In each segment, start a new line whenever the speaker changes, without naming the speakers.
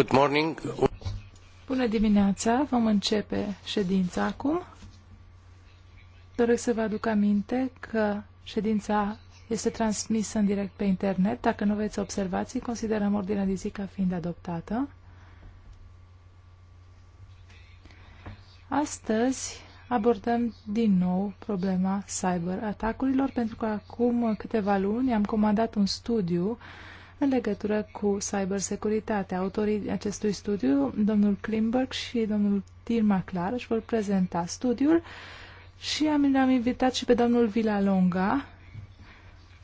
Good morning.
Bună dimineața, vom începe ședința acum. Doresc să vă aduc aminte că ședința este transmisă în direct pe internet. Dacă nu veți observații, considerăm ordinea de zi ca fiind adoptată. Astăzi abordăm din nou problema cyber atacurilor, pentru că acum câteva luni am comandat un studiu uh, în legătură cu cybersecuritatea. Autorii acestui studiu, domnul Klimberg și domnul Tirma Clar, își vor prezenta studiul și am, am invitat și pe domnul Vilalonga,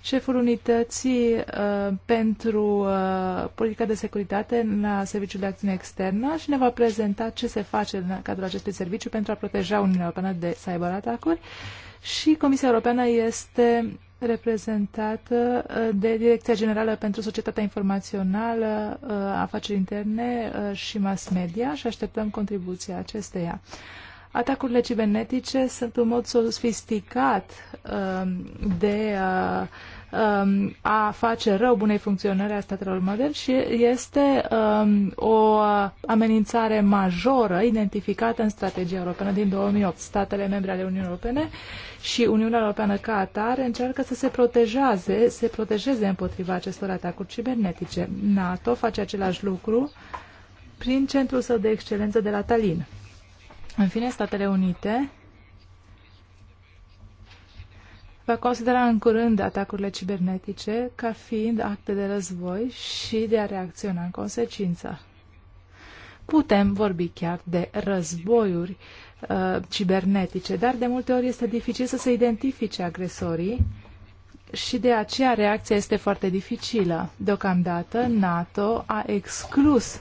șeful unității uh, pentru uh, politica de securitate la Serviciul de Acțiune Externă și ne va prezenta ce se face în cadrul acestui serviciu pentru a proteja Uniunea Europeană de cyberatacuri. Și Comisia Europeană este reprezentată uh, de Direcția Generală pentru Societatea Informațională, uh, Afaceri Interne uh, și Mass Media și așteptăm contribuția acesteia. Atacurile cibernetice sunt un mod sofisticat de um, a face rău bunei funcționări a statelor moderne și este um, o amenințare majoră identificată în strategia europeană din 2008. Statele membre ale Uniunii Europene și Uniunea Europeană ca atare încearcă să se protejeze, se protejeze împotriva acestor atacuri cibernetice. NATO face același lucru prin centrul său de excelență de la Tallinn. În fine, Statele Unite va considera în curând atacurile cibernetice ca fiind acte de război și de a reacționa în consecință. Putem vorbi chiar de războiuri uh, cibernetice, dar de multe ori este dificil să se identifice agresorii și de aceea reacția este foarte dificilă. Deocamdată NATO a exclus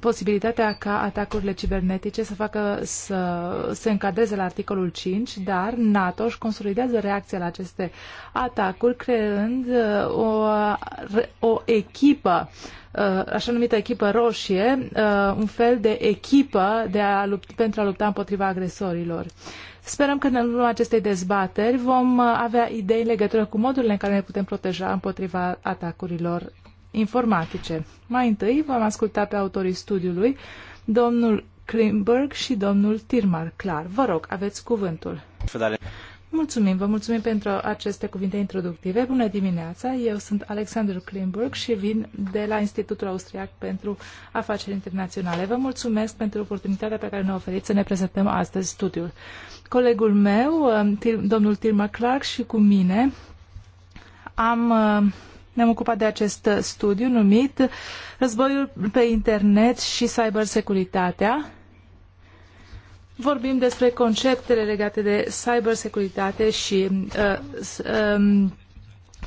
posibilitatea ca atacurile cibernetice să facă să se încadreze la articolul 5, dar NATO își consolidează reacția la aceste atacuri creând uh, o, o echipă uh, așa numită echipă roșie, uh, un fel de echipă de a lupta, pentru a lupta împotriva agresorilor. Sperăm că în urma acestei dezbateri vom avea idei în legătură cu modurile în care ne putem proteja împotriva atacurilor informatice. Mai întâi vom asculta pe autorii studiului, domnul Klimberg și domnul Tirmar Clar. Vă rog, aveți cuvântul. Mulțumim, vă mulțumim pentru aceste cuvinte introductive. Bună dimineața, eu sunt Alexandru Klimburg și vin de la Institutul Austriac pentru Afaceri Internaționale. Vă mulțumesc pentru oportunitatea pe care ne oferiți să ne prezentăm astăzi studiul. Colegul meu, um, domnul Tilma Clark și cu mine am uh, ne-am ocupat de acest studiu numit Războiul pe internet și cybersecuritatea. Vorbim despre conceptele legate de cybersecuritate și uh, uh,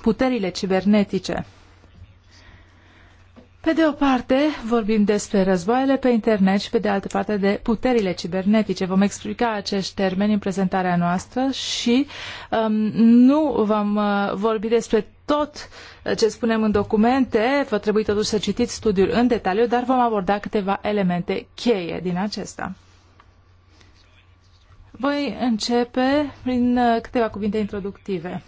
puterile cibernetice. Pe de o parte, vorbim despre războaiele pe internet și pe de altă parte de puterile cibernetice. Vom explica acești termeni în prezentarea noastră și um, nu vom uh, vorbi despre tot uh, ce spunem în documente, va trebui totuși să citiți studiul în detaliu, dar vom aborda câteva elemente cheie din acesta. Voi începe prin uh, câteva cuvinte introductive.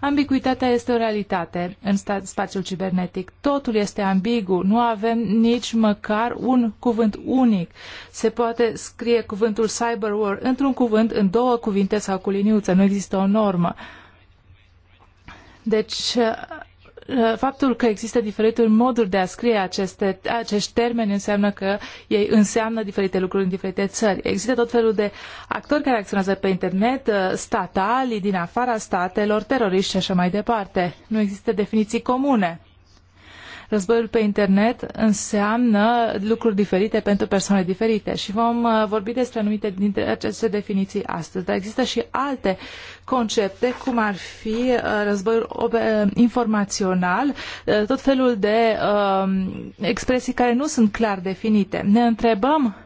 Ambiguitatea este o realitate în spațiul cibernetic. Totul este ambigu, nu avem nici măcar un cuvânt unic. Se poate scrie cuvântul cyberwar într-un cuvânt, în două cuvinte sau cu liniuță, nu există o normă. Deci Uh, faptul că există diferite moduri de a scrie aceste, acești termeni înseamnă că ei înseamnă diferite lucruri în diferite țări. Există tot felul de actori care acționează pe internet, uh, statali, din afara statelor, teroriști și așa mai departe. Nu există definiții comune. Războiul pe internet înseamnă lucruri diferite pentru persoane diferite și vom uh, vorbi despre anumite dintre aceste definiții astăzi. Dar există și alte concepte, cum ar fi uh, războiul uh, informațional, tot felul de expresii care nu sunt clar definite. Ne întrebăm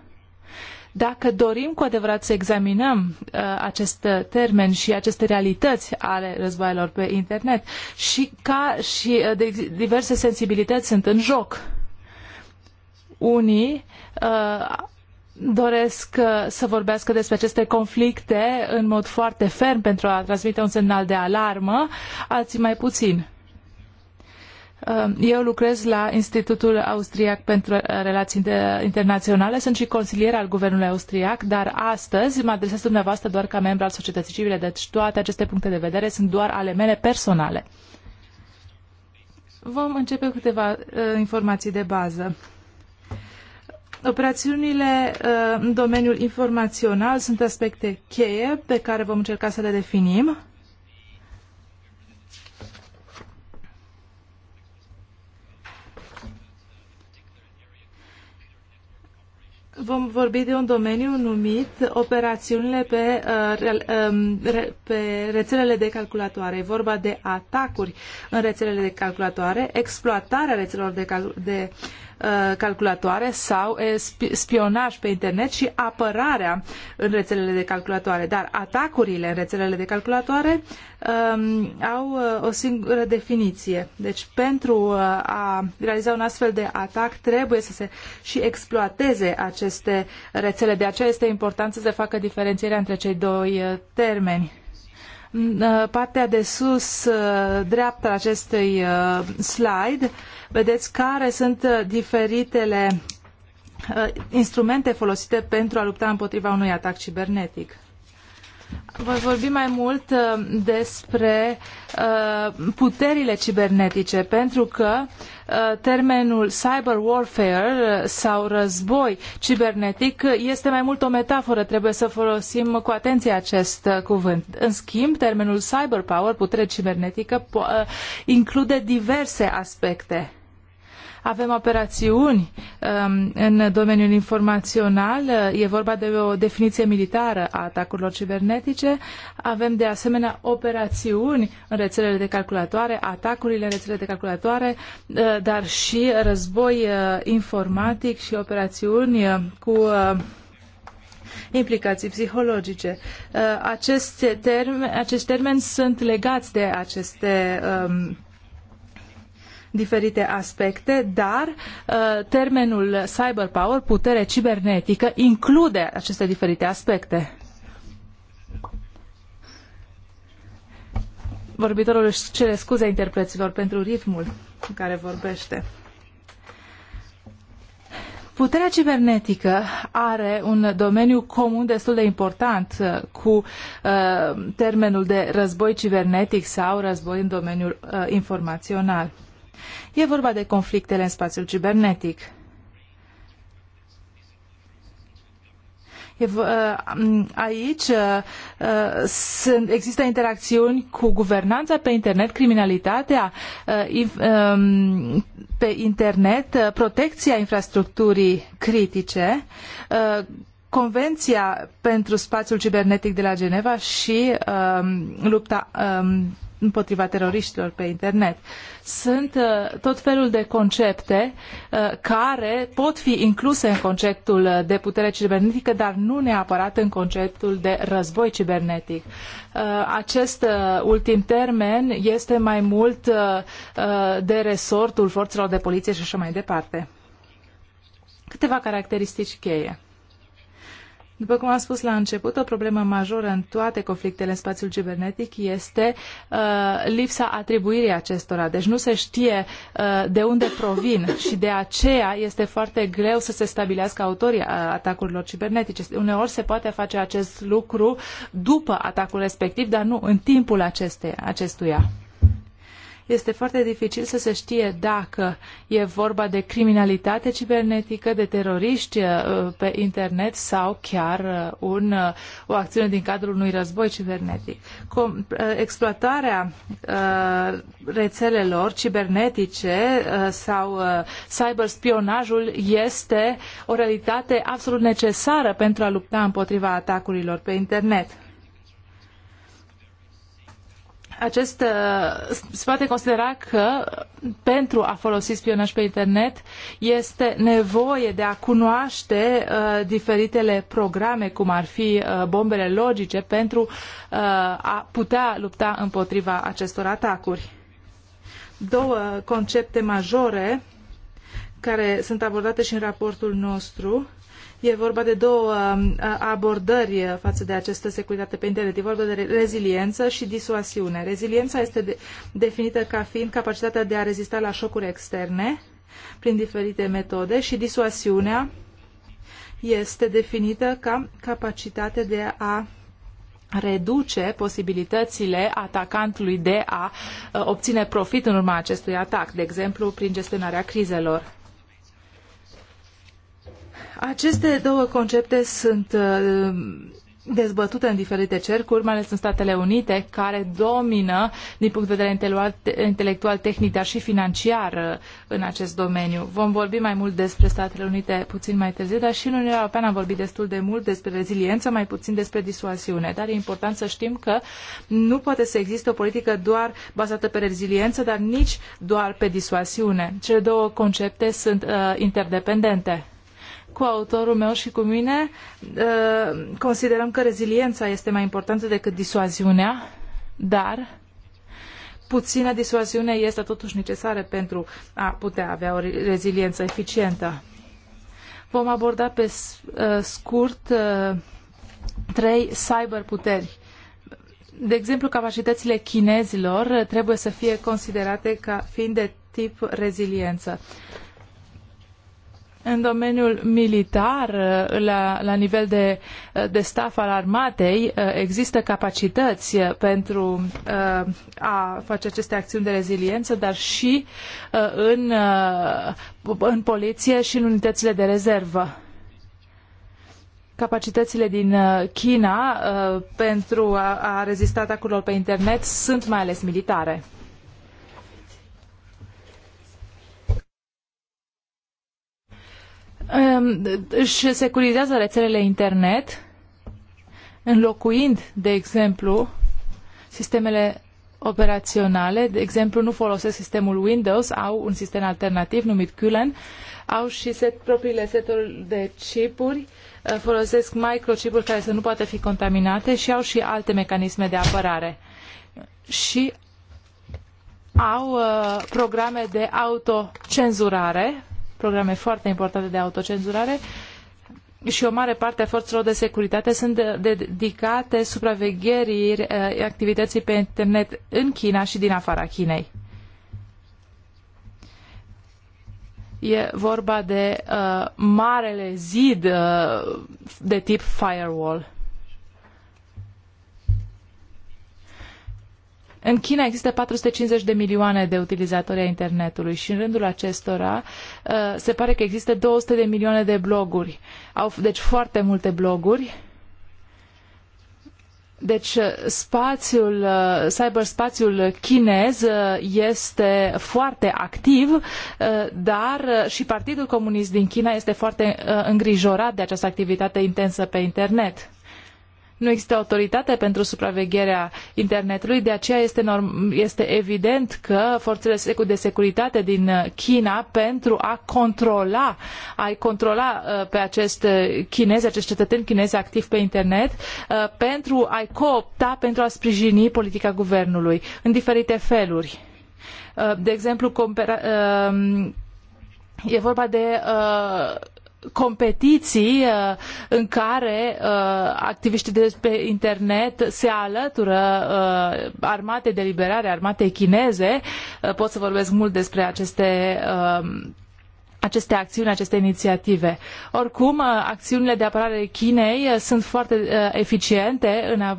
dacă dorim cu adevărat să examinăm uh, acest termen și aceste realități ale războaielor pe internet și ca și uh, de, diverse sensibilități sunt în joc, unii uh, doresc uh, să vorbească despre aceste conflicte în mod foarte ferm pentru a transmite un semnal de alarmă, alții mai puțin. Um, eu lucrez la Institutul Austriac pentru uh, Relații Internaționale, sunt și consilier al Guvernului Austriac, dar astăzi mă adresez dumneavoastră doar ca membru al societății civile, deci toate aceste puncte de vedere sunt doar ale mele personale. Vom începe cu câteva uh, informații de bază. Operațiunile uh, în domeniul informațional sunt aspecte cheie pe care vom încerca să le definim. vom vorbi de un domeniu numit operațiunile pe, uh, um, pe rețelele de calculatoare. E vorba de atacuri în rețelele de calculatoare, exploatarea rețelelor de, cal- de Uh, calculatoare sau uh, spionaj pe internet și apărarea în rețelele de calculatoare. Dar atacurile în rețelele de calculatoare um, au uh, o singură definiție. Deci pentru a realiza un astfel de atac trebuie să se și exploateze aceste rețele. De aceea este important să se facă diferențierea între cei doi termeni. Uh, partea de sus uh, dreapta acestui uh, slide, vedeți care sunt diferitele instrumente folosite pentru a lupta împotriva unui atac cibernetic. Voi vorbi mai mult uh, despre uh, puterile cibernetice, pentru că uh, termenul cyber warfare sau război cibernetic este mai mult o metaforă, trebuie să folosim cu atenție acest cuvânt. În schimb, termenul cyber power, putere cibernetică, include diverse aspecte avem operațiuni um, în domeniul informațional, e vorba de o definiție militară a atacurilor cibernetice. Avem de asemenea operațiuni în rețelele de calculatoare, atacurile în rețelele de calculatoare, uh, dar și război uh, informatic și operațiuni uh, cu implicații psihologice. Aceste termeni, acești termeni sunt legați de aceste um, diferite aspecte, dar uh, termenul termenul cyberpower, putere cibernetică, include aceste diferite aspecte. Vorbitorul își cere scuze interpreților pentru ritmul în care vorbește. Puterea cibernetică are un domeniu comun destul de important uh, cu uh, termenul de război cibernetic sau război în domeniul uh, informațional. E vorba de conflictele în spațiul cibernetic. Uh, aici uh, uh, există interacțiuni cu guvernanța pe internet, criminalitatea um, pe internet, protecția infrastructurii critice, Convenția pentru spațiul cibernetic de la Geneva și um, lupta um, împotriva teroriștilor pe internet. Sunt uh, tot felul de concepte uh, care pot fi incluse în conceptul de putere cibernetică, dar nu neapărat în conceptul de război cibernetic. Uh, acest ultim termen este mai mult de resortul forțelor de poliție și așa mai departe. Câteva caracteristici cheie după cum am spus la început, o problemă majoră în toate conflictele în spațiul cibernetic este uh, lipsa atribuirii acestora. Deci nu se știe uh, de unde provin și de aceea este foarte greu să se stabilească autorii uh, atacurilor cibernetice. Uneori se poate face acest lucru după atacul respectiv, dar nu în timpul aceste, acestuia este foarte dificil să se știe dacă e vorba de criminalitate cibernetică, de teroriști uh, pe internet sau chiar uh, un, uh, o acțiune din cadrul unui război cibernetic. Com, exploatarea rețelelor cibernetice sau cyberspionajul este o realitate absolut necesară pentru a lupta împotriva atacurilor pe internet acest, uh, se poate considera că pentru a folosi spionaj pe internet este nevoie de a cunoaște uh, diferitele programe, cum ar fi uh, bombele logice, pentru uh, a putea lupta împotriva acestor atacuri. Două concepte majore care sunt abordate și în raportul nostru E vorba de două um, abordări față de această securitate pe internet. E vorba de reziliență și disuasiune. Reziliența este de, definită ca fiind capacitatea de a rezista la șocuri externe prin diferite metode și disuasiunea este definită ca capacitatea de a reduce posibilitățile atacantului de a uh, obține profit în urma acestui atac, de exemplu prin gestionarea crizelor. Aceste două concepte sunt uh, dezbătute în diferite cercuri, mai ales în Statele Unite, care domină din punct de vedere intelectual, tehnic, dar și financiar uh, în acest domeniu. Vom vorbi mai mult despre Statele Unite puțin mai târziu, dar și în Uniunea Europeană am vorbit destul de mult despre reziliență, mai puțin despre disuasiune. Dar e important să știm că nu poate să existe o politică doar bazată pe reziliență, dar nici doar pe disuasiune. Cele două concepte sunt uh, interdependente cu autorul meu și cu mine, ă, considerăm că reziliența este mai importantă decât disuaziunea, dar puțină disuaziune este totuși necesară pentru a putea avea o reziliență eficientă. Vom aborda pe ă, scurt ă, trei cyberputeri. De exemplu, capacitățile chinezilor trebuie să fie considerate ca fiind de tip reziliență în domeniul militar, la, la nivel de, de staff al armatei, există capacități pentru uh, a face aceste acțiuni de reziliență, dar și uh, în, uh, în poliție și în unitățile de rezervă capacitățile din China pentru a, a rezista atacurilor pe internet sunt mai ales militare. își ehm, securizează rețelele internet, înlocuind, de exemplu, sistemele operaționale, de exemplu, nu folosesc sistemul Windows, au un sistem alternativ numit Kulen, au și set, propriile seturi de chipuri, eh, folosesc microchipuri care să nu poată fi contaminate și au și alte mecanisme de apărare. Și au uh, programe de autocenzurare programe foarte importante de autocenzurare și o mare parte a forțelor de securitate sunt dedicate supravegherii eh, activității pe internet în China și din afara Chinei. E vorba de uh, marele zid uh, de tip firewall. În China există 450 de milioane de utilizatori ai internetului și în rândul acestora uh, se pare că există 200 de milioane de bloguri. Au deci foarte multe bloguri. Deci uh, spațiul, uh, cyberspațiul chinez este foarte activ, dar și Partidul Comunist din China este foarte îngrijorat de această activitate intensă pe internet nu există autoritate pentru supravegherea internetului, de aceea este, norm- este evident că forțele de securitate din China pentru a controla, a-i controla uh, pe acest chinezi, acești cetățeni chinezi activi pe internet, uh, pentru a-i coopta, pentru a sprijini politica guvernului în diferite feluri. Uh, de exemplu, compera- e vorba de competiții uh, în care uh, activiștii de pe internet se alătură uh, armatei de liberare, armatei chineze. Pot să vorbesc mult despre aceste aceste acțiuni, aceste inițiative. Oricum, acțiunile de apărare Chinei sunt foarte eficiente în a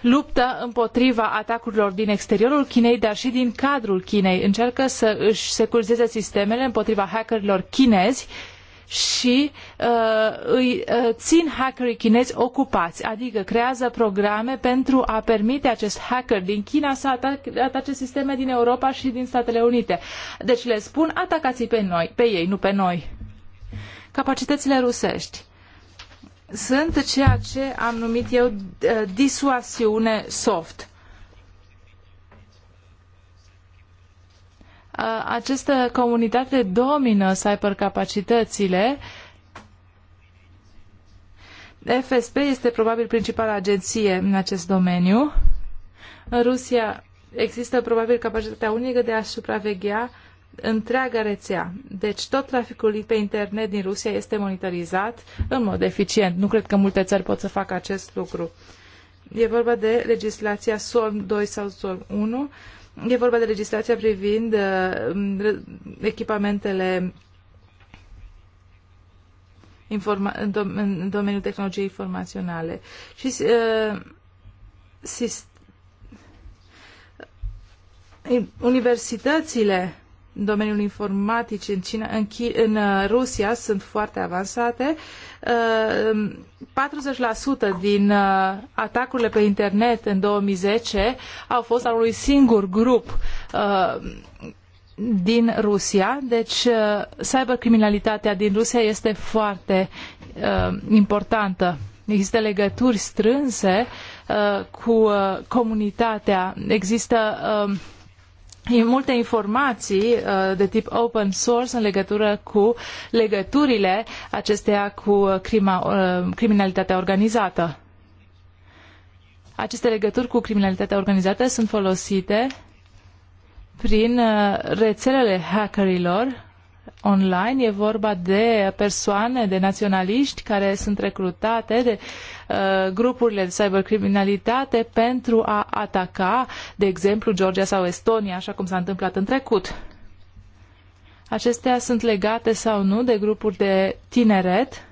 luptă împotriva atacurilor din exteriorul Chinei, dar și din cadrul Chinei. Încearcă să își securizeze sistemele împotriva hackerilor chinezi și uh, îi uh, țin hackerii chinezi ocupați, adică creează programe pentru a permite acest hacker din China să atace sisteme din Europa și din Statele Unite. Deci le spun atacați pe noi, pe ei, nu pe noi. Capacitățile rusești sunt ceea ce am numit eu uh, disuasiune soft. Uh, această comunitate domină cybercapacitățile. FSP este probabil principala agenție în acest domeniu. În Rusia există probabil capacitatea unică de a supraveghea întreaga rețea. Deci tot traficul pe internet din Rusia este monitorizat în mod eficient. Nu cred că multe țări pot să facă acest lucru. E vorba de legislația SORM 2 sau SORM 1. E vorba de legislația privind uh, echipamentele în, dom în, domeniul tehnologiei informaționale. Și uh, Universitățile domeniul informatic în, China, în, Ch- în uh, Rusia sunt foarte avansate. 40% uh, din uh, atacurile pe internet în 2010 au fost al unui singur grup din Rusia, deci cybercriminalitatea din Rusia este foarte importantă. Există legături strânse cu comunitatea, există multe informații uh, de tip open source în legătură cu legăturile acesteia cu uh, crima, uh, criminalitatea organizată. Aceste legături cu criminalitatea organizată sunt folosite prin rețelele hackerilor online. E vorba de persoane, de naționaliști care sunt recrutate de Uh, grupurile de cybercriminalitate pentru a ataca, de exemplu, Georgia sau Estonia, așa cum s-a întâmplat în trecut. Acestea sunt legate sau nu de grupuri de tineret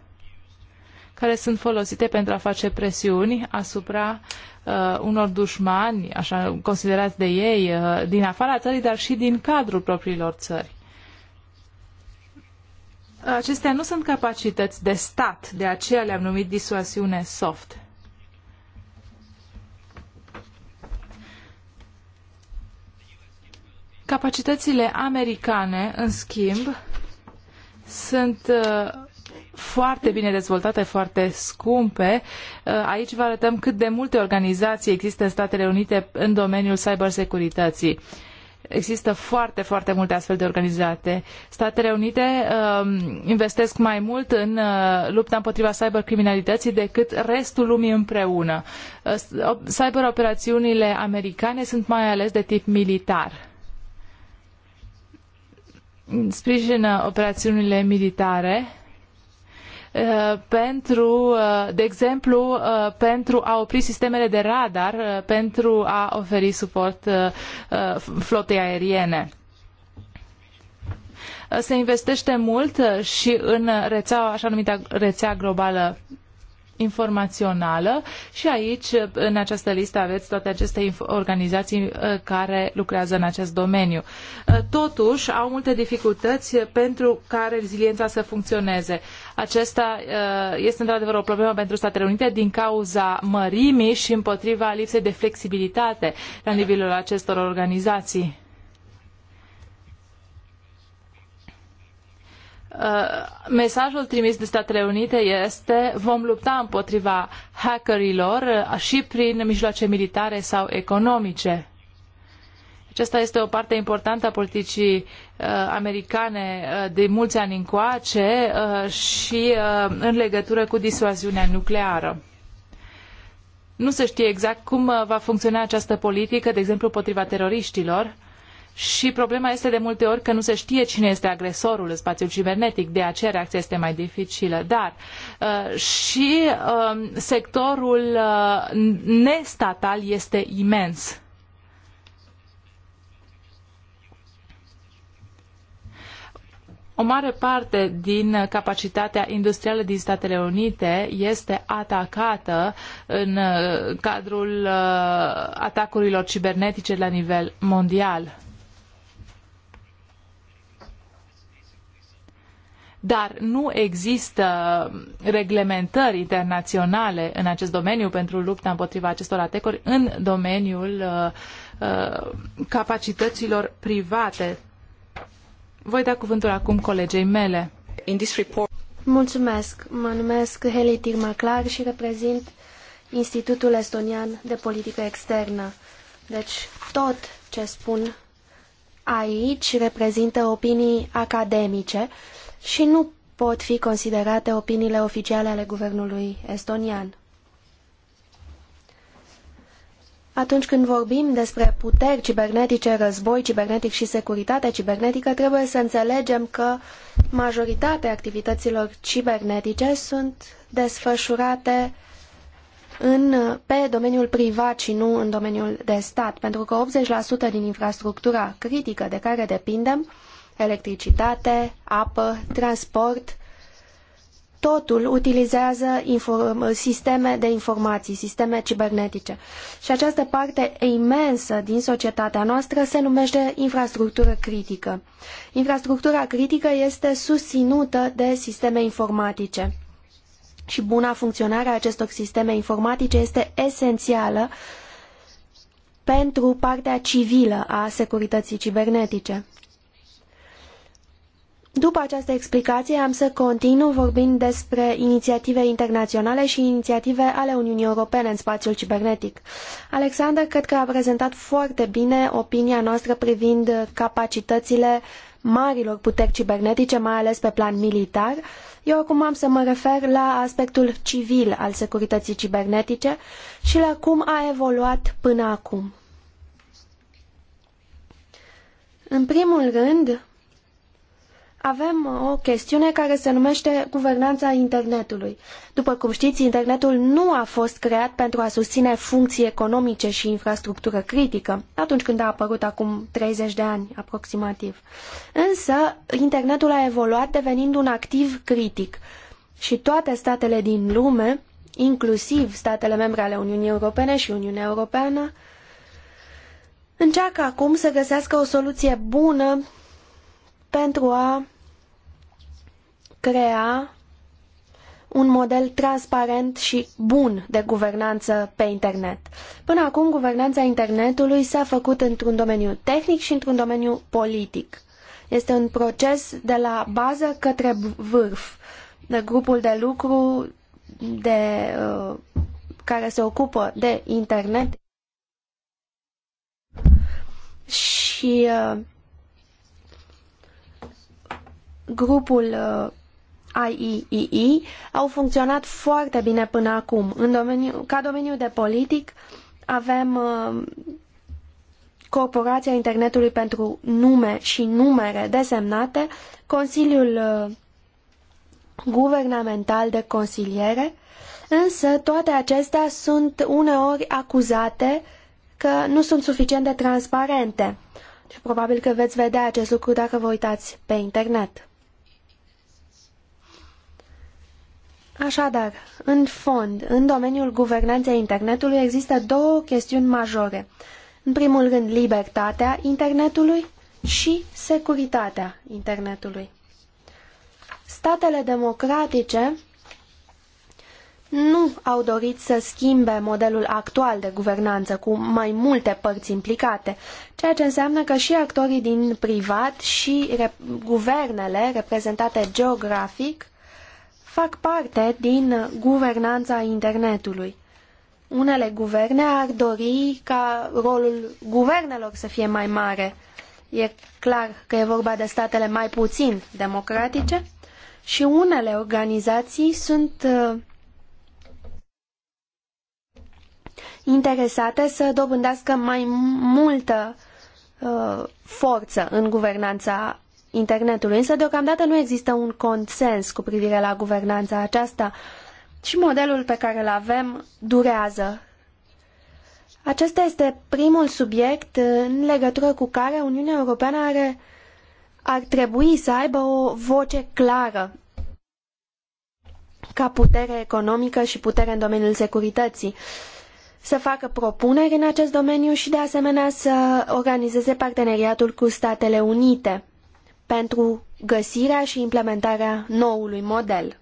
care sunt folosite pentru a face presiuni asupra uh, unor dușmani, așa considerați de ei, uh, din afara țării, dar și din cadrul propriilor țări acestea nu sunt capacități de stat, de aceea le-am numit disuasiune soft. Capacitățile americane, în schimb, sunt uh, foarte bine dezvoltate, foarte scumpe. Uh, aici vă arătăm cât de multe organizații există în Statele Unite în domeniul cybersecurității. securității Există foarte, foarte multe astfel de organizate. Statele Unite uh, investesc mai mult în uh, lupta împotriva cybercriminalității decât restul lumii împreună. Uh, cyberoperațiunile americane sunt mai ales de tip militar. Sprijină operațiunile militare Uh, pentru, uh, de exemplu, uh, pentru a opri sistemele de radar, pentru a oferi suport flotei aeriene se investește mult și în rețeaua, așa numită rețea globală informațională și aici, în această listă, aveți toate aceste organizații uh, care lucrează în acest domeniu. Uh, totuși, au multe dificultăți pentru ca reziliența să funcționeze. Acesta uh, este într-adevăr o problemă pentru Statele Unite din cauza mărimii și împotriva lipsei de flexibilitate la nivelul acestor organizații. Uh, mesajul trimis de Statele Unite este vom lupta împotriva hackerilor uh, și prin mijloace militare sau economice. Aceasta este o parte importantă a politicii uh, americane uh, de mulți ani încoace uh, și uh, în legătură cu disuaziunea nucleară. Nu se știe exact cum uh, va funcționa această politică, de exemplu, potriva teroriștilor, și problema este de multe ori că nu se știe cine este agresorul în spațiul cibernetic, de aceea reacția este mai dificilă. Dar uh, și uh, sectorul uh, nestatal este imens. O mare parte din capacitatea industrială din Statele Unite este atacată în uh, cadrul uh, atacurilor cibernetice la nivel mondial. dar nu există reglementări internaționale în acest domeniu pentru lupta împotriva acestor atacuri în domeniul uh, uh, capacităților private. Voi da cuvântul acum colegei mele.
Mulțumesc. Mă numesc Heli Tirmaclar și reprezint Institutul Estonian de Politică Externă. Deci tot ce spun aici reprezintă opinii academice și nu pot fi considerate opiniile oficiale ale guvernului estonian. Atunci când vorbim despre puteri cibernetice, război cibernetic și securitate cibernetică, trebuie să înțelegem că majoritatea activităților cibernetice sunt desfășurate în, pe domeniul privat și nu în domeniul de stat, pentru că 80% din infrastructura critică de care depindem electricitate, apă, transport, totul utilizează sisteme de informații, sisteme cibernetice. Și această parte imensă din societatea noastră se numește infrastructură critică. Infrastructura critică este susținută de sisteme informatice. Și buna funcționare a acestor sisteme informatice este esențială pentru partea civilă a securității cibernetice. După această explicație am să continu vorbind despre inițiative internaționale și inițiative ale Uniunii Europene în spațiul cibernetic. Alexander, cred că a prezentat foarte bine opinia noastră privind capacitățile marilor puteri cibernetice, mai ales pe plan militar. Eu acum am să mă refer la aspectul civil al securității cibernetice și la cum a evoluat până acum. În primul rând, avem uh, o chestiune care se numește guvernanța internetului. După cum știți, internetul nu a fost creat pentru a susține funcții economice și infrastructură critică, atunci când a apărut acum 30 de ani aproximativ. Însă, internetul a evoluat devenind un activ critic și toate statele din lume, inclusiv statele membre ale Uniunii Europene și Uniunea Europeană, încearcă acum să găsească o soluție bună pentru a crea un model transparent și bun de guvernanță pe internet. Până acum, guvernanța internetului s-a făcut într-un domeniu tehnic și într-un domeniu politic. Este un proces de la bază către vârf. Grupul de lucru de, uh, care se ocupă de internet și uh, grupul uh, IEEE au funcționat foarte bine până acum. În domeniu, ca domeniu de politic avem uh, Corporația Internetului pentru nume și numere desemnate, Consiliul uh, Guvernamental de Consiliere, însă toate acestea sunt uneori acuzate că nu sunt suficient de transparente. Și probabil că veți vedea acest lucru dacă vă uitați pe internet. Așadar, în fond, în domeniul guvernanței internetului există două chestiuni majore. În primul rând, libertatea internetului și securitatea internetului. Statele democratice nu au dorit să schimbe modelul actual de guvernanță cu mai multe părți implicate, ceea ce înseamnă că și actorii din privat și guvernele reprezentate geografic fac parte din guvernanța internetului. Unele guverne ar dori ca rolul guvernelor să fie mai mare. E clar că e vorba de statele mai puțin democratice și unele organizații sunt uh, interesate să dobândească mai multă uh, forță în guvernanța internetului, însă deocamdată nu există un consens cu privire la guvernanța aceasta și modelul pe care îl avem durează. Acesta este primul subiect în legătură cu care Uniunea Europeană are, ar trebui să aibă o voce clară ca putere economică și putere în domeniul securității să facă propuneri în acest domeniu și de asemenea să organizeze parteneriatul cu Statele Unite pentru găsirea și implementarea noului model.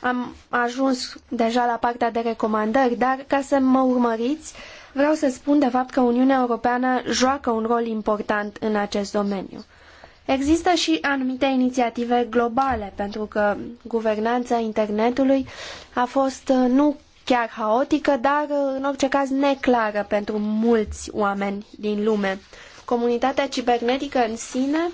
Am ajuns deja la partea de recomandări, dar ca să mă urmăriți, vreau să spun de fapt că Uniunea Europeană joacă un rol important în acest domeniu. Există și anumite inițiative globale, pentru că guvernanța internetului a fost uh, nu chiar haotică, dar uh, în orice caz neclară pentru mulți oameni din lume. Comunitatea cibernetică în sine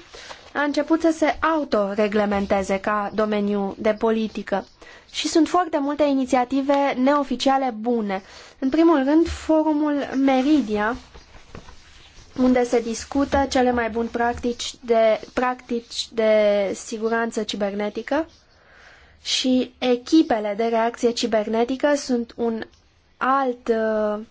a început să se autoreglementeze ca domeniu de politică. Și sunt foarte multe inițiative neoficiale bune. În primul rând, forumul Meridia, unde se discută cele mai buni practici de, practici de siguranță cibernetică și echipele de reacție cibernetică sunt un alt uh,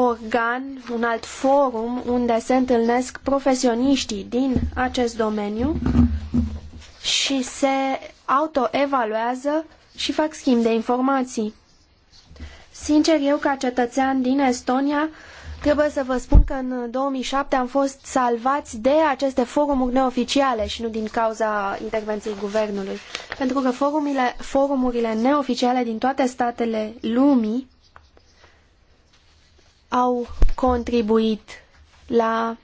organ, un alt forum unde se întâlnesc profesioniștii din acest domeniu și se autoevaluează și fac schimb de informații. Sincer, eu ca cetățean din Estonia trebuie să vă spun că în 2007 am fost salvați de aceste forumuri neoficiale și nu din cauza intervenției guvernului. Pentru că forumurile, forumurile neoficiale din toate statele lumii au contribuit la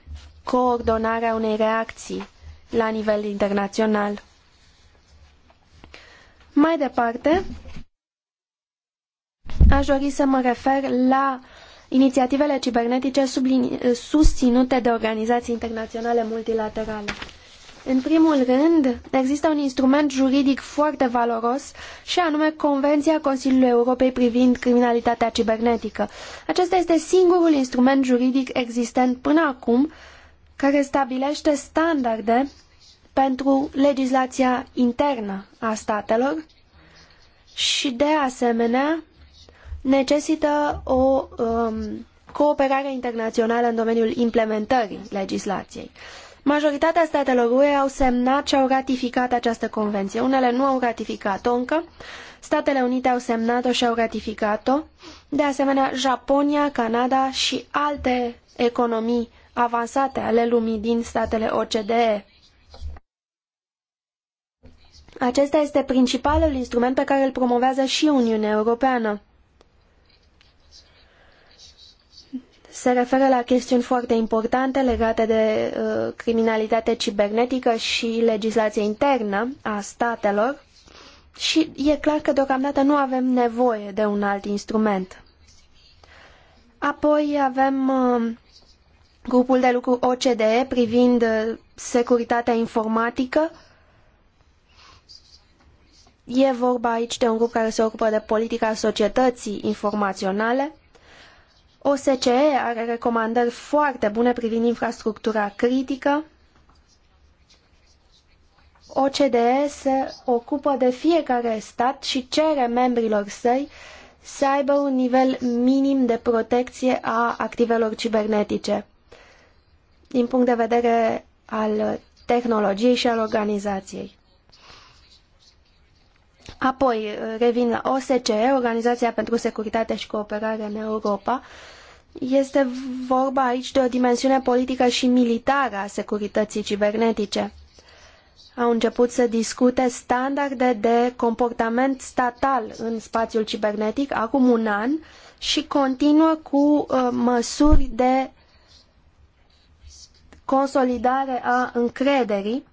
coordonarea unei reacții la nivel internațional. Mai departe, aș dori să mă refer la inițiativele cibernetice susținute de organizații internaționale multilaterale. În primul rând, există un instrument juridic foarte valoros și anume Convenția Consiliului Europei privind criminalitatea cibernetică. Acesta este singurul instrument juridic existent până acum care stabilește standarde pentru legislația internă a statelor și de asemenea necesită o um, cooperare internațională în domeniul implementării legislației. Uh, Majoritatea statelor UE au semnat și au ratificat această convenție. Unele nu au ratificat-o încă. Statele Unite au semnat-o și au ratificat-o. De asemenea, Japonia, Canada și alte economii avansate ale lumii din statele OCDE. Acesta este principalul instrument pe care îl promovează și Uniunea Europeană. se referă la chestiuni foarte importante legate de uh, criminalitate cibernetică și legislație internă a statelor și e clar că deocamdată nu avem nevoie de un alt instrument. Apoi avem uh, grupul de lucru OCDE privind uh, securitatea informatică. E vorba aici de un grup care se ocupă de politica societății informaționale OSCE are recomandări foarte bune privind infrastructura critică. OCDE se ocupă de fiecare stat și cere membrilor săi să aibă un nivel minim de protecție a activelor cibernetice din punct de vedere al tehnologiei și al organizației. Apoi revin la OSCE, Organizația pentru Securitate și Cooperare în Europa, este vorba aici de o dimensiune politică și militară a securității cibernetice. Au început să discute standarde de comportament statal în spațiul cibernetic acum un an și continuă cu uh, măsuri de consolidare a încrederii,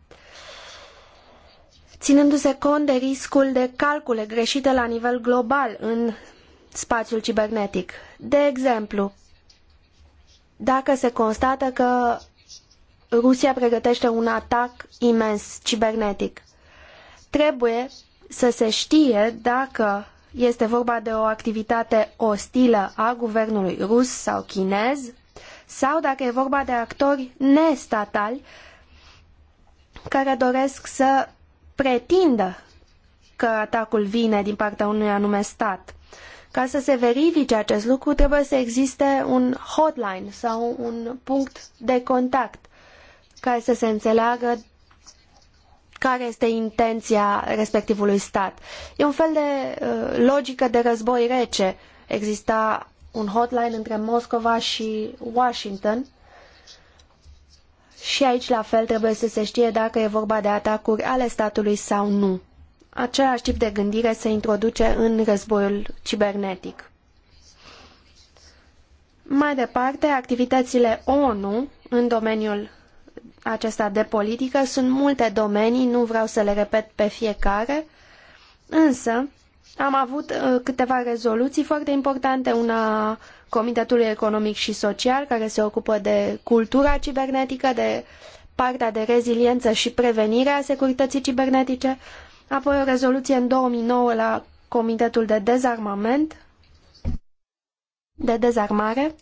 ținându-se cont de riscul de calcule greșite la nivel global în spațiul cibernetic. De exemplu, dacă se constată că Rusia pregătește un atac imens cibernetic. Trebuie să se știe dacă este vorba de o activitate ostilă a guvernului rus sau chinez sau dacă e vorba de actori nestatali care doresc să pretindă că atacul vine din partea unui anume stat. Ca să se verifice acest lucru, trebuie să existe un hotline sau un punct de contact care să se înțeleagă care este intenția respectivului stat. E un fel de uh, logică de război rece. Exista un hotline între Moscova și Washington și aici la fel trebuie să se știe dacă e vorba de atacuri ale statului sau nu același tip de gândire se introduce în războiul cibernetic. Mai departe, activitățile ONU în domeniul acesta de politică sunt multe domenii, nu vreau să le repet pe fiecare, însă am avut uh, câteva rezoluții foarte importante, una a Comitetului Economic și Social, care se ocupă de cultura cibernetică, de partea de reziliență și prevenire a securității cibernetice, uh, apoi o rezoluție în 2009 la Comitetul de Dezarmament, de dezarmare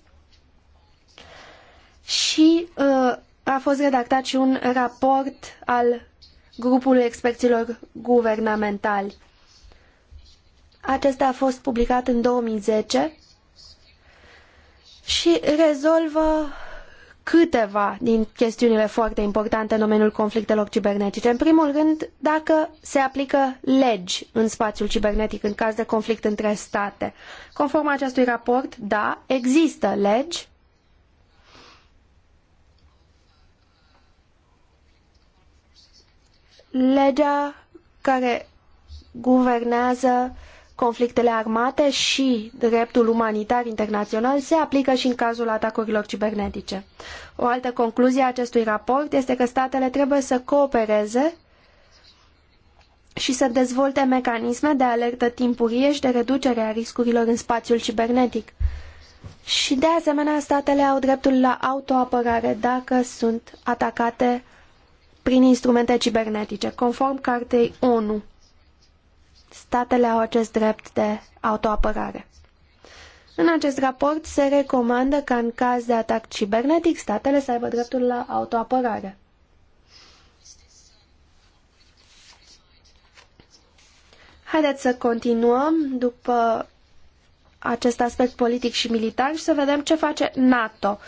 și uh, a fost redactat și un raport al grupului experților guvernamentali. Acesta a fost publicat în 2010 și rezolvă câteva din chestiunile foarte importante în domeniul conflictelor cibernetice. În primul rând, dacă se aplică legi în spațiul cibernetic în caz de conflict între state. Conform acestui raport, da, există legi legea care guvernează uh, conflictele armate și dreptul umanitar internațional se aplică și în cazul atacurilor cibernetice. O altă concluzie a acestui raport este că statele trebuie să coopereze și să dezvolte mecanisme de alertă timpurie și de reducere a riscurilor în spațiul cibernetic. Și de asemenea, statele au dreptul la autoapărare dacă sunt atacate prin instrumente cibernetice, conform cartei ONU statele au acest drept de autoapărare. În acest raport se recomandă ca în caz de atac cibernetic statele să aibă dreptul la autoapărare. Haideți să continuăm după acest aspect politic și militar și să vedem ce face NATO.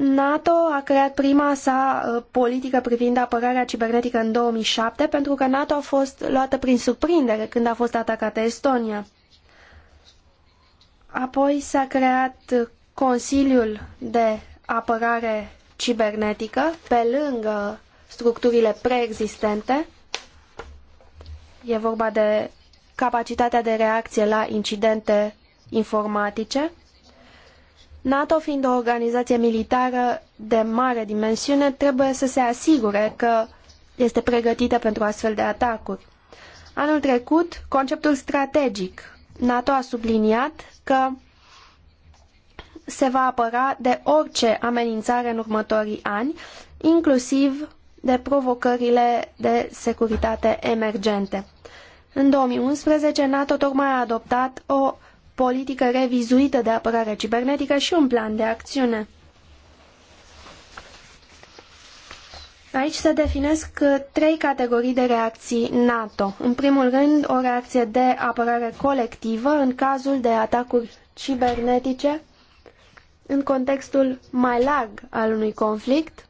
NATO a creat prima sa uh, politică privind apărarea cibernetică în 2007 pentru că NATO a fost luată prin surprindere când a fost atacată Estonia. Apoi s-a creat Consiliul de Apărare Cibernetică pe lângă structurile preexistente. E vorba de capacitatea de reacție la incidente informatice NATO fiind o organizație militară de mare dimensiune, trebuie să se asigure că este pregătită pentru astfel de atacuri. Anul trecut, conceptul strategic. NATO a subliniat că se va apăra de orice amenințare în următorii ani, inclusiv de provocările de securitate emergente. În 2011, NATO tocmai a adoptat o politică revizuită de apărare cibernetică și un plan de acțiune. Aici se definesc trei categorii de reacții NATO. În primul rând, o reacție de apărare colectivă în cazul de atacuri cibernetice în contextul mai larg al unui conflict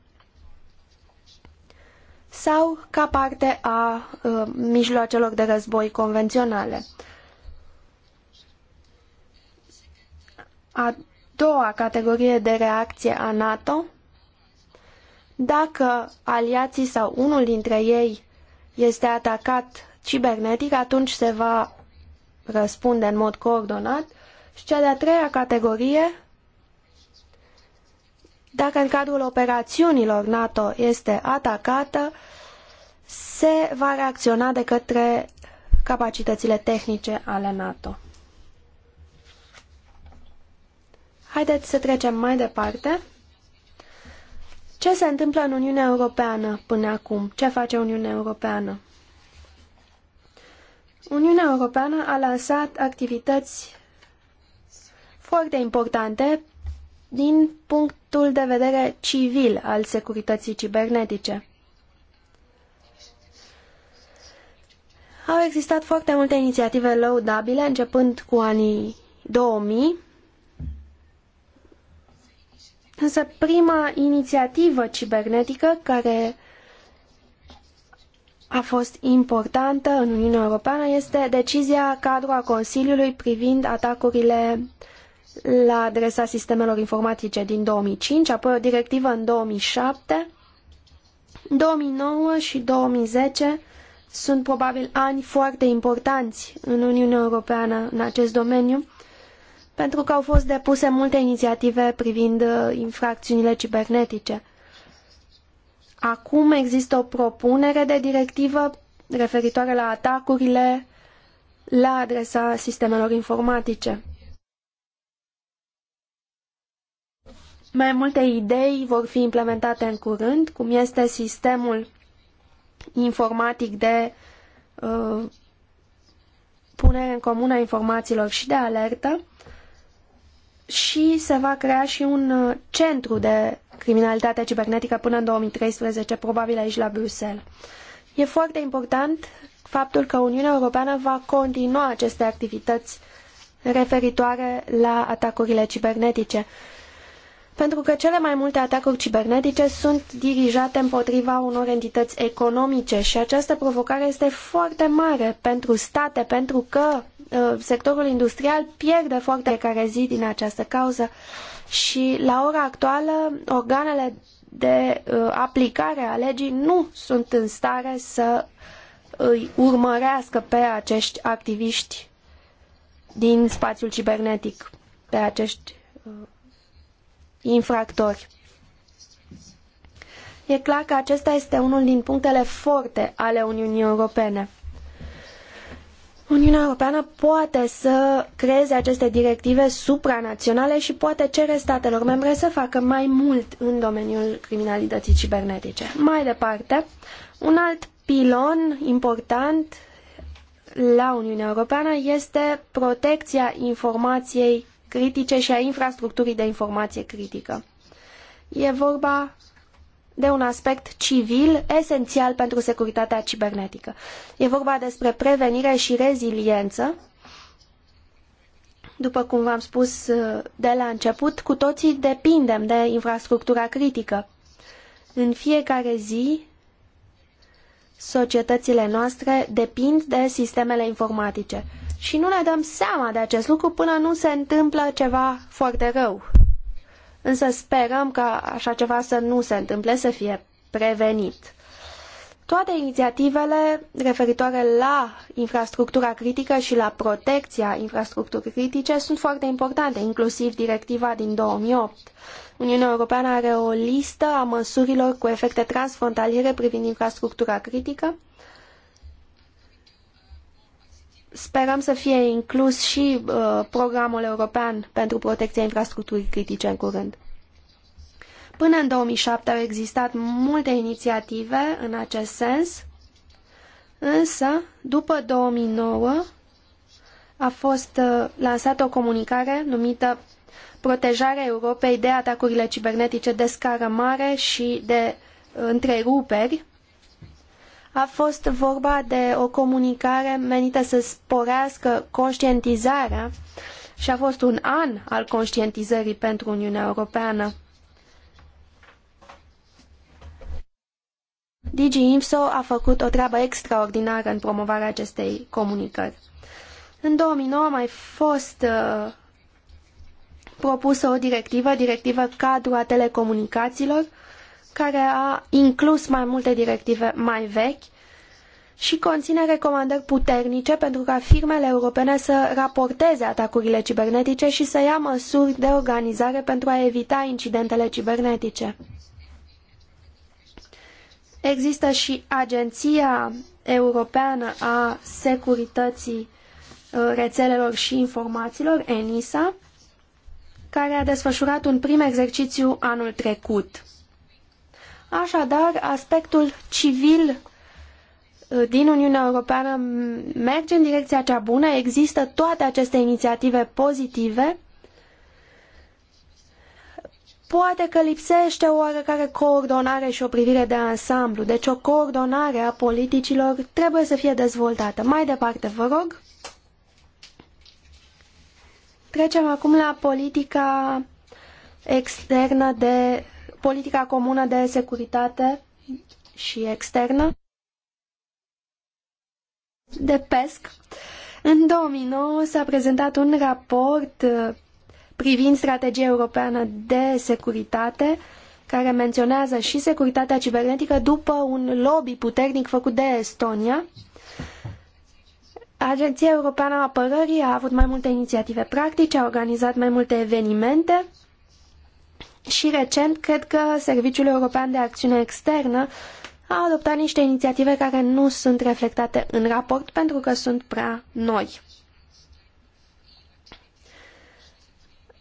sau ca parte a uh, mijloacelor de război convenționale. a doua categorie de reacție a NATO, dacă aliații sau unul dintre ei este atacat cibernetic, atunci se va răspunde în mod coordonat. Și cea de-a treia categorie, dacă în cadrul operațiunilor NATO este atacată, se va reacționa de către capacitățile tehnice ale NATO. Haideți să trecem mai departe. Ce se întâmplă în Uniunea Europeană până acum? Ce face Uniunea Europeană? Uniunea Europeană a lansat activități foarte importante din punctul de vedere civil al securității cibernetice. Au existat foarte multe inițiative lăudabile, începând cu anii 2000, Însă prima inițiativă cibernetică care a fost importantă în Uniunea Europeană este decizia cadru a Consiliului privind atacurile la adresa sistemelor informatice din 2005, apoi o directivă în 2007, 2009 și 2010 sunt probabil ani foarte importanți în Uniunea Europeană în acest domeniu pentru că au fost depuse multe inițiative privind uh, infracțiunile cibernetice. Acum există o propunere de directivă referitoare la atacurile la adresa sistemelor informatice. Mai multe idei vor fi implementate în curând, cum este sistemul informatic de uh, punere în comună a informațiilor și de alertă și se va crea și un uh, centru de criminalitate cibernetică până în 2013, probabil aici la Bruxelles. E foarte important faptul că Uniunea Europeană va continua aceste activități referitoare la atacurile cibernetice. Pentru că cele mai multe atacuri cibernetice sunt dirijate împotriva unor entități economice și această provocare este foarte mare pentru state, pentru că Uh, sectorul industrial pierde foarte care zi din această cauză și la ora actuală organele de uh, aplicare a legii nu sunt în stare să îi urmărească pe acești activiști din spațiul cibernetic, pe acești uh, infractori. E clar că acesta este unul din punctele forte ale Uniunii Europene. Uniunea Europeană poate să creeze aceste directive supranaționale și poate cere statelor membre să facă mai mult în domeniul criminalității cibernetice. Mai departe, un alt pilon important la Uniunea Europeană este protecția informației critice și a infrastructurii de informație critică. E vorba de un aspect civil esențial pentru securitatea cibernetică. E vorba despre prevenire și reziliență. După cum v-am spus uh, de la început, cu toții depindem de infrastructura critică. În fiecare zi, societățile noastre depind de sistemele informatice și nu ne dăm seama de acest lucru până nu se întâmplă ceva foarte rău însă sperăm ca așa ceva să nu se întâmple, să fie prevenit. Toate inițiativele referitoare la infrastructura critică și la protecția infrastructurii critice sunt foarte importante, inclusiv directiva din 2008. Uniunea Europeană are o listă a măsurilor cu efecte transfrontaliere privind infrastructura critică sperăm să fie inclus și uh, programul european pentru protecția infrastructurii critice în curând. Până în 2007 au existat multe inițiative în acest sens, însă după 2009 a fost uh, lansată o comunicare numită Protejarea Europei de atacurile cibernetice de scară mare și de uh, întreruperi a fost vorba de o comunicare menită să sporească conștientizarea și a fost un an al conștientizării pentru Uniunea Europeană. Digi IMSO a făcut o treabă extraordinară în promovarea acestei comunicări. În 2009 a mai fost uh, propusă o directivă, directivă cadru a telecomunicațiilor, care a inclus mai multe directive mai vechi și conține recomandări puternice pentru ca firmele europene să raporteze atacurile cibernetice și să ia măsuri de organizare pentru a evita incidentele cibernetice. Există și Agenția Europeană a Securității uh, Rețelelor și Informațiilor, ENISA, care a desfășurat un prim exercițiu anul trecut. Așadar, aspectul civil uh, din Uniunea Europeană merge în direcția cea bună, există toate aceste inițiative pozitive. Poate că lipsește o oarecare coordonare și o privire de ansamblu, deci o coordonare a politicilor trebuie să fie dezvoltată. Mai departe, vă rog. Trecem acum la politica externă de politica comună de securitate și externă, de PESC. În 2009 s-a prezentat un raport uh, privind strategia europeană de securitate, care menționează și securitatea cibernetică după un lobby puternic făcut de Estonia. Agenția Europeană a Apărării a avut mai multe inițiative practice, a organizat mai multe evenimente și recent, cred că Serviciul European de Acțiune Externă a adoptat niște inițiative care nu sunt reflectate în raport pentru că sunt prea noi.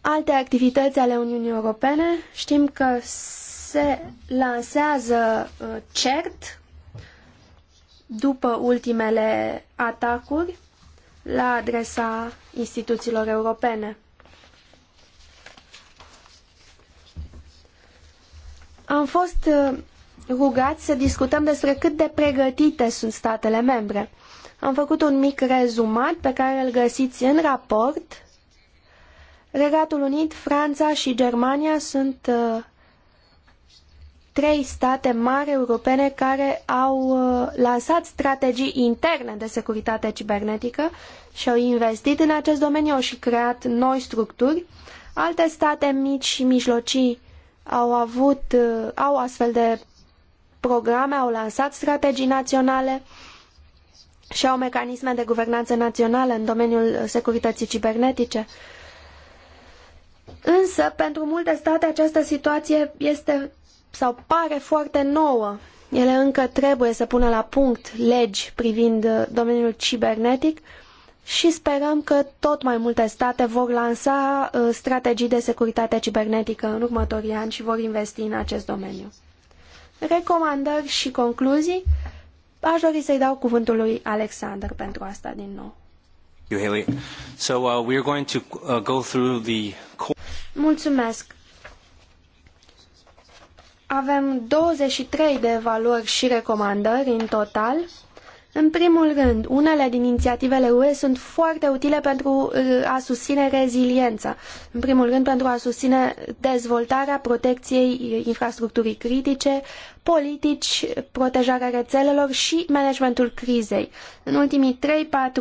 Alte activități ale Uniunii Europene, știm că se lansează uh, CERT după ultimele atacuri la adresa instituțiilor europene. Am fost uh, rugați să discutăm despre cât de pregătite sunt statele membre. Am făcut un mic rezumat pe care îl găsiți în raport. Regatul Unit, Franța și Germania sunt uh, trei state mari europene care au uh, lansat strategii interne de securitate cibernetică și au investit în acest domeniu și creat noi structuri. Alte state mici și mijlocii au avut, uh, au astfel de programe, au lansat strategii naționale și au mecanisme de guvernanță națională în domeniul securității cibernetice. Însă, pentru multe state, această situație este sau pare foarte nouă. Ele încă trebuie să pună la punct legi privind domeniul cibernetic, uh, și sperăm că tot mai multe state vor lansa uh, strategii de securitate cibernetică în următorii ani și vor investi în acest domeniu. Recomandări și concluzii. Aș dori să-i dau cuvântul lui Alexander pentru asta din nou. Uh, uh, Mulțumesc. Avem 23 de evaluări și recomandări în total. În primul rând, unele din inițiativele UE sunt foarte utile pentru uh, a susține reziliența. În primul rând, pentru a susține dezvoltarea protecției uh, infrastructurii critice, politici, protejarea rețelelor și managementul crizei. În ultimii 3-4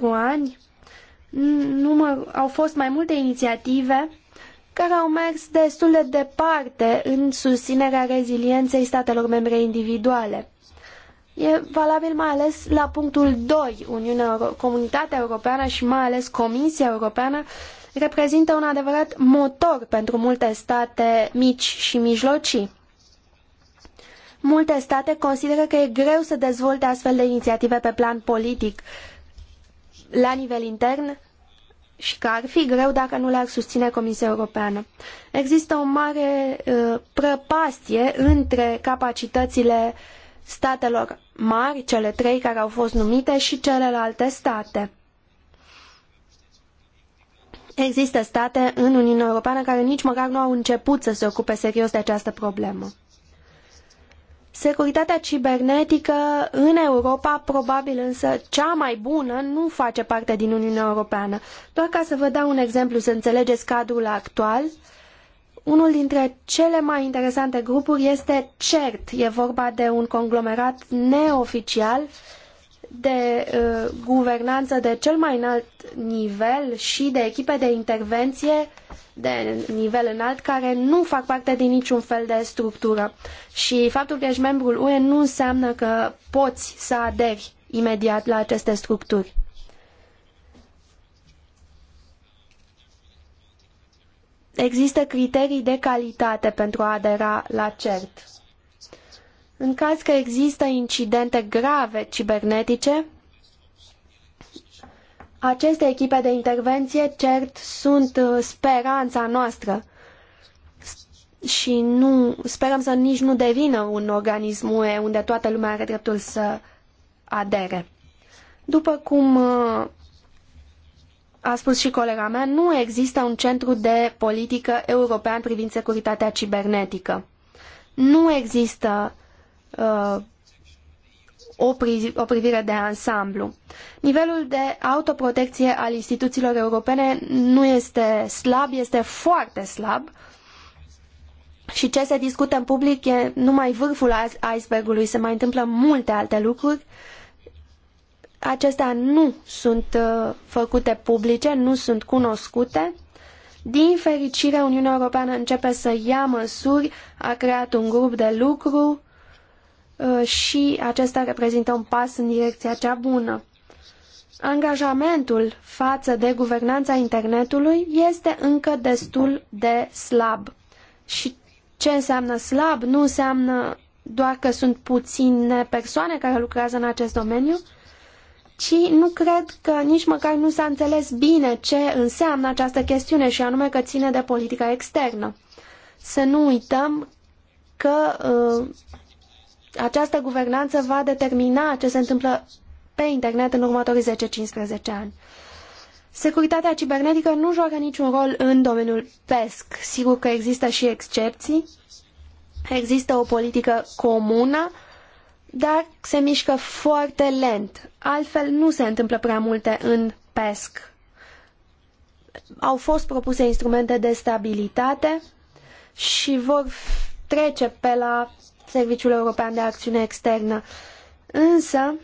ani număr, au fost mai multe inițiative care au mers destul de departe în susținerea rezilienței statelor membre individuale. E valabil mai ales la punctul 2. Uniunea Euro Comunitatea Europeană și mai ales Comisia Europeană reprezintă un adevărat motor pentru multe state mici și mijlocii. Multe state consideră că e greu să dezvolte astfel de inițiative pe plan politic la nivel intern și că ar fi greu dacă nu le-ar susține Comisia Europeană. Există o mare uh, prăpastie între capacitățile uh, statelor mari, cele trei care au fost numite, și celelalte state. Există state în Uniunea Europeană care nici măcar nu au început să se ocupe serios de această problemă. Securitatea cibernetică în Europa, probabil însă cea mai bună, nu face parte din Uniunea Europeană. Doar ca să vă dau un exemplu, să înțelegeți cadrul actual, uh, unul dintre cele mai interesante grupuri este CERT. E vorba de un conglomerat neoficial de uh, guvernanță de cel mai înalt nivel și de echipe de intervenție de nivel înalt care nu fac parte din niciun fel de structură. Și faptul că ești membrul UE nu înseamnă că poți să aderi imediat la aceste structuri. există criterii de calitate pentru a adera la CERT. În caz că există incidente grave cibernetice, aceste echipe de intervenție, CERT, sunt uh, speranța noastră și nu, sperăm să nici nu devină un organism UE unde toată lumea are dreptul să adere. După cum uh, a spus și colega mea, nu există un centru de politică european privind securitatea cibernetică. Nu există uh, o, pri o privire de ansamblu. Nivelul de autoprotecție al instituțiilor europene nu este slab, este foarte slab și ce se discută în public e numai vârful icebergului, se mai întâmplă multe alte lucruri. Uh, acestea nu sunt uh, făcute publice, nu sunt cunoscute. Din fericire, Uniunea Europeană începe să ia măsuri, a creat un grup de lucru uh, și acesta reprezintă un pas în direcția cea bună. Angajamentul față de guvernanța internetului este încă destul de slab. Și ce înseamnă slab? Nu înseamnă doar că sunt puține persoane care lucrează în acest domeniu, ci nu cred că nici măcar nu s-a înțeles bine ce înseamnă această chestiune și anume că ține de politica externă. Să nu uităm că uh, această guvernanță va determina ce se întâmplă pe internet în următorii 10-15 ani. Securitatea cibernetică nu joacă niciun rol în domeniul PESC. Sigur că există și excepții. Există o politică comună dar se mișcă foarte lent. Altfel nu se întâmplă prea multe în PESC. Au fost propuse instrumente de stabilitate și vor trece pe la Serviciul European de Acțiune Externă. Însă,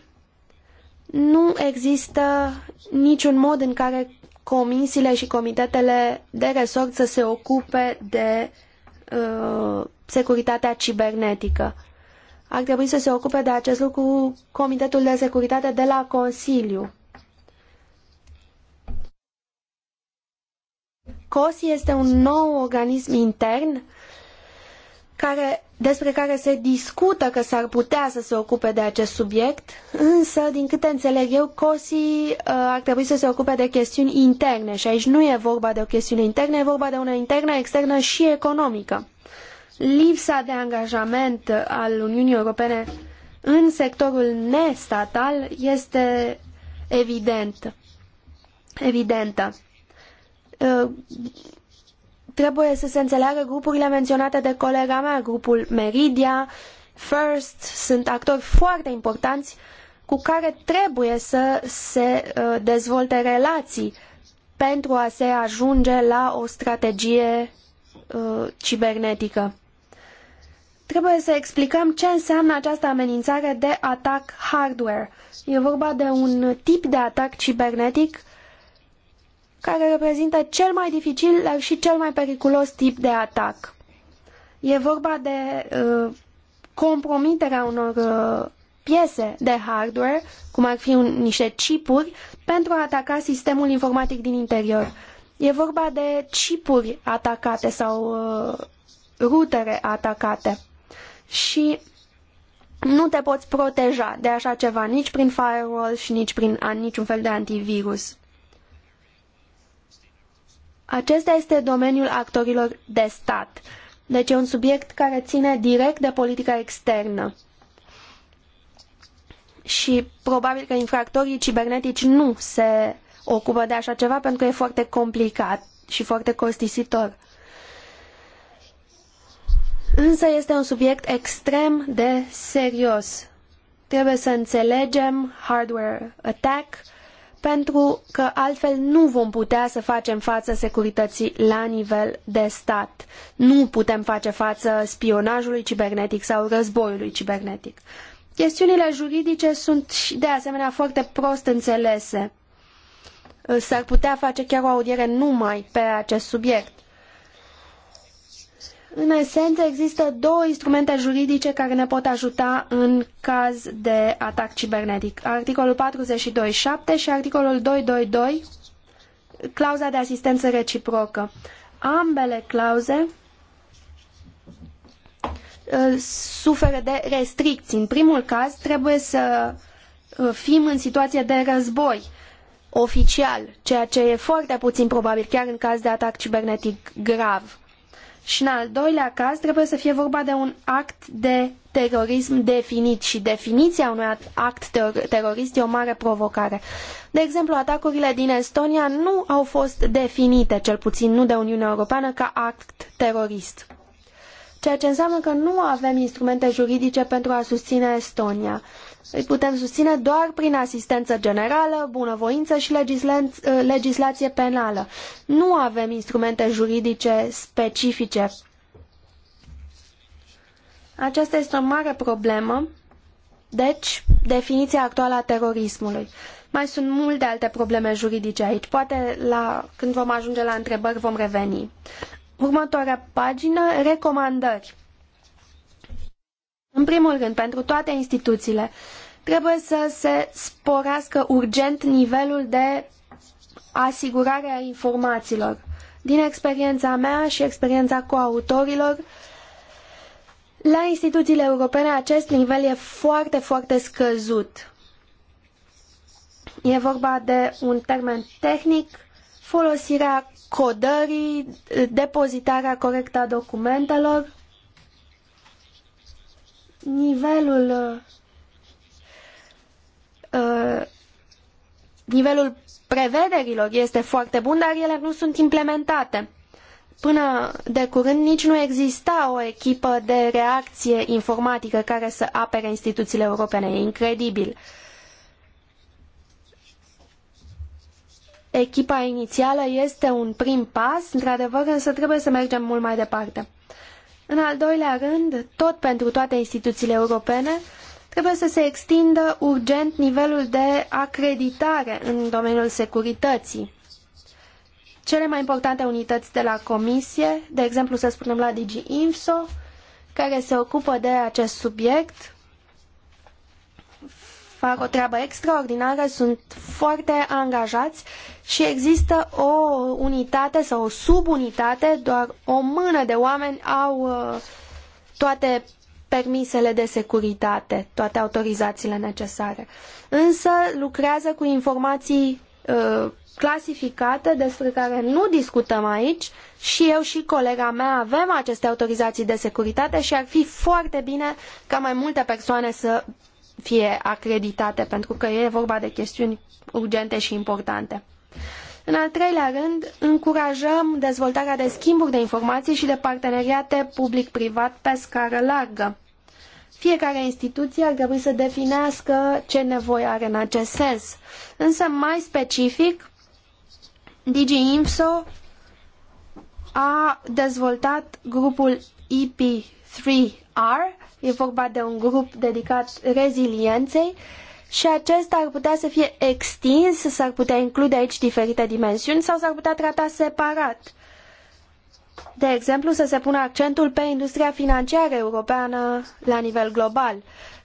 nu există niciun mod în care comisiile și comitetele de resort să se ocupe de uh, securitatea cibernetică ar trebui să se ocupe de acest lucru Comitetul de Securitate de la Consiliu. COSI este un nou organism intern care, despre care se discută că s-ar putea să se ocupe de acest subiect, însă, din câte înțeleg eu, COSI uh, ar trebui să se ocupe de chestiuni interne și aici nu e vorba de o chestiune internă, e vorba de una internă, externă și economică lipsa de angajament al Uniunii Europene în sectorul nestatal este evident, evidentă. Uh, trebuie să se înțeleagă grupurile menționate de colega mea, grupul Meridia, First, sunt actori foarte importanți cu care trebuie să se uh, dezvolte relații pentru a se ajunge la o strategie uh, cibernetică. Trebuie să explicăm ce înseamnă această amenințare de atac hardware. E vorba de un tip de atac cibernetic care reprezintă cel mai dificil, dar și cel mai periculos tip de atac. E vorba de uh, compromiterea unor uh, piese de hardware, cum ar fi un, niște chipuri, pentru a ataca sistemul informatic din interior. E vorba de chipuri atacate sau uh, rutere atacate și nu te poți proteja de așa ceva nici prin firewall și nici prin niciun fel de antivirus. Acesta este domeniul actorilor de stat. Deci e un subiect care ține direct de politica externă. Și probabil că infractorii cibernetici nu se ocupă de așa ceva pentru că e foarte complicat și foarte costisitor. Însă este un subiect extrem de serios. Trebuie să înțelegem hardware attack pentru că altfel nu vom putea să facem față securității la nivel de stat. Nu putem face față spionajului cibernetic sau războiului cibernetic. Chestiunile juridice sunt de asemenea foarte prost înțelese. S-ar putea face chiar o audiere numai pe acest subiect. În esență, există două instrumente juridice care ne pot ajuta în caz de atac cibernetic. Articolul 42.7 și articolul 222, clauza de asistență reciprocă. Ambele clauze uh, suferă de restricții. În primul caz, trebuie să uh, fim în situație de război oficial, ceea ce e foarte puțin probabil chiar în caz de atac cibernetic grav. Și în al doilea caz trebuie să fie vorba de un act de terorism definit și definiția unui act terorist e o mare provocare. De exemplu, atacurile din Estonia nu au fost definite, cel puțin nu de Uniunea Europeană, ca act terorist. Ceea ce înseamnă că nu avem instrumente juridice pentru a susține Estonia. Îi putem susține doar prin asistență generală, bunăvoință și ă, legislație penală. Nu avem instrumente juridice specifice. Aceasta este o mare problemă. Deci, definiția actuală a terorismului. Mai sunt multe alte probleme juridice aici. Poate la, când vom ajunge la întrebări vom reveni. Următoarea pagină, recomandări. În primul rând, pentru toate instituțiile, trebuie să se sporească urgent nivelul de asigurare a informațiilor. Din experiența mea și experiența coautorilor, la instituțiile europene acest nivel e foarte, foarte scăzut. E vorba de un termen tehnic, folosirea codării, depozitarea corectă a documentelor, nivelul uh, nivelul prevederilor este foarte bun, dar ele nu sunt implementate. Până de curând nici nu exista o echipă de reacție informatică care să apere instituțiile europene. E incredibil. Echipa inițială este un prim pas, într-adevăr, însă trebuie să mergem mult mai departe. În al doilea rând, tot pentru toate instituțiile europene, trebuie să se extindă urgent nivelul de acreditare în domeniul securității. Cele mai importante unități de la Comisie, de exemplu să spunem la DigiInfo, care se ocupă de acest subiect, fac o treabă extraordinară, sunt foarte angajați și există o unitate sau o subunitate, doar o mână de oameni au uh, toate permisele de securitate, toate autorizațiile necesare. Însă lucrează cu informații uh, clasificate despre care nu discutăm aici și eu și colega mea avem aceste autorizații de securitate și ar fi foarte bine ca mai multe persoane să fie acreditate, pentru că e vorba de chestiuni urgente și importante. În al treilea rând, încurajăm dezvoltarea de schimburi de informații și de parteneriate public-privat pe scară largă. Fiecare instituție ar trebui să definească ce nevoie are în acest sens. Însă, mai specific, DigiInfo a dezvoltat grupul EP3R, E vorba de un grup dedicat rezilienței și acesta ar putea să fie extins, s-ar putea include aici diferite dimensiuni sau s-ar putea trata separat. De exemplu, să se pună accentul pe industria financiară europeană la nivel global.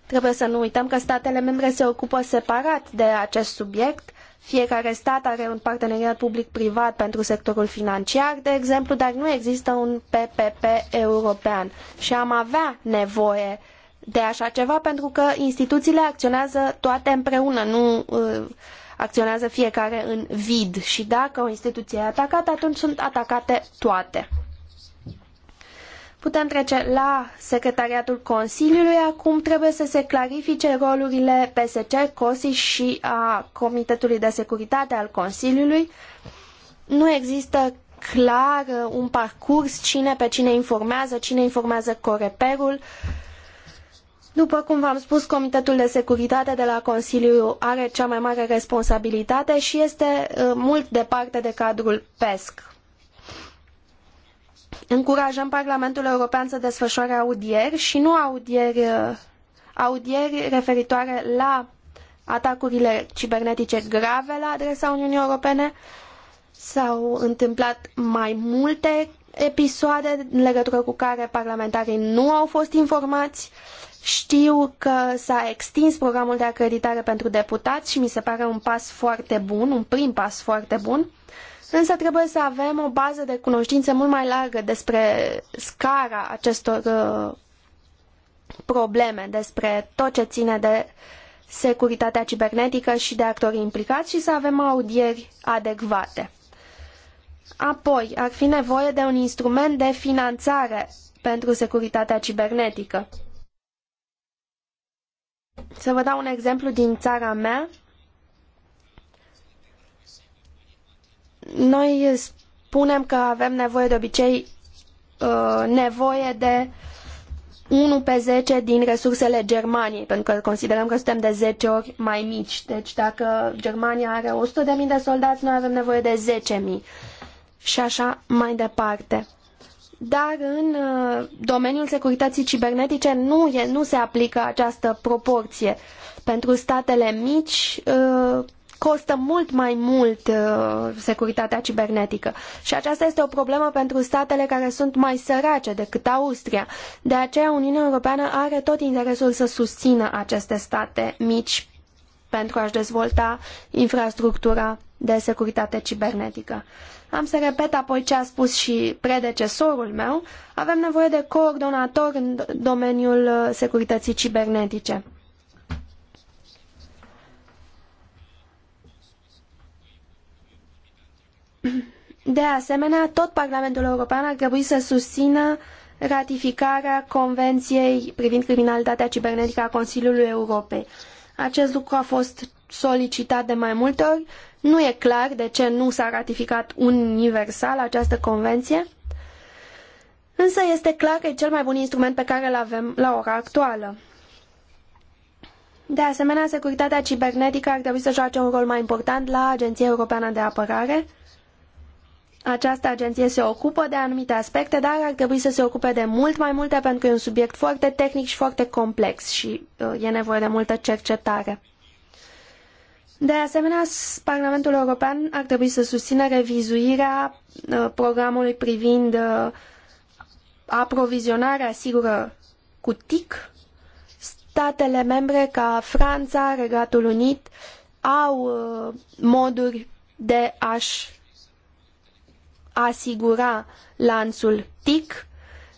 Trebuie să nu uităm că statele membre se ocupă separat de acest subiect fiecare stat are un parteneriat public-privat pentru sectorul financiar, de exemplu, dar nu există un PPP european și am avea nevoie de așa ceva pentru că instituțiile acționează toate împreună, nu uh, acționează fiecare în vid și dacă o instituție e atacată, atunci sunt atacate toate. Putem trece la secretariatul Consiliului. Acum trebuie să se clarifice rolurile PSC, COSI și a Comitetului de Securitate al Consiliului. Nu există clar uh, un parcurs, cine pe cine informează, cine informează coreperul. După cum v-am spus, Comitetul de Securitate de la Consiliu are cea mai mare responsabilitate și este uh, mult departe de cadrul PESC încurajăm Parlamentul European să desfășoare audieri și nu audieri, uh, audieri referitoare la atacurile cibernetice grave la adresa Uniunii Europene. S-au întâmplat mai multe episoade în legătură cu care parlamentarii nu au fost informați. Știu că s-a extins programul de acreditare pentru deputați și mi se pare un pas foarte bun, un prim pas foarte bun. Uh, Însă trebuie să avem o bază de cunoștințe mult mai largă despre scara acestor uh, probleme, despre tot ce ține de securitatea cibernetică și de actorii implicați și să avem audieri adecvate. Apoi, ar fi nevoie de un instrument de finanțare pentru securitatea cibernetică. Să vă dau un exemplu din țara mea. Noi spunem că avem nevoie de obicei uh, nevoie de unu pe zece din resursele Germaniei, pentru că considerăm că suntem de zece ori mai mici. Deci dacă Germania are 100.000 de soldați, noi avem nevoie de 10.000 și așa mai departe. Dar în uh, domeniul securității cibernetice nu, e, nu se aplică această proporție. Pentru statele mici, uh, costă mult mai mult uh, securitatea cibernetică. Și aceasta este o problemă pentru statele care sunt mai sărace decât Austria. De aceea Uniunea Europeană are tot interesul să susțină aceste state mici pentru a-și dezvolta infrastructura de securitate cibernetică. Am să repet apoi ce a spus și predecesorul meu. Avem nevoie de coordonator în domeniul uh, securității cibernetice. De asemenea, tot Parlamentul European ar trebui să susțină ratificarea Convenției privind criminalitatea cibernetică a Consiliului Europei. Acest lucru a fost solicitat de mai multe ori. Nu e clar de ce nu s-a ratificat universal această convenție, însă este clar că e cel mai bun instrument pe care îl avem la ora actuală. De asemenea, securitatea cibernetică ar trebui să joace un rol mai important la Agenția Europeană de Apărare, această agenție se ocupă de anumite aspecte, dar ar trebui să se ocupe de mult mai multe pentru că e un subiect foarte tehnic și foarte complex și uh, e nevoie de multă cercetare. De asemenea, Parlamentul European ar trebui să susțină revizuirea uh, programului privind uh, aprovizionarea sigură cu TIC. Statele membre ca Franța, Regatul Unit au moduri de a-și asigura lanțul TIC.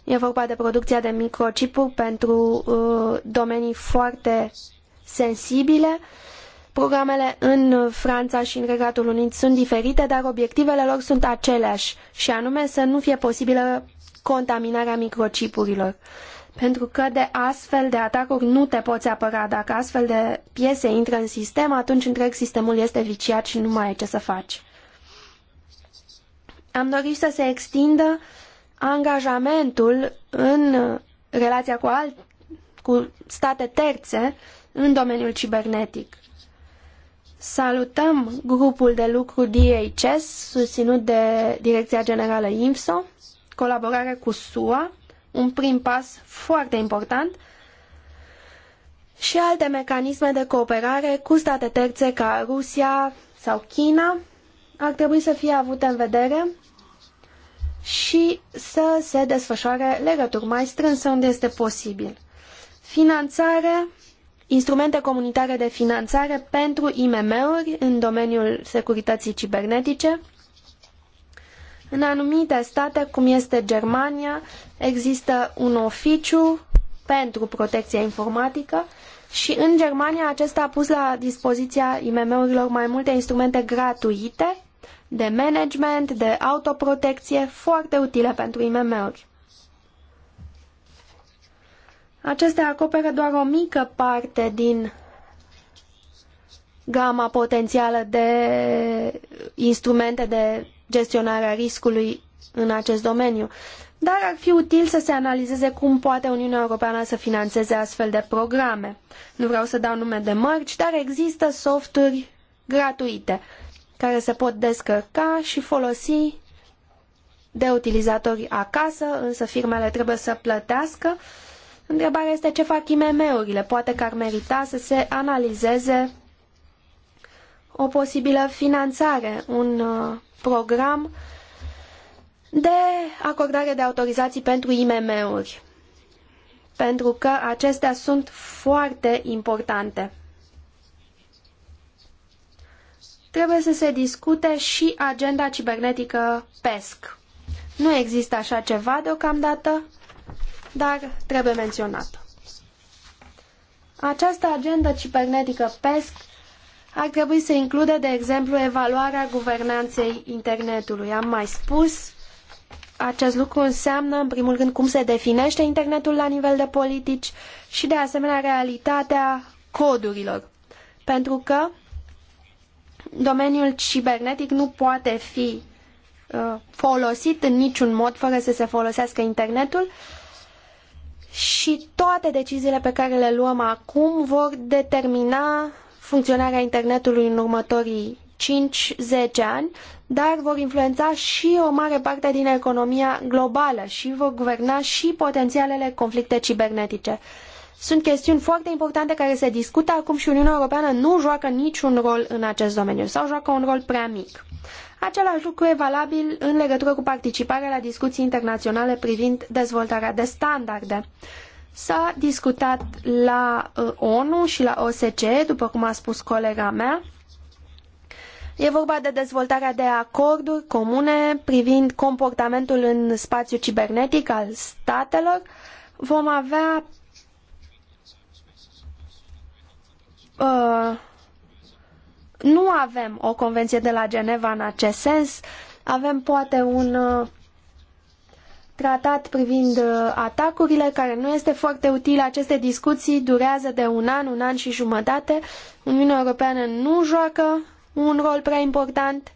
E vorba de producția de microchipuri pentru uh, domenii foarte sensibile. Programele în Franța și în Regatul Unit sunt diferite, dar obiectivele lor sunt aceleași, și anume să nu fie posibilă contaminarea microchipurilor. Pentru că de astfel de atacuri nu te poți apăra. Dacă astfel de piese intră în sistem, atunci întreg sistemul este viciat și nu mai ai ce să faci. Am dorit să se extindă angajamentul în relația cu, alt, cu state terțe în domeniul cibernetic. Salutăm grupul de lucru DHS, susținut de Direcția Generală IMSO, colaborare cu SUA, un prim pas foarte important, și alte mecanisme de cooperare cu state terțe ca Rusia sau China ar trebui să fie avute în vedere și să se desfășoare legături mai strânse unde este posibil. Finanțare, instrumente comunitare de finanțare pentru IMM-uri în domeniul securității cibernetice. În anumite state, cum este Germania, există un oficiu pentru protecția informatică și în Germania acesta a pus la dispoziția IMM-urilor mai multe instrumente gratuite de management, de autoprotecție, foarte utile pentru IMM-uri. Acestea acoperă doar o mică parte din gama potențială de instrumente de gestionare a riscului în acest domeniu. Dar ar fi util să se analizeze cum poate Uniunea Europeană să financeze astfel de programe. Nu vreau să dau nume de mărci, dar există softuri gratuite care se pot descărca și folosi de utilizatori acasă, însă firmele trebuie să plătească. Întrebarea este ce fac IMM-urile. Poate că ar merita să se analizeze o posibilă finanțare, un uh, program de acordare de autorizații pentru IMM-uri, pentru că acestea sunt foarte importante. trebuie să se discute și agenda cibernetică PESC. Nu există așa ceva deocamdată, dar trebuie menționată. Această agendă cibernetică PESC ar trebui să includă, de exemplu, evaluarea guvernanței internetului. Am mai spus, acest lucru înseamnă, în primul rând, cum se definește internetul la nivel de politici și, de asemenea, realitatea codurilor. Pentru că domeniul cibernetic nu poate fi uh, folosit în niciun mod fără să se folosească internetul și toate deciziile pe care le luăm acum vor determina funcționarea internetului în următorii 5-10 ani, dar vor influența și o mare parte din economia globală și vor guverna și potențialele conflicte cibernetice. Sunt chestiuni foarte importante care se discută acum și Uniunea Europeană nu joacă niciun rol în acest domeniu sau joacă un rol prea mic. Același lucru e valabil în legătură cu participarea la discuții internaționale privind dezvoltarea de standarde. S-a discutat la uh, ONU și la OSCE, după cum a spus colega mea. E vorba de dezvoltarea de acorduri comune privind comportamentul în spațiul cibernetic al statelor. Vom avea Uh, nu avem o convenție de la Geneva în acest sens. Avem poate un uh, tratat privind uh, atacurile, care nu este foarte util. Aceste discuții durează de un an, un an și jumătate. Uniunea Europeană nu joacă un rol prea important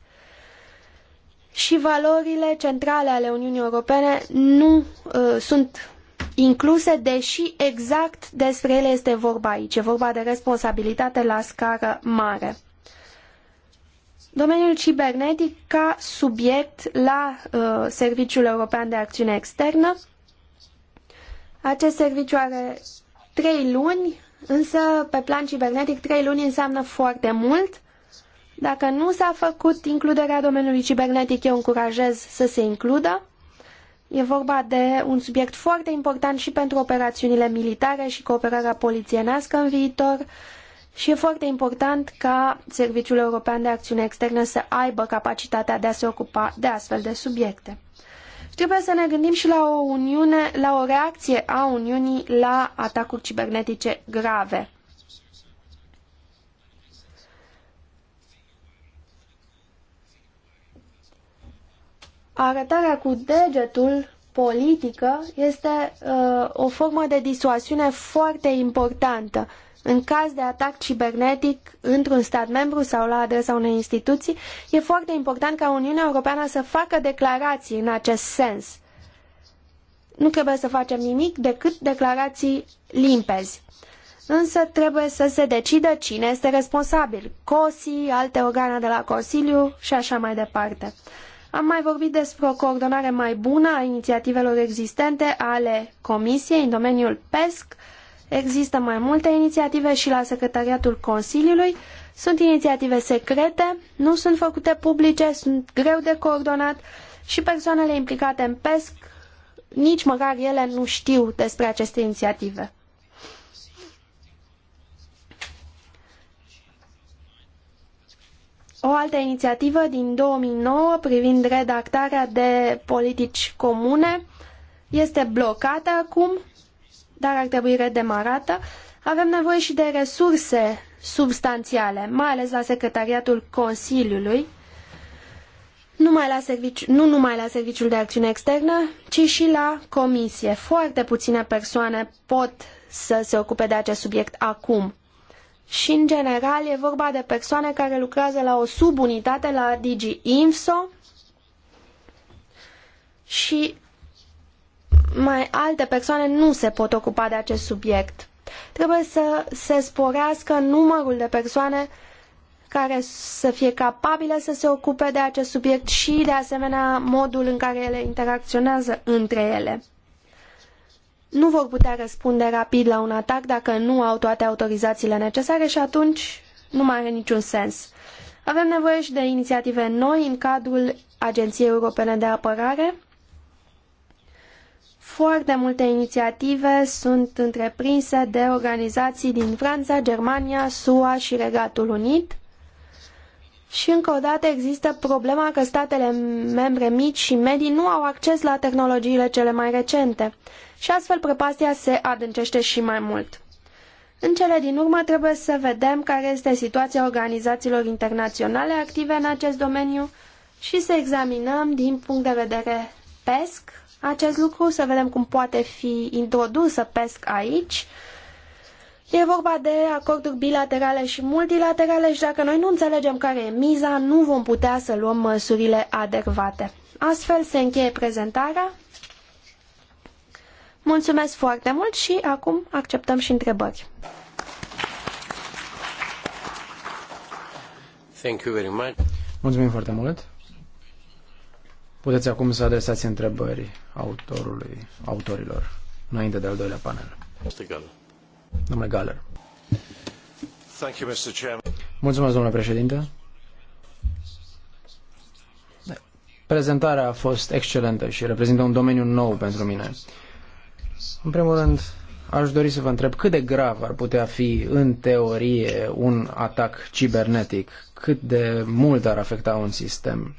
și valorile centrale ale Uniunii Europene nu uh, sunt incluse, deși exact despre ele este vorba aici. E vorba de responsabilitate la scară mare. Domeniul cibernetic ca subiect la uh, Serviciul European de Acțiune Externă. Acest serviciu are trei luni, însă pe plan cibernetic trei luni înseamnă foarte mult. Dacă nu s-a făcut includerea domeniului cibernetic, eu încurajez să se includă. E vorba de un subiect foarte important și pentru operațiunile militare și cooperarea polițienească în viitor și e foarte important ca Serviciul European de Acțiune Externă să aibă capacitatea de a se ocupa de astfel de subiecte. trebuie să ne gândim și la o uniune, la o reacție a Uniunii la atacuri cibernetice grave. arătarea cu degetul politică este uh, o formă de disuasiune foarte importantă. În caz de atac cibernetic într-un stat membru sau la adresa unei instituții, e foarte important ca Uniunea Europeană să facă declarații în acest sens. Nu trebuie să facem nimic decât declarații limpezi. Însă trebuie să se decidă cine este responsabil, COSI, alte organe de la Consiliu și așa mai departe. Uh, am mai vorbit despre o coordonare mai bună a inițiativelor existente ale Comisiei în domeniul PESC. Există mai multe inițiative și la Secretariatul Consiliului. Sunt inițiative secrete, nu sunt făcute publice, sunt greu de coordonat și persoanele implicate în PESC, nici măcar ele nu știu despre aceste inițiative. O altă inițiativă din 2009 privind redactarea de politici comune este blocată acum, dar ar trebui redemarată. Avem nevoie și de resurse substanțiale, mai ales la Secretariatul Consiliului, numai la serviciu, nu numai la Serviciul de Acțiune Externă, ci și la Comisie. Foarte puține persoane pot să se ocupe de acest subiect acum și, în general, e vorba de persoane care lucrează la o subunitate, la digiinfo și mai alte persoane nu se pot ocupa de acest subiect. Trebuie să se sporească numărul de persoane care să fie capabile să se ocupe de acest subiect și, de asemenea, modul în care ele interacționează între ele nu vor putea răspunde rapid la un atac dacă nu au toate autorizațiile necesare și atunci nu mai are niciun sens. Avem nevoie și de inițiative noi în cadrul Agenției Europene de Apărare. Foarte multe inițiative sunt întreprinse de organizații din Franța, Germania, SUA și Regatul Unit și încă o dată există problema că statele membre mici și medii nu au acces la tehnologiile cele mai recente și astfel prăpastia se adâncește și mai mult. În cele din urmă trebuie să vedem care este situația organizațiilor internaționale active în acest domeniu și să examinăm din punct de vedere PESC acest lucru, să vedem cum poate fi introdusă PESC aici, uh, E vorba de acorduri bilaterale și multilaterale și dacă noi nu înțelegem care e miza, nu vom putea să luăm măsurile adecvate. Astfel se încheie prezentarea. Mulțumesc foarte mult și acum acceptăm și întrebări.
Thank you very much.
Mulțumim foarte mult. Puteți acum să adresați întrebări autorului, autorilor, înainte de al doilea panel. Este Domnule Galler.
Thank you, Mr. Chairman.
Mulțumesc, domnule președinte. Prezentarea a fost excelentă și reprezintă un domeniu nou pentru mine. În primul rând, aș dori să vă întreb cât de grav ar putea fi, în teorie, un atac cibernetic? Cât de mult ar afecta un sistem?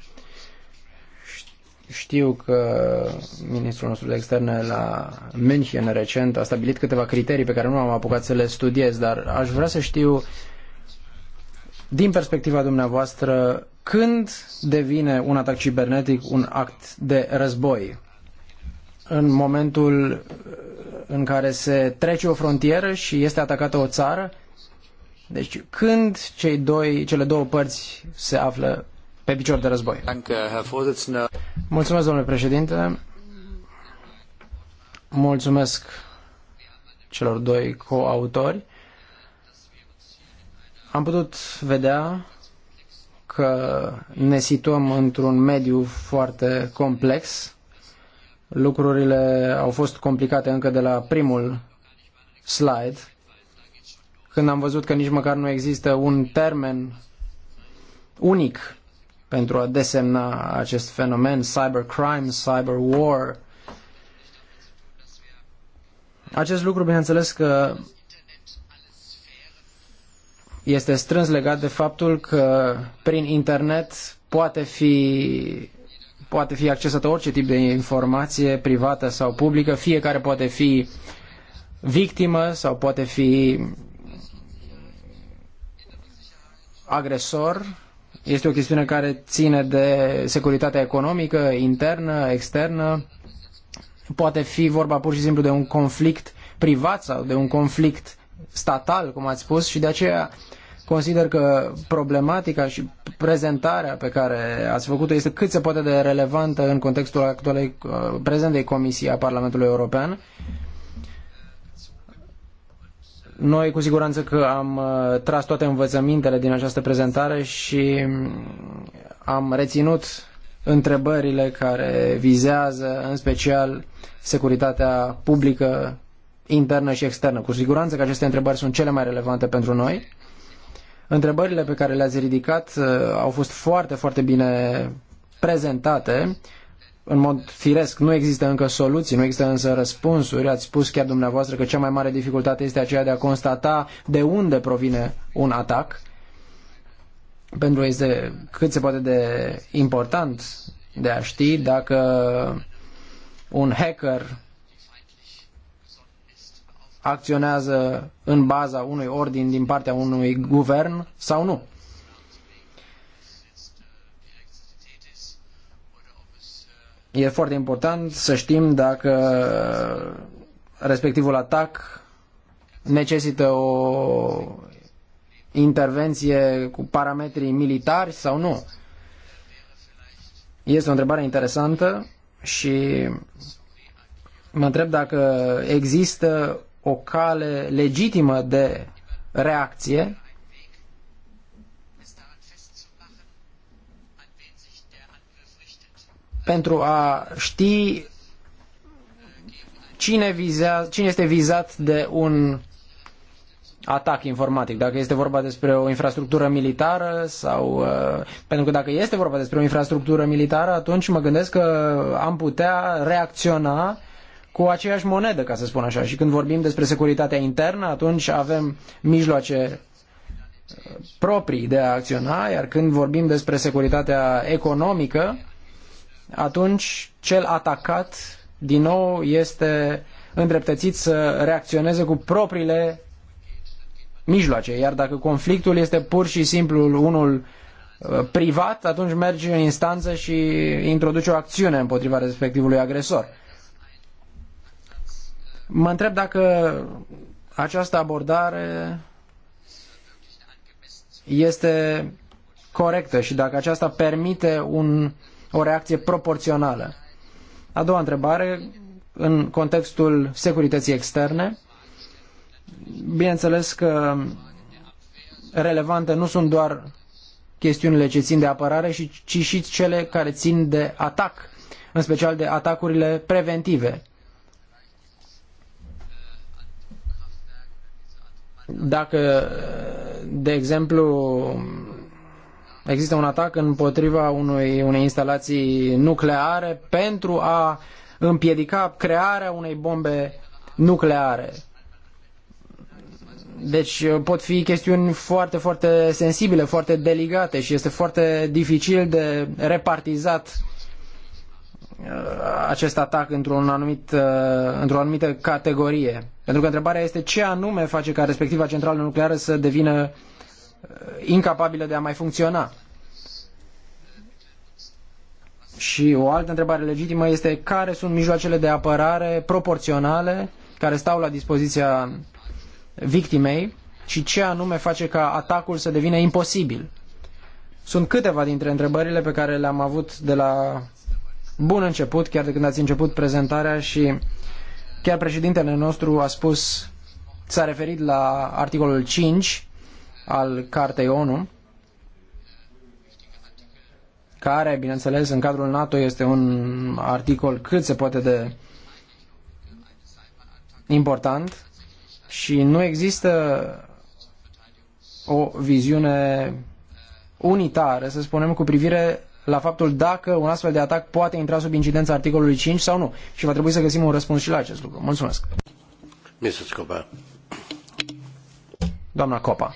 Știu că ministrul nostru de externe la München recent a stabilit câteva criterii pe care nu am apucat să le studiez, dar aș vrea să știu din perspectiva dumneavoastră când devine un atac cibernetic un act de război. În momentul în care se trece o frontieră și este atacată o țară, deci când cei doi, cele două părți se află pe picior de război. Mulțumesc, domnule președinte. Mulțumesc celor doi coautori. Am putut vedea că ne situăm într-un mediu foarte complex. Lucrurile au fost complicate încă de la primul slide, când am văzut că nici măcar nu există un termen unic pentru a desemna acest fenomen, cybercrime, war. Acest lucru, bineînțeles că este strâns legat de faptul că prin internet poate fi poate fi accesată orice tip de informație privată sau publică, fiecare poate fi victimă sau poate fi agresor este o chestiune care ține de securitatea economică, internă, externă. Poate fi vorba pur și simplu de un conflict privat sau de un conflict statal, cum ați spus, și de aceea consider că problematica și prezentarea pe care ați făcut-o este cât se poate de relevantă în contextul actualei uh, prezentei Comisii a Parlamentului European. Uh, noi cu siguranță că am uh, tras toate învățămintele din această prezentare și am reținut întrebările care vizează în special securitatea publică internă și externă. Cu siguranță că aceste întrebări sunt cele mai relevante pentru noi. Întrebările pe care le-ați ridicat uh, au fost foarte, foarte bine prezentate în mod firesc, nu există încă soluții, nu există însă răspunsuri. Ați spus chiar dumneavoastră că cea mai mare dificultate este aceea de a constata de unde provine un atac, pentru că este cât se poate de important de a ști dacă un hacker acționează în baza unui ordin din partea unui guvern sau nu. E foarte important să știm dacă respectivul atac necesită o intervenție cu parametrii militari sau nu. Este o întrebare interesantă și mă întreb dacă există o cale legitimă de reacție pentru a ști cine, cine este vizat de un atac informatic, dacă este vorba despre o infrastructură militară sau... Uh, pentru că dacă este vorba despre o infrastructură militară, atunci mă gândesc că am putea reacționa cu aceeași monedă, ca să spun așa. Și când vorbim despre securitatea internă, atunci avem mijloace uh, proprii de a acționa, iar când vorbim despre securitatea economică, atunci cel atacat din nou este îndreptățit să reacționeze cu propriile mijloace. Iar dacă conflictul este pur și simplu unul uh, privat, atunci mergi în instanță și introduci o acțiune împotriva respectivului agresor. Mă întreb dacă această abordare este corectă și dacă aceasta permite un o reacție proporțională. A doua întrebare, în contextul securității externe, bineînțeles că relevante nu sunt doar chestiunile ce țin de apărare, ci și cele care țin de atac, în special de atacurile preventive. Dacă, de exemplu, există un atac împotriva unui, unei instalații nucleare pentru a împiedica crearea unei bombe nucleare. Deci uh, pot fi chestiuni foarte, foarte sensibile, foarte delicate și este foarte dificil de repartizat uh, acest atac într-un anumit, uh, într-o anumită categorie. Pentru că întrebarea este ce anume face ca respectiva centrală nucleară să devină Uh, incapabilă de a mai funcționa. Și o altă întrebare legitimă este care sunt mijloacele de apărare proporționale care stau la dispoziția victimei și ce anume face ca atacul să devină imposibil. Sunt câteva dintre întrebările pe care le-am avut de la bun început, chiar de când ați început prezentarea și chiar președintele nostru a spus, s-a referit la articolul 5 al Cartei ONU, care, bineînțeles, în cadrul NATO este un articol cât se poate de important și nu există o viziune unitară, să spunem, cu privire la faptul dacă un astfel de atac poate intra sub incidența articolului 5 sau nu. Și va trebui să găsim un răspuns și la acest lucru.
Mulțumesc. Mrs. Copa.
Doamna Copa.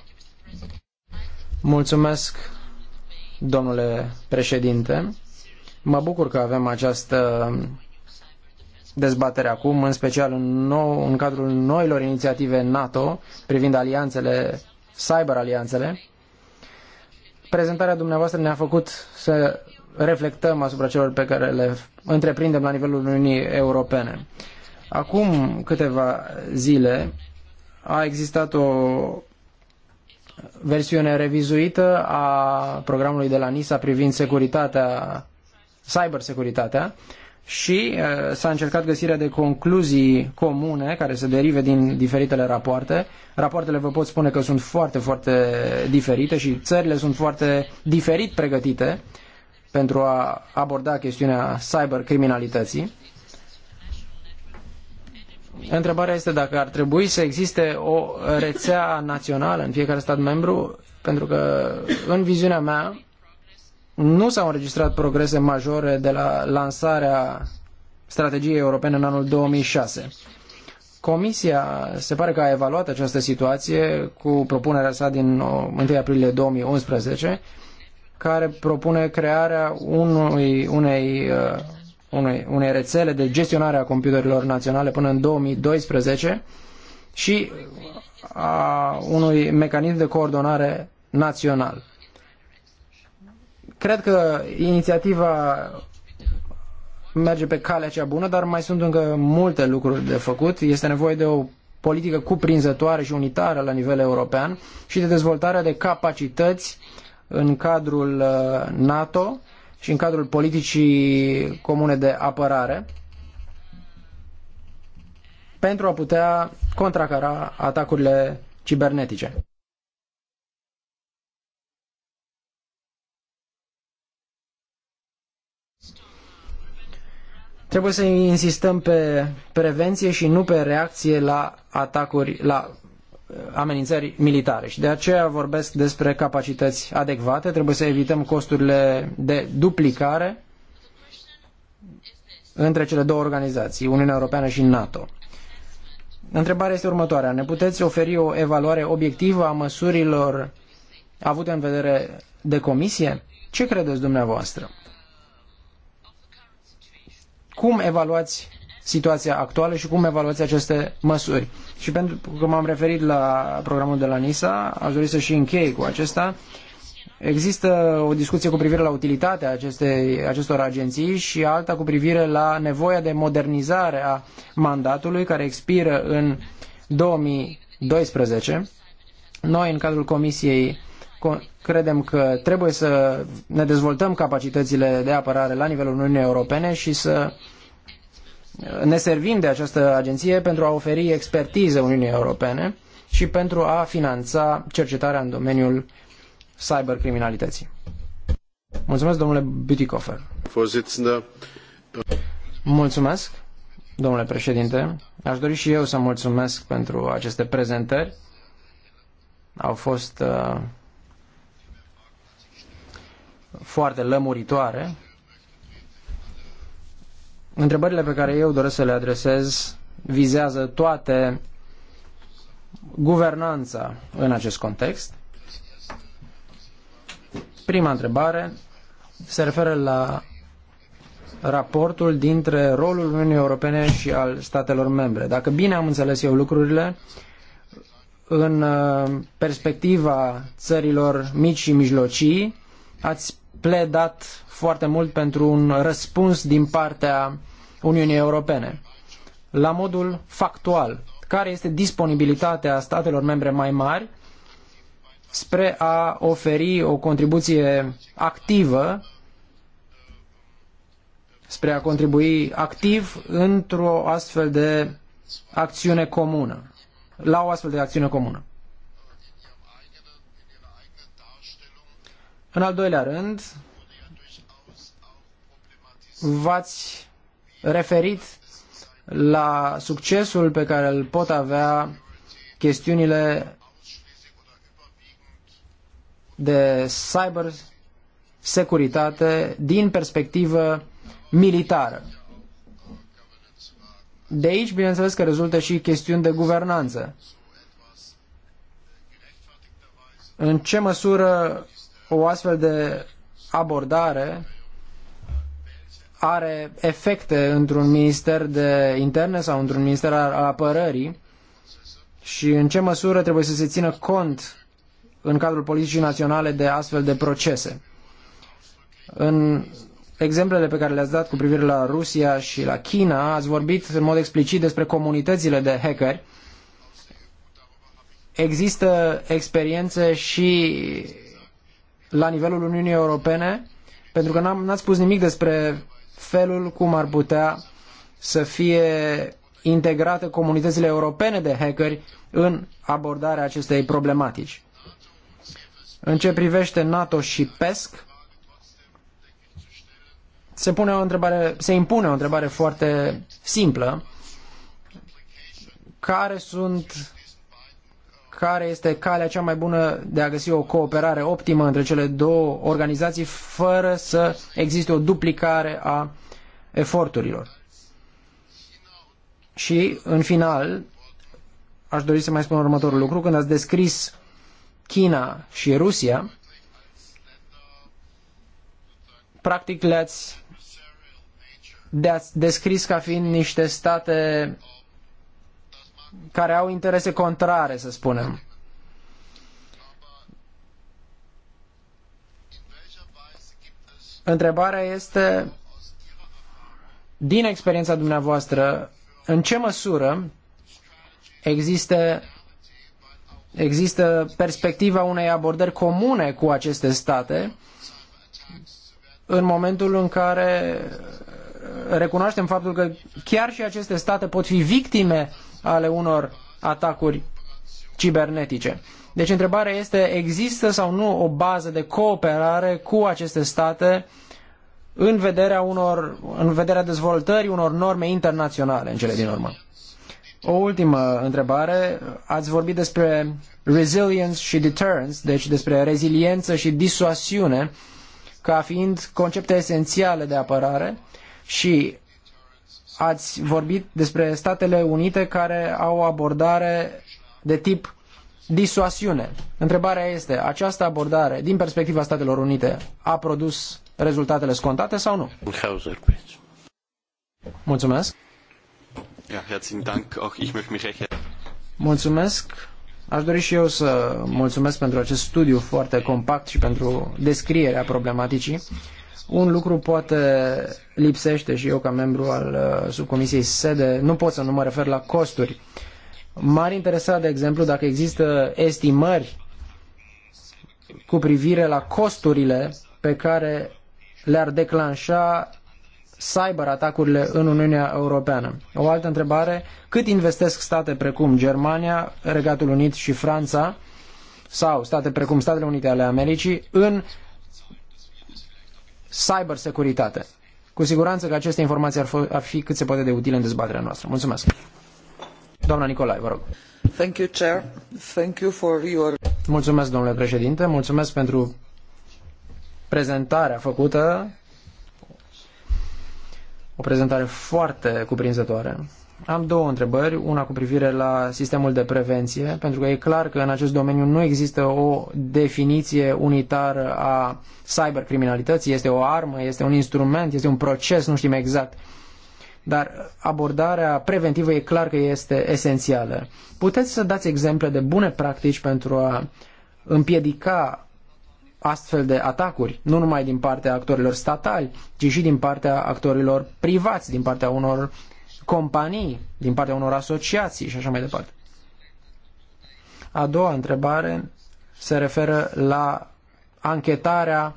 Mulțumesc, domnule președinte. Mă bucur că avem această dezbatere acum, în special în, nou, în cadrul noilor inițiative NATO privind alianțele, cyber alianțele. Prezentarea dumneavoastră ne-a făcut să reflectăm asupra celor pe care le întreprindem la nivelul Uniunii Europene. Acum câteva zile a existat o versiune revizuită a programului de la NISA privind securitatea, cybersecuritatea și uh, s-a încercat găsirea de concluzii comune care se derive din diferitele rapoarte. Rapoartele vă pot spune că sunt foarte, foarte diferite și țările sunt foarte diferit pregătite pentru a aborda chestiunea cybercriminalității. Întrebarea este dacă ar trebui să existe o rețea națională în fiecare stat membru, pentru că în viziunea mea nu s-au înregistrat progrese majore de la lansarea strategiei europene în anul 2006. Comisia se pare că a evaluat această situație cu propunerea sa din 1 uh, aprilie 2011, care propune crearea unui, unei uh, unei, unei rețele de gestionare a computerilor naționale până în 2012 și a unui mecanism de coordonare național. Cred că inițiativa merge pe calea cea bună, dar mai sunt încă multe lucruri de făcut. Este nevoie de o politică cuprinzătoare și unitară la nivel european și de dezvoltarea de capacități în cadrul uh, NATO și în cadrul politicii comune de apărare pentru a putea contracara atacurile cibernetice. Trebuie să insistăm pe prevenție și nu pe reacție la atacuri, la amenințări militare și de aceea vorbesc despre capacități adecvate, trebuie să evităm costurile de duplicare între cele două organizații, Uniunea Europeană și NATO. Întrebarea este următoarea. Ne puteți oferi o evaluare obiectivă a măsurilor avute în vedere de comisie? Ce credeți dumneavoastră? Cum evaluați situația actuală și cum evaluați aceste măsuri. Și pentru că m-am referit la programul de la NISA, aș dori să și închei cu acesta. Există o discuție cu privire la utilitatea acestei, acestor agenții și alta cu privire la nevoia de modernizare a mandatului care expiră în 2012. Noi, în cadrul Comisiei credem că trebuie să ne dezvoltăm capacitățile de apărare la nivelul Uniunii Europene și să ne servim de această agenție pentru a oferi expertiză Uniunii Europene și pentru a finanța cercetarea în domeniul cybercriminalității. Mulțumesc, domnule Bütikofer. Mulțumesc, domnule președinte. Aș dori și eu să mulțumesc pentru aceste prezentări. Au fost uh, foarte lămuritoare Întrebările pe care eu doresc să le adresez vizează toate guvernanța în acest context. Prima întrebare se referă la raportul dintre rolul Uniunii Europene și al statelor membre. Dacă bine am înțeles eu lucrurile, în uh, perspectiva țărilor mici și mijlocii, ați pledat foarte mult pentru un răspuns din partea Uniunii Europene. La modul factual, care este disponibilitatea statelor membre mai mari spre a oferi o contribuție activă spre a contribui activ într-o astfel de acțiune comună, la o astfel de acțiune comună. În al doilea rând, v-ați referit la succesul pe care îl pot avea chestiunile de cyber securitate din perspectivă militară. De aici, bineînțeles că rezultă și chestiuni de guvernanță. În ce măsură o astfel de abordare are efecte într-un minister de interne sau într-un minister al apărării și în ce măsură trebuie să se țină cont în cadrul politicii naționale de astfel de procese. În exemplele pe care le-ați dat cu privire la Rusia și la China, ați vorbit în mod explicit despre comunitățile de hackeri. Există experiențe și la nivelul Uniunii Europene, pentru că n-am, n-ați spus nimic despre felul cum ar putea să fie integrate comunitățile europene de hackeri în abordarea acestei problematici. În ce privește NATO și PESC, se, pune o întrebare, se impune o întrebare foarte simplă. Care sunt care este calea cea mai bună de a găsi o cooperare optimă între cele două organizații fără să existe o duplicare a eforturilor. Și, în final, aș dori să mai spun următorul lucru. Când ați descris China și Rusia, practic le-ați descris ca fiind niște state care au interese contrare, să spunem. Întrebarea este, din experiența dumneavoastră, în ce măsură există, există perspectiva unei abordări comune cu aceste state în momentul în care recunoaștem faptul că chiar și aceste state pot fi victime ale unor atacuri cibernetice. Deci întrebarea este, există sau nu o bază de cooperare cu aceste state în vederea, unor, în vederea dezvoltării unor norme internaționale în cele din urmă? O ultimă întrebare. Ați vorbit despre resilience și deterrence, deci despre reziliență și disuasiune, ca fiind concepte esențiale de apărare și ați vorbit despre Statele Unite care au o abordare de tip disuasiune. Întrebarea este, această abordare, din perspectiva Statelor Unite, a produs rezultatele scontate sau nu? Mulțumesc. Mulțumesc. Aș dori și eu să mulțumesc pentru acest studiu foarte compact și pentru descrierea problematicii. Un lucru poate lipsește și eu ca membru al uh, subcomisiei SEDE, nu pot să nu mă refer la costuri. M-ar interesa, de exemplu, dacă există estimări cu privire la costurile pe care le-ar declanșa cyber atacurile în Uniunea Europeană. O altă întrebare, cât investesc state precum Germania, Regatul Unit și Franța sau state precum Statele Unite ale Americii în cybersecuritate. Cu siguranță că aceste informații ar, fi cât se poate de utile în dezbaterea noastră. Mulțumesc. Doamna Nicolae, vă rog. Thank you, Chair.
Thank you for your...
Mulțumesc, domnule președinte. Mulțumesc pentru prezentarea făcută. O prezentare foarte cuprinzătoare. Am două întrebări, una cu privire la sistemul de prevenție, pentru că e clar că în acest domeniu nu există o definiție unitară a cybercriminalității, este o armă, este un instrument, este un proces, nu știm exact. Dar abordarea preventivă e clar că este esențială. Puteți să dați exemple de bune practici pentru a împiedica astfel de atacuri, nu numai din partea actorilor statali, ci și din partea actorilor privați, din partea unor companii, din partea unor asociații și așa mai departe. A doua întrebare se referă la anchetarea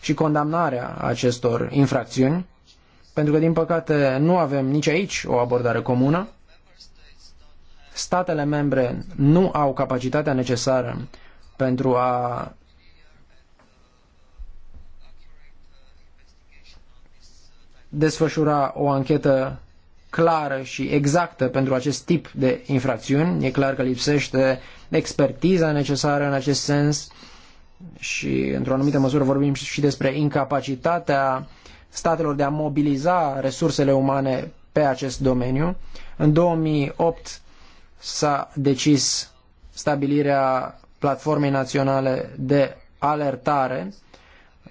și condamnarea acestor infracțiuni, pentru că, din păcate, nu avem nici aici o abordare comună. Statele membre nu au capacitatea necesară pentru a desfășura o anchetă clară și exactă pentru acest tip de infracțiuni. E clar că lipsește expertiza necesară în acest sens și, într-o anumită măsură, vorbim și despre incapacitatea statelor de a mobiliza resursele umane pe acest domeniu. În 2008 s-a decis stabilirea platformei naționale de alertare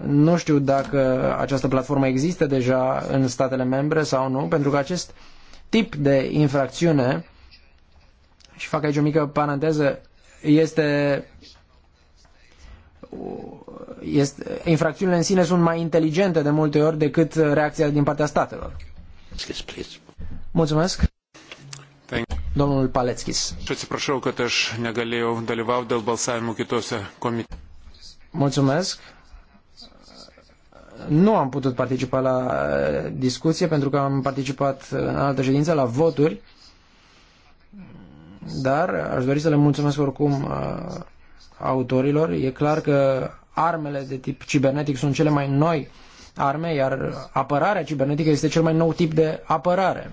nu știu dacă această platformă există deja în statele membre sau nu, pentru că acest tip de infracțiune, și fac aici o mică paranteză, este, este infracțiunile în sine sunt mai inteligente de multe ori decât reacția din partea statelor. Mulțumesc. Domnul Paleckis. Mulțumesc nu am putut participa la uh, discuție pentru că am participat uh, în altă ședință la voturi, dar aș dori să le mulțumesc oricum uh, autorilor. E clar că armele de tip cibernetic sunt cele mai noi arme, iar apărarea cibernetică este cel mai nou tip de apărare.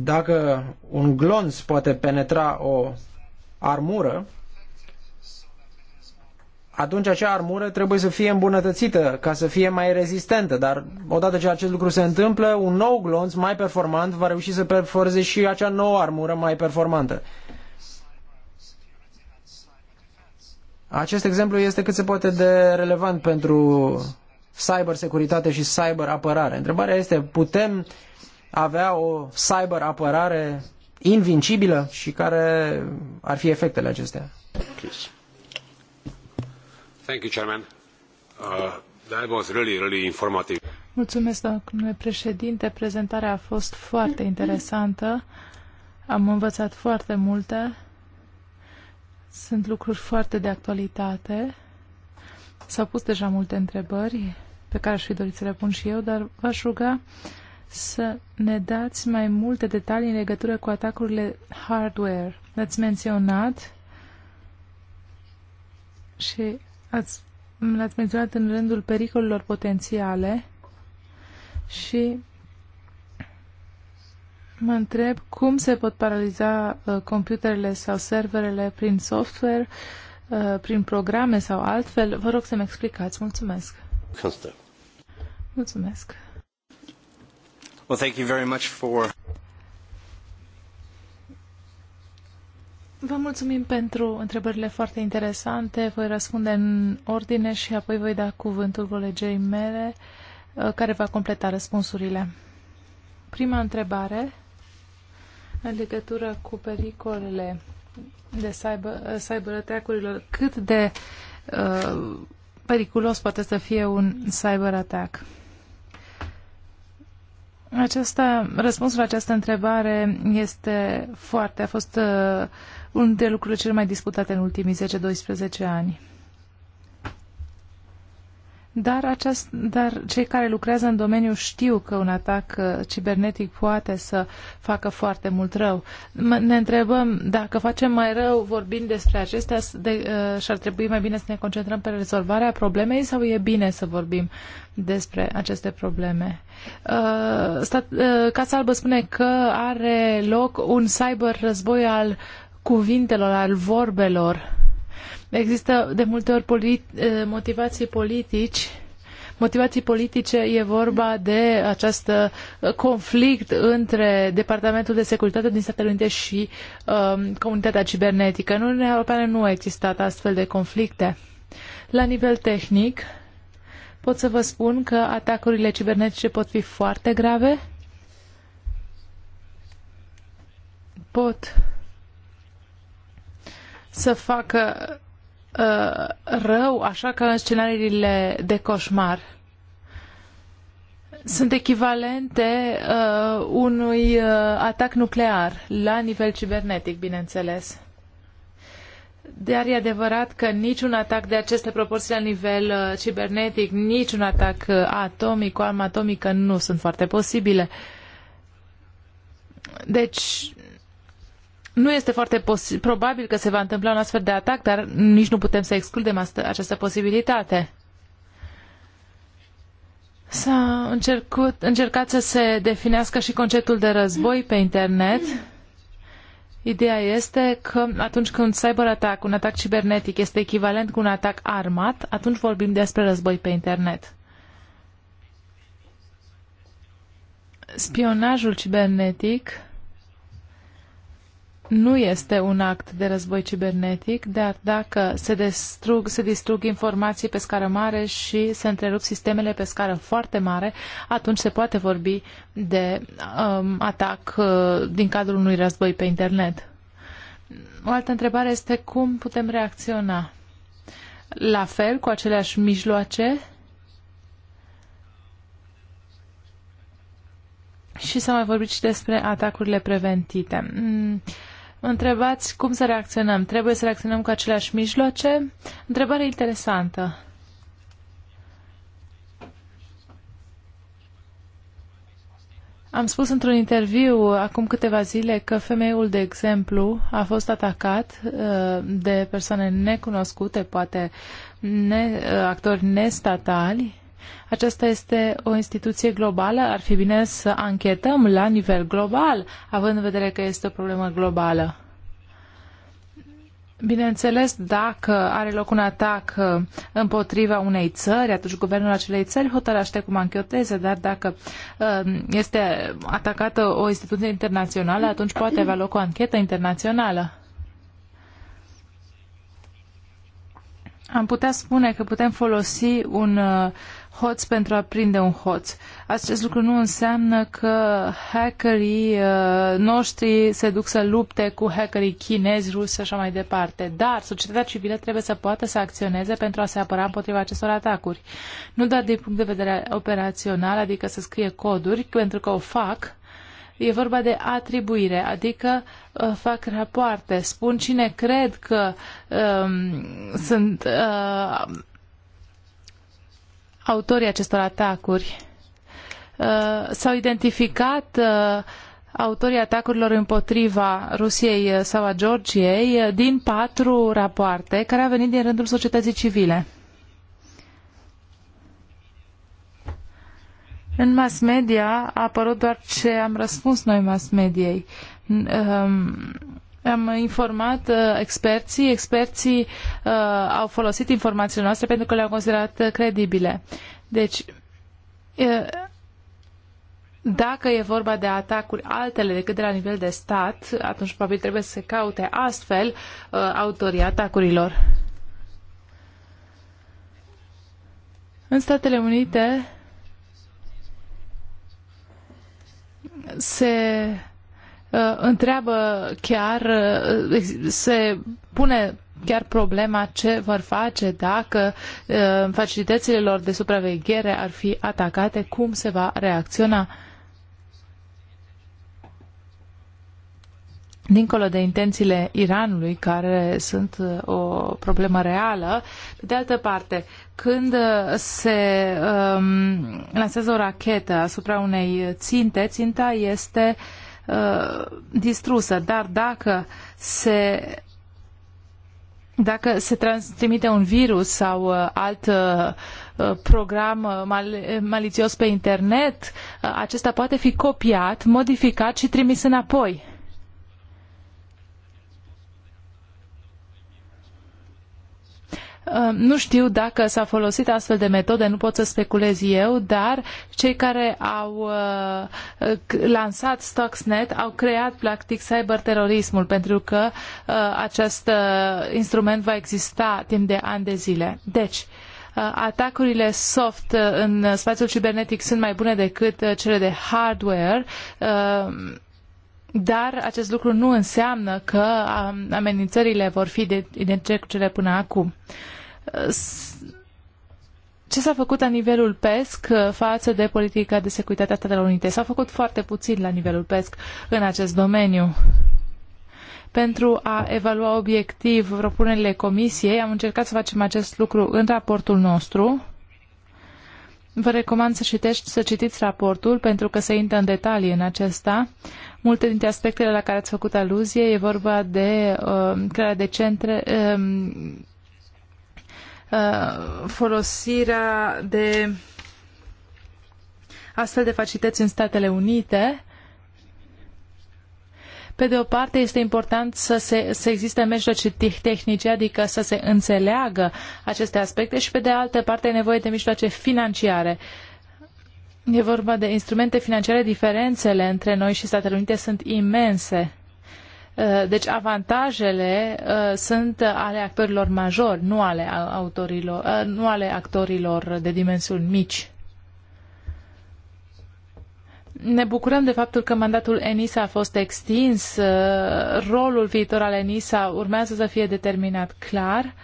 Dacă un glonț poate penetra o armură, atunci acea armură trebuie să fie îmbunătățită ca să fie mai rezistentă, dar odată ce acest lucru se întâmplă, un nou glonț mai performant va reuși să perforeze și acea nouă armură mai performantă. Acest exemplu este cât se poate de relevant pentru cyber securitate și cyber apărare. Întrebarea este, putem avea o cyber apărare invincibilă și care ar fi efectele acestea?
Thank you, Chairman. Uh, that was really, really informative.
Mulțumesc, domnule președinte. Prezentarea a fost foarte interesantă. Am învățat foarte multe. Sunt lucruri foarte de actualitate. S-au pus deja multe întrebări pe care aș fi dorit să le pun și eu, dar v-aș ruga uh, să ne dați mai multe detalii în legătură cu atacurile hardware. ați menționat și ați, l-ați menționat în rândul pericolelor potențiale și mă întreb cum se pot paraliza uh, computerele sau serverele prin software, uh, prin programe sau altfel. Vă rog să-mi explicați. Mulțumesc. Constant. Mulțumesc.
Well, thank you very much for...
Vă mulțumim pentru întrebările foarte interesante. Voi răspunde în ordine și apoi voi da cuvântul colegei mele uh, care va completa răspunsurile. Prima întrebare în legătură cu pericolele de cyber, uh, cyber Cât de uh, periculos poate să fie un cyber attack? Aceasta, răspunsul la această întrebare este foarte, a fost uh, unul dintre lucrurile cele mai discutate în ultimii 10-12 ani. Dar, aceast, dar cei care lucrează în domeniu știu că un atac uh, cibernetic poate să facă foarte mult rău. Ne întrebăm dacă facem mai rău vorbind despre acestea de, uh, și ar trebui mai bine să ne concentrăm pe rezolvarea problemei sau e bine să vorbim despre aceste probleme. Uh, stat, uh, Casa Albă spune că are loc un cyber război al cuvintelor, al vorbelor Există de multe ori polit, eh, motivații politici motivații politice e vorba de acest eh, conflict între Departamentul de Securitate din Statele Unite și um, comunitatea cibernetică. În Uniunea Europeană nu a existat astfel de conflicte. La nivel tehnic, pot să vă spun că atacurile cibernetice pot fi foarte grave. Pot să facă Uh, rău, așa că în scenariile de coșmar. Sunt echivalente uh, unui uh, atac nuclear la nivel cibernetic, bineînțeles. Dar e adevărat că niciun atac de aceste proporții la nivel uh, cibernetic, niciun atac uh, atomic cu armă atomică nu sunt foarte posibile. Deci, nu este foarte probabil că se va întâmpla un astfel de atac, dar nici nu putem să excludem asta, această posibilitate. S-a încercut, încercat să se definească și conceptul de război pe internet. Ideea este că atunci când un cyberatac, un atac cibernetic este echivalent cu un atac armat, atunci vorbim despre război pe internet. Spionajul cibernetic nu este un act de război cibernetic, dar dacă se, destrug, se distrug informații pe scară mare și se întrerup sistemele pe scară foarte mare, atunci se poate vorbi de um, atac uh, din cadrul unui război pe internet. O altă întrebare este cum putem reacționa. La fel, cu aceleași mijloace, Și s-a mai vorbit și despre atacurile preventite. Mm, întrebați cum să reacționăm. Trebuie să reacționăm cu aceleași mijloace? Întrebare interesantă. Am spus într-un interviu acum câteva zile că femeiul, de exemplu, a fost atacat uh, de persoane necunoscute, poate ne, uh, actori nestatali, aceasta este o instituție globală, ar fi bine să anchetăm la nivel global, având în vedere că este o problemă globală. Bineînțeles, dacă are loc un atac uh, împotriva unei țări, atunci guvernul acelei țări hotărăște cum ancheteze, dar dacă uh, este atacată o instituție internațională, atunci poate avea loc o anchetă internațională. Am putea spune că putem folosi un uh, hoț pentru a prinde un hoț. Acest lucru nu înseamnă că hackerii uh, noștri se duc să lupte cu hackerii chinezi, rusi și așa mai departe. Dar societatea civilă trebuie să poată să acționeze pentru a se apăra împotriva acestor atacuri. Nu doar din punct de vedere operațional, adică să scrie coduri, pentru că o fac, e vorba de atribuire, adică uh, fac rapoarte, spun cine cred că uh, sunt uh, autorii acestor atacuri? Uh, s-au identificat uh, autorii atacurilor împotriva Rusiei sau a Georgiei uh, din patru rapoarte care au venit din rândul societății civile. În mass media a apărut doar ce am răspuns noi mass mediei. Um, am informat uh, experții, experții uh, au folosit informațiile noastre pentru că le-au considerat credibile. Deci, uh, dacă e vorba de atacuri altele decât de la nivel de stat, atunci probabil trebuie să se caute astfel uh, autorii atacurilor. În Statele Unite se Uh, întreabă chiar, uh, se pune chiar problema ce vor face dacă uh, facilitățile lor de supraveghere ar fi atacate, cum se va reacționa. Dincolo de intențiile Iranului, care sunt o problemă reală, de altă parte, când se um, lansează o rachetă asupra unei ținte, ținta este uh, Uh, distrusă. Dar dacă se dacă se transmite un virus sau uh, alt uh, uh program uh, mal, malițios pe internet, uh, acesta poate fi copiat, modificat și trimis înapoi. Ehm, nu știu dacă s-a folosit astfel de metode, nu pot să speculez eu, dar cei care au ehm, lansat Stuxnet au creat practic cyberterorismul, pentru că ehm, acest instrument va exista timp de ani de zile. Deci, atacurile soft în spațiul cibernetic sunt mai bune decât cele de hardware dar acest lucru nu înseamnă că amenințările vor fi identice cu cele până acum. Ce s-a făcut la nivelul PESC uh, față de politica de securitate a Statelor Unite? S-a făcut foarte puțin la nivelul PESC în acest domeniu. Pentru a evalua obiectiv propunerile Comisiei, am încercat să facem acest lucru în raportul nostru. Vă recomand să, citești, să citiți raportul pentru că se intră în detalii în acesta multe dintre aspectele la care ați făcut aluzie. E vorba de uh, crearea de centre, uh, uh, folosirea de astfel de facilități în Statele Unite. Pe de o parte, este important să, se, să existe mijloace tehnice, adică să se înțeleagă aceste aspecte și, pe de altă parte, e nevoie de mijloace financiare. Uh, E vorba de instrumente financiare. Diferențele între noi și Statele Unite sunt imense. Uh, deci avantajele uh, sunt ale actorilor majori, nu ale, autorilor, uh, nu ale actorilor de dimensiuni mici. Ne bucurăm de faptul că mandatul ENISA a fost extins. Rolul viitor al ENISA urmează să fie determinat clar.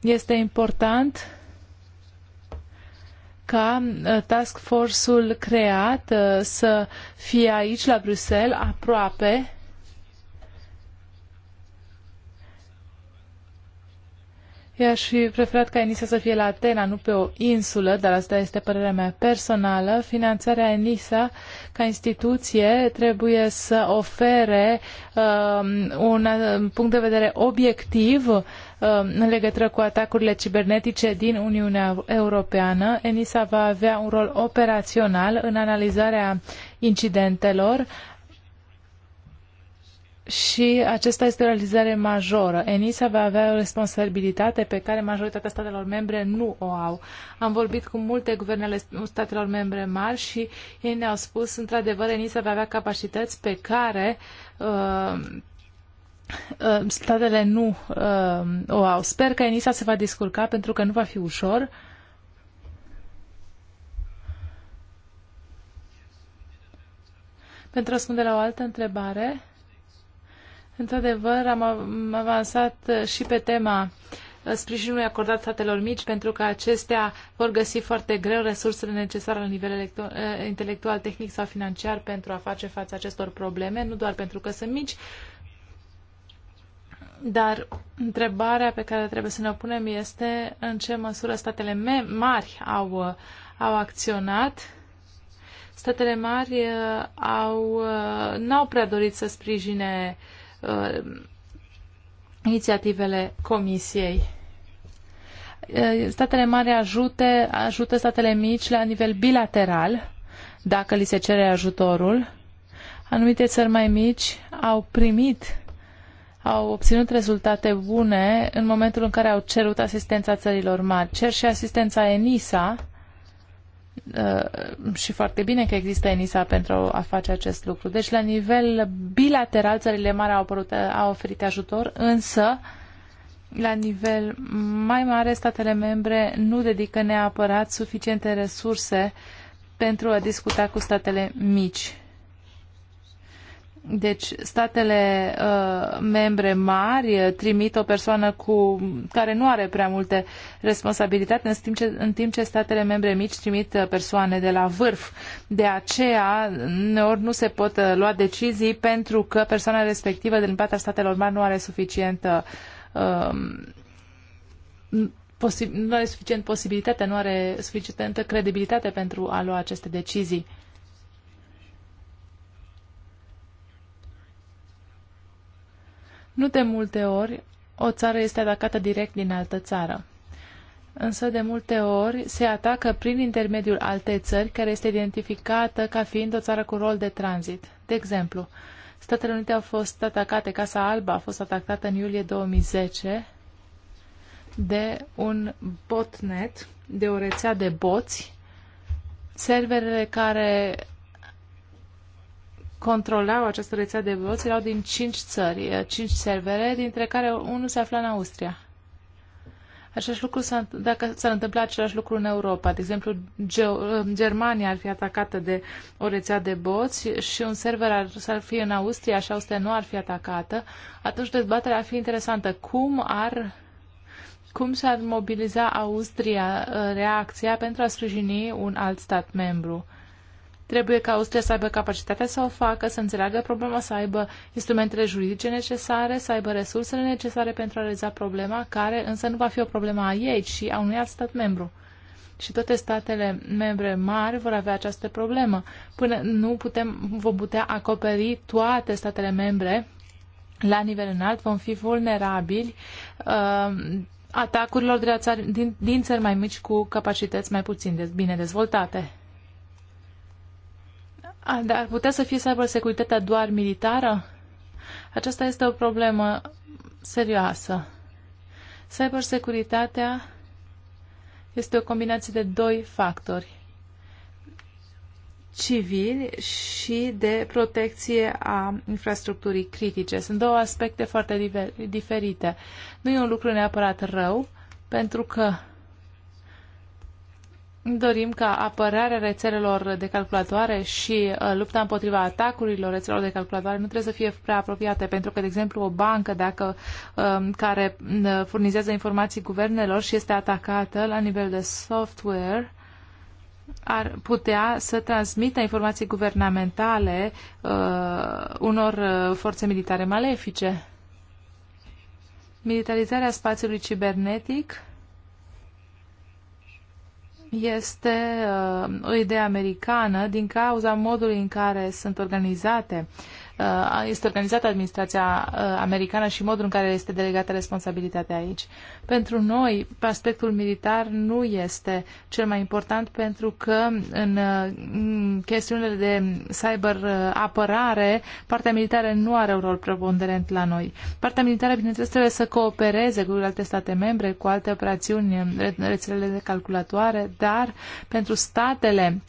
Este important ca uh, task force-ul creat uh, să fie aici la Bruxelles, aproape, I-aș fi preferat ca ENISA să fie la Atena, nu pe o insulă, dar asta este părerea mea personală. Finanțarea ENISA ca instituție trebuie să ofere um, uh, un punct de vedere obiectiv Um, în legătură cu atacurile cibernetice din Uniunea Europeană. ENISA va avea un rol operațional în analizarea incidentelor și acesta este o realizare majoră. ENISA va avea o responsabilitate pe care majoritatea statelor membre nu o au. Am vorbit cu multe guverne ale statelor membre mari și ei ne-au spus, într-adevăr, ENISA va avea capacități pe care uh, Ehm, statele nu ehm, o au. Sper că ENISA se va descurca pentru că nu va fi ușor. Pentru a răspunde la o altă întrebare, într-adevăr am avansat eh, și pe tema eh, sprijinului acordat statelor mici pentru că acestea vor găsi foarte greu resursele necesare la nivel eh, intelectual, tehnic sau financiar pentru a face față acestor probleme, nu doar pentru că sunt mici, dar întrebarea pe care trebuie să ne o punem este în ce măsură statele mari au, au acționat. Statele mari uh, au, uh, n-au prea dorit să sprijine uh, inițiativele Comisiei. Uh, statele mari ajute, ajută statele mici la nivel bilateral, dacă li se cere ajutorul. Anumite țări mai mici au primit au obținut rezultate bune în momentul în care au cerut asistența țărilor mari. Cer și asistența ENISA uh, și foarte bine că există ENISA pentru a face acest lucru. Deci, la nivel bilateral, țările mari au, apărut, au oferit ajutor, însă la nivel mai mare, statele membre nu dedică neapărat suficiente resurse pentru a discuta cu statele mici deci, statele uh, membre mari uh, trimit o persoană cu, care nu are prea multe responsabilități, în timp, ce, în timp ce statele membre mici trimit uh, persoane de la vârf. De aceea, uneori nu se pot uh, lua decizii pentru că persoana respectivă din partea statelor mari nu are suficientă uh, nu are suficient posibilitate, nu are suficientă credibilitate pentru a lua aceste decizii. Nu de multe ori o țară este atacată direct din altă țară. Însă de multe ori se atacă prin intermediul altei țări care este identificată ca fiind o țară cu rol de tranzit. De exemplu, Statele Unite au fost atacate, Casa Albă a fost atacată în iulie 2010 de un botnet, de o rețea de boți, serverele care controlau această rețea de boți erau din cinci țări, eh, cinci servere, dintre care unul se afla în Austria. Același lucru s-a, dacă s-ar întâmpla același lucru în Europa, de exemplu, eh, Germania ar fi atacată de o rețea de boți și un server ar, s-ar fi în Austria și Austria nu ar fi atacată, atunci dezbaterea ar fi interesantă. Cum ar cum s-ar mobiliza Austria eh, reacția pentru a sprijini un alt stat membru? Trebuie ca Austria să aibă capacitatea să o facă, să înțeleagă problema, să aibă instrumentele juridice necesare, să aibă resursele necesare pentru a realiza problema, care însă nu va fi o problemă a ei, ci a unui alt stat membru. Și toate statele membre mari vor avea această problemă. Până nu putem, vom putea acoperi toate statele membre la nivel înalt, vom fi vulnerabili uh, atacurilor de la țari, din, din țări mai mici cu capacități mai puțin de, bine dezvoltate. A, dar ar putea să fie cybersecuritatea doar militară? Aceasta este o problemă serioasă. Cybersecuritatea este o combinație de doi factori civili și de protecție a infrastructurii critice. Sunt două aspecte foarte diferite. Nu e un lucru neapărat rău, pentru că Dorim ca apărarea rețelelor de calculatoare și uh, lupta împotriva atacurilor rețelelor de calculatoare nu trebuie să fie prea apropiate, pentru că, de exemplu, o bancă dacă, um, care uh, furnizează informații guvernelor și este atacată la nivel de software, ar putea să transmită informații guvernamentale uh, unor uh, forțe militare malefice. Militarizarea spațiului cibernetic este uh, o idee americană din cauza modului în care sunt organizate Uh, este organizată administrația uh, americană și modul în care este delegată responsabilitatea aici. Pentru noi, aspectul militar nu este cel mai important pentru că în uh, chestiunile de cyber apărare, partea militară nu are un rol preponderent la noi. Partea militară, bineînțeles, trebuie să coopereze cu alte state membre, cu alte operațiuni, rețelele de calculatoare, dar pentru statele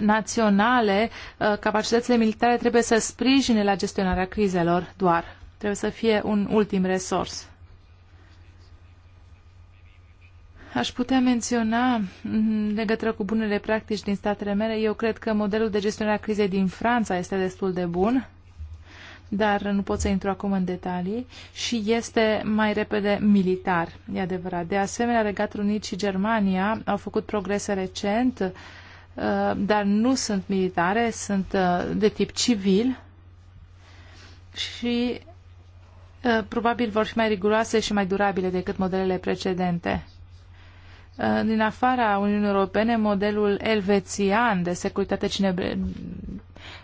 naționale, uh, capacitățile militare trebuie să sprijine la gestionarea crizelor doar. Trebuie să fie un ultim resurs. Aș putea menționa, în legătură cu bunele practici din statele mele, eu cred că modelul de gestionare a crizei din Franța este destul de bun, dar nu pot să intru acum în detalii, și este mai repede militar, e adevărat. De asemenea, Regatul Unit și Germania au făcut progrese recent uh, Uh, dar nu sunt militare, sunt uh, de tip civil și uh, probabil vor fi mai riguroase și mai durabile decât modelele precedente. Din afara Uniunii Europene, modelul elvețian de securitate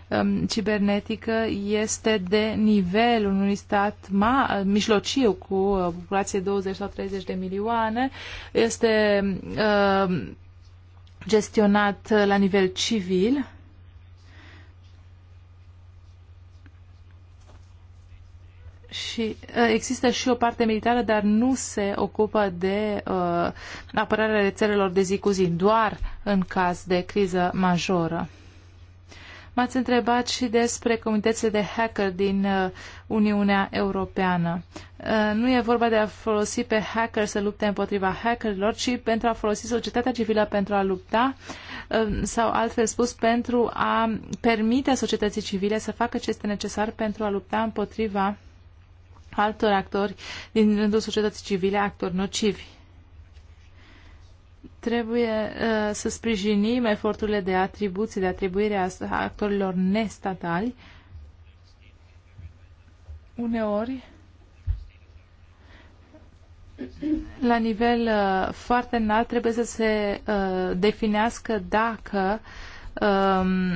um, cibernetică este de nivel unui stat ma, mijlociu cu populație 20 sau 30 de milioane. Este uh, gestionat la nivel civil. Și uh, există și o parte militară, dar nu se ocupă de uh, apărarea rețelelor de zi cu zi, doar în caz de criză majoră. M-ați întrebat și despre comunitățile de hacker din uh, Uniunea Europeană. Uh, nu e vorba de a folosi pe hacker să lupte împotriva hackerilor, ci pentru a folosi societatea civilă pentru a lupta uh, sau altfel spus pentru a permite societății civile să facă ce este necesar pentru a lupta împotriva altor actori din rândul societății civile, actori nocivi. Trebuie uh, să sprijinim eforturile de atribuții, de atribuire a actorilor nestatali. Uneori, la nivel uh, foarte înalt, trebuie să se uh, definească dacă um,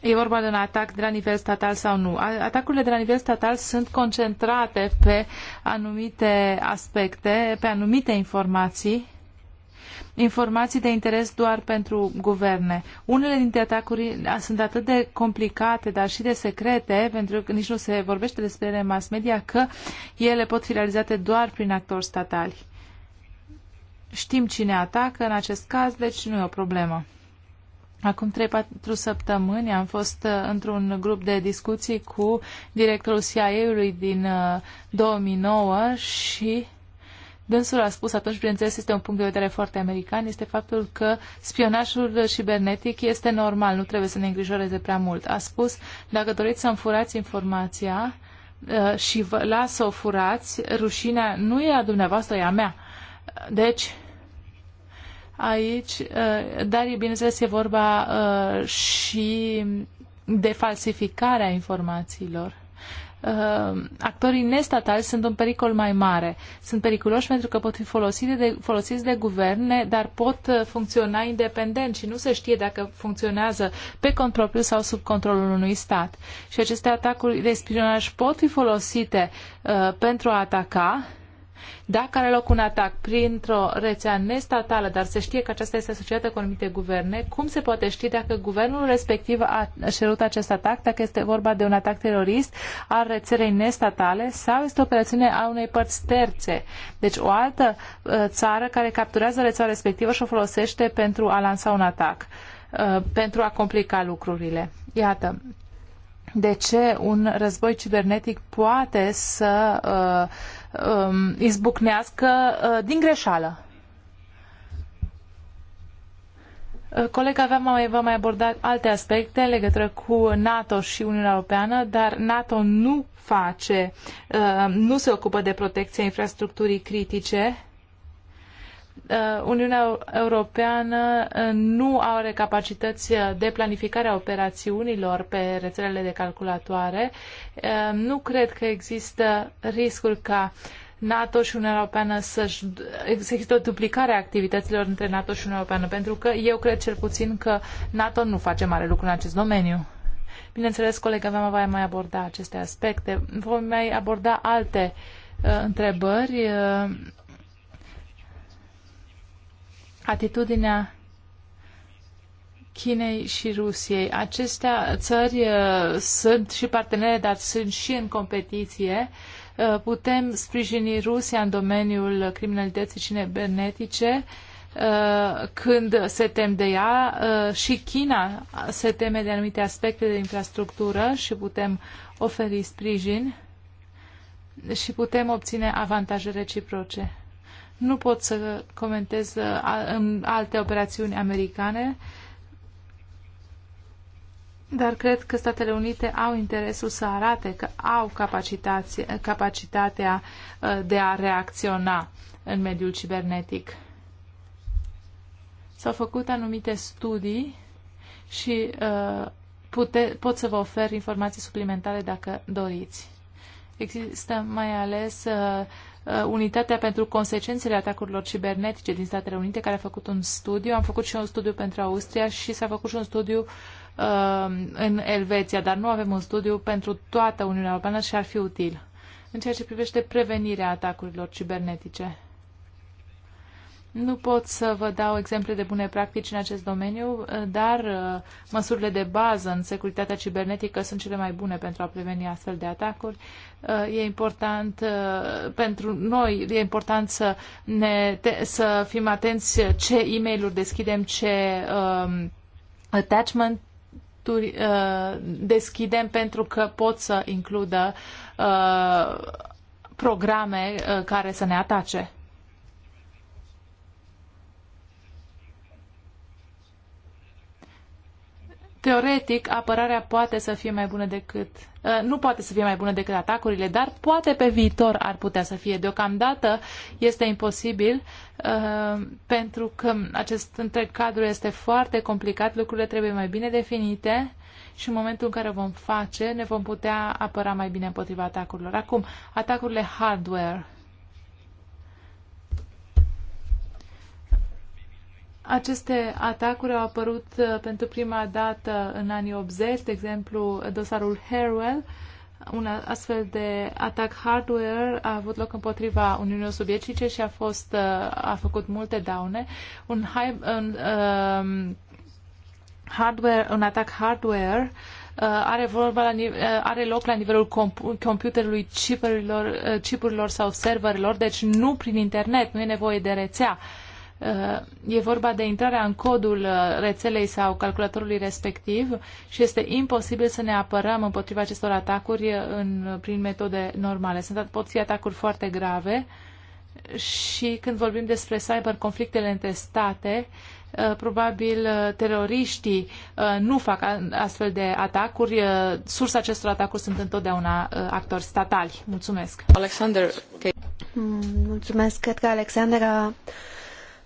e vorba de un atac de la nivel statal sau nu. Atacurile de la nivel statal sunt concentrate pe anumite aspecte, pe anumite informații informații de interes doar pentru guverne. Unele dintre atacuri sunt atât de complicate, dar și de secrete, pentru că nici nu se vorbește despre ele în mass media, că ele pot fi realizate doar prin actori statali. Știm cine atacă în acest caz, deci nu e o problemă. Acum 3-4 săptămâni am fost uh, într-un grup de discuții cu directorul CIA-ului din 2009 uh, și dânsul a spus atunci, bineînțeles, este un punct de vedere foarte american, este faptul că spionajul cibernetic este normal, nu trebuie să ne îngrijoreze prea mult. A spus, dacă doriți să-mi furați informația uh, și vă las să o furați, rușinea nu e a dumneavoastră, e a mea. Deci, aici, uh, dar bineînțeles, e vorba uh, și de falsificarea informațiilor. Uh, actorii nestatali sunt un pericol mai mare. Sunt periculoși pentru că pot fi folosiți de, folosiți de guverne, dar pot uh, funcționa independent și nu se știe dacă funcționează pe cont propriu sau sub controlul unui stat. Și aceste atacuri de spionaj pot fi folosite uh, pentru a ataca dacă are loc un atac printr-o rețea nestatală, dar se știe că aceasta este asociată cu anumite guverne, cum se poate ști dacă guvernul respectiv a cerut acest atac, dacă este vorba de un atac terorist al rețelei nestatale sau este o operațiune a unei părți terțe? Deci o altă uh, țară care capturează rețeaua respectivă și o folosește pentru a lansa un atac, uh, pentru a complica lucrurile. Iată, de ce un război cibernetic poate să uh, um, izbucnească uh, din greșeală. Uh, colega va mai, va mai aborda alte aspecte în legătură cu NATO și Uniunea Europeană, dar NATO nu face, uh, nu se ocupă de protecția infrastructurii critice Uh, Uniunea Europeană uh, nu are capacități de planificare a operațiunilor pe rețelele de calculatoare. Uh, nu cred că există riscul ca NATO și Uniunea Europeană să există o duplicare a activităților între NATO și Uniunea Europeană, pentru că eu cred cel puțin că NATO nu face mare lucru în acest domeniu. Bineînțeles, colega mea va mai aborda aceste aspecte. Vom mai aborda alte uh, întrebări. Uh, atitudinea Chinei și Rusiei. Acestea țări uh, sunt și partenere, dar sunt și în competiție. Uh, putem sprijini Rusia în domeniul criminalității cibernetice uh, când se tem de ea și China se teme de anumite aspecte de infrastructură și putem oferi sprijin și putem obține avantaje reciproce. Nu pot să comentez uh, alte operațiuni americane, dar cred că Statele Unite au interesul să arate că au capacitatea uh, de a reacționa în mediul cibernetic. S-au făcut anumite studii și uh, pute, pot să vă ofer informații suplimentare dacă doriți. Există mai ales uh, Uh, unitatea pentru Consecințele Atacurilor Cibernetice din Statele Unite, care a făcut un studiu. Am făcut și un studiu pentru Austria și s-a făcut și un studiu uh, în Elveția, dar nu avem un studiu pentru toată Uniunea Europeană și ar fi util în ceea ce privește prevenirea atacurilor cibernetice. Nu pot să vă dau exemple de bune practici în acest domeniu, dar uh, măsurile de bază în securitatea cibernetică sunt cele mai bune pentru a preveni astfel de atacuri. Uh, e important uh, pentru noi, e important să, ne, să fim atenți ce e mail deschidem, ce um, attachment deschidem pentru că pot să includă uh, programe care să ne atace. teoretic, apărarea poate să fie mai bună decât, uh, nu poate să fie mai bună decât atacurile, dar poate pe viitor ar putea să fie. Deocamdată este imposibil uh, pentru că acest întreg cadru este foarte complicat, lucrurile trebuie mai bine definite și în momentul în care vom face, ne vom putea apăra mai bine împotriva atacurilor. Acum, atacurile hardware Aceste atacuri au apărut uh, pentru prima dată în anii 80, de exemplu dosarul Harwell, un astfel de atac hardware a avut loc împotriva Uniunii Sovietice și a fost uh, a făcut multe daune. Un, high, un um, hardware, un atac hardware uh, are, vorba la, are loc la nivelul computerului, chipurilor, chipurilor sau serverelor, deci nu prin internet, nu e nevoie de rețea. Uh, Uh, e vorba de intrarea în codul uh, rețelei sau calculatorului respectiv și este imposibil să ne apărăm împotriva acestor atacuri uh, în, prin metode normale. Sunt, pot fi atacuri foarte grave și când vorbim despre cyber conflictele între state, probabil teroriștii nu fac astfel de atacuri. Sursa acestor atacuri sunt întotdeauna actori statali. Mulțumesc. Alexander, okay. Mm, mulțumesc.
Cred că Alexander a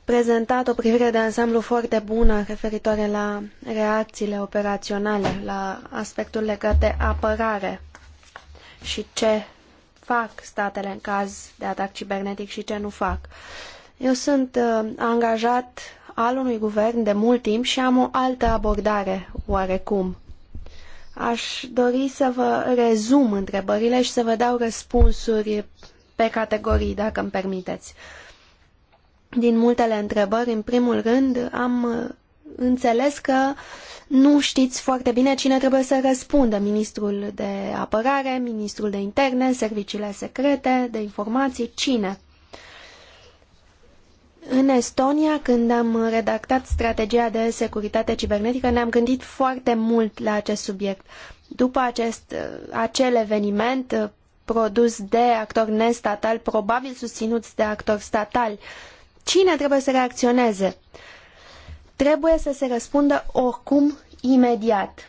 prezentat o privire de ansamblu foarte bună referitoare la reacțiile operaționale, la aspectul legat de apărare și ce fac statele în caz de atac cibernetic și ce nu fac. Eu sunt uh, angajat al unui guvern de mult timp și am o altă abordare oarecum. Aș dori să vă rezum întrebările și să vă dau răspunsuri pe categorii, dacă îmi permiteți. Uh, din multele întrebări. În primul rând, am uh, înțeles că nu știți foarte bine cine trebuie să răspundă, ministrul de apărare, ministrul de interne, serviciile secrete, de informații, cine. În Estonia, când am redactat strategia de securitate cibernetică, ne-am gândit foarte mult la acest subiect. După acest, uh, acel eveniment uh, produs de actori nestatali, probabil susținuți de actori statali, uh, Cine trebuie să reacționeze? Trebuie să se răspundă oricum imediat.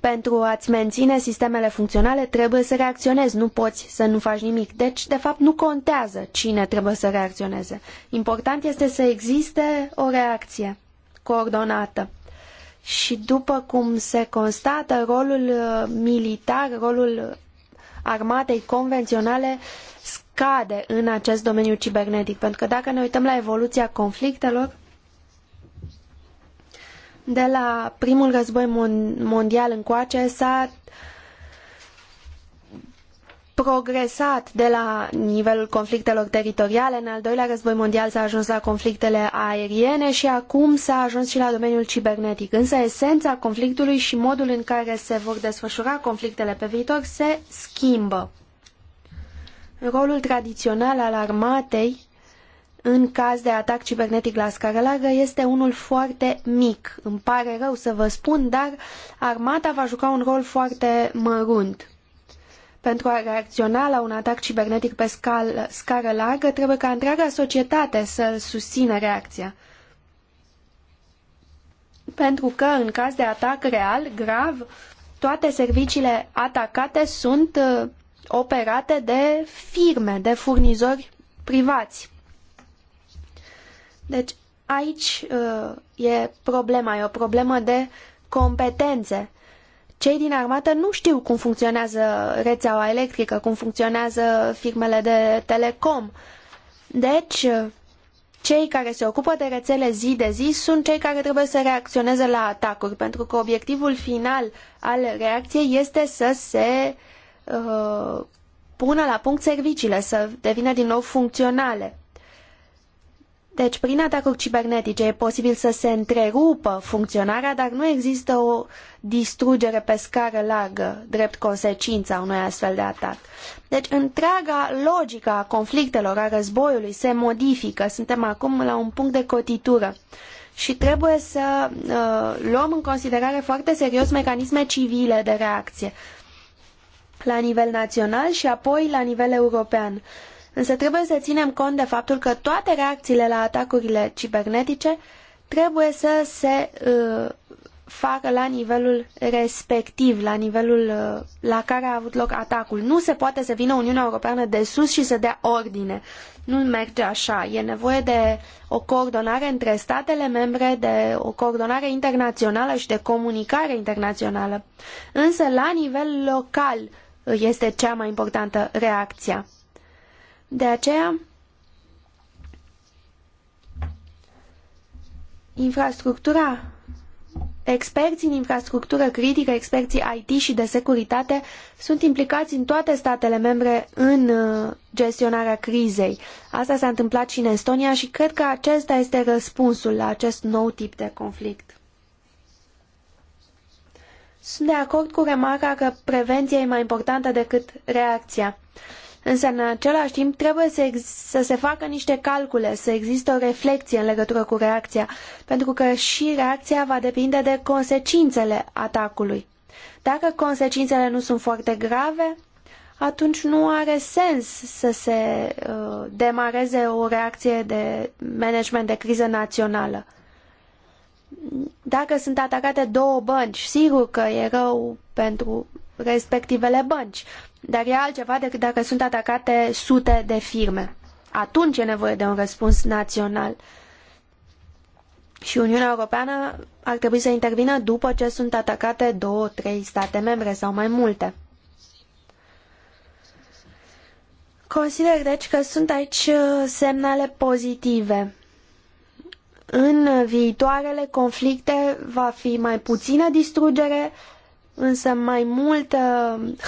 Pentru a-ți menține sistemele funcționale trebuie să reacționezi, nu poți să nu faci nimic. Deci, de fapt, nu contează cine trebuie să reacționeze. Important este să existe o reacție coordonată. Și după cum se constată, rolul uh, militar, rolul armatei convenționale cade în acest domeniu cibernetic, pentru că dacă ne uităm la evoluția conflictelor, de la primul război mondial încoace s-a progresat de la nivelul conflictelor teritoriale, în al doilea război mondial s-a ajuns la conflictele aeriene și acum s-a ajuns și la domeniul cibernetic. Însă esența conflictului și modul în care se vor desfășura conflictele pe viitor se schimbă. Rolul tradițional al armatei în caz de atac cibernetic la scară largă este unul foarte mic. Îmi pare rău să vă spun, dar armata va juca un rol foarte mărunt. Pentru a reacționa la un atac cibernetic pe scal, scară largă, trebuie ca întreaga societate să susțină reacția. Pentru că, în caz de atac real, grav, toate serviciile atacate sunt uh, operate de firme, de furnizori privați. Deci aici uh, e problema, e o problemă de competențe. Cei din armată nu știu cum funcționează rețeaua electrică, cum funcționează firmele de telecom. Deci, uh, cei care se ocupă de rețele zi de zi sunt cei care trebuie să reacționeze la atacuri, pentru că obiectivul final al reacției este să se Uh, pună la punct serviciile, să devină din nou funcționale. Deci, prin atacuri cibernetice e posibil să se întrerupă funcționarea, dar nu există o distrugere pe scară largă, drept consecința unui astfel de atac. Deci, întreaga logică a conflictelor, a războiului se modifică. Suntem acum la un punct de cotitură și trebuie să uh, luăm în considerare foarte serios mecanisme civile de reacție la nivel național și apoi la nivel european. Însă trebuie să ținem cont de faptul că toate reacțiile la atacurile cibernetice trebuie să se uh, facă la nivelul respectiv, la nivelul uh, la care a avut loc atacul. Nu se poate să vină Uniunea Europeană de sus și să dea ordine. Nu merge așa. E nevoie de o coordonare între statele membre, de o coordonare internațională și de comunicare internațională. Însă, la nivel local, este cea mai importantă reacția. De aceea, infrastructura, experții în infrastructură critică, experții IT și de securitate sunt implicați în toate statele membre în uh, gestionarea crizei. Asta s-a întâmplat și în Estonia și cred că acesta este răspunsul la acest nou tip de conflict. Sunt de acord cu remarca că prevenția e mai importantă decât reacția. Însă, în același timp, trebuie să, să se facă niște calcule, să existe o reflexie în legătură cu reacția, pentru că și reacția va depinde de consecințele atacului. Dacă consecințele nu sunt foarte grave, atunci nu are sens să se uh, demareze o reacție de management de criză națională dacă sunt atacate două bănci, sigur că e rău pentru respectivele bănci, dar e altceva decât dacă sunt atacate sute de firme. Atunci e nevoie de un răspuns național. Și Uniunea Europeană ar trebui să intervină după ce sunt atacate două, trei state membre sau mai multe. Consider deci că sunt aici uh, semnale pozitive în viitoarele conflicte va fi mai puțină distrugere, însă mai multă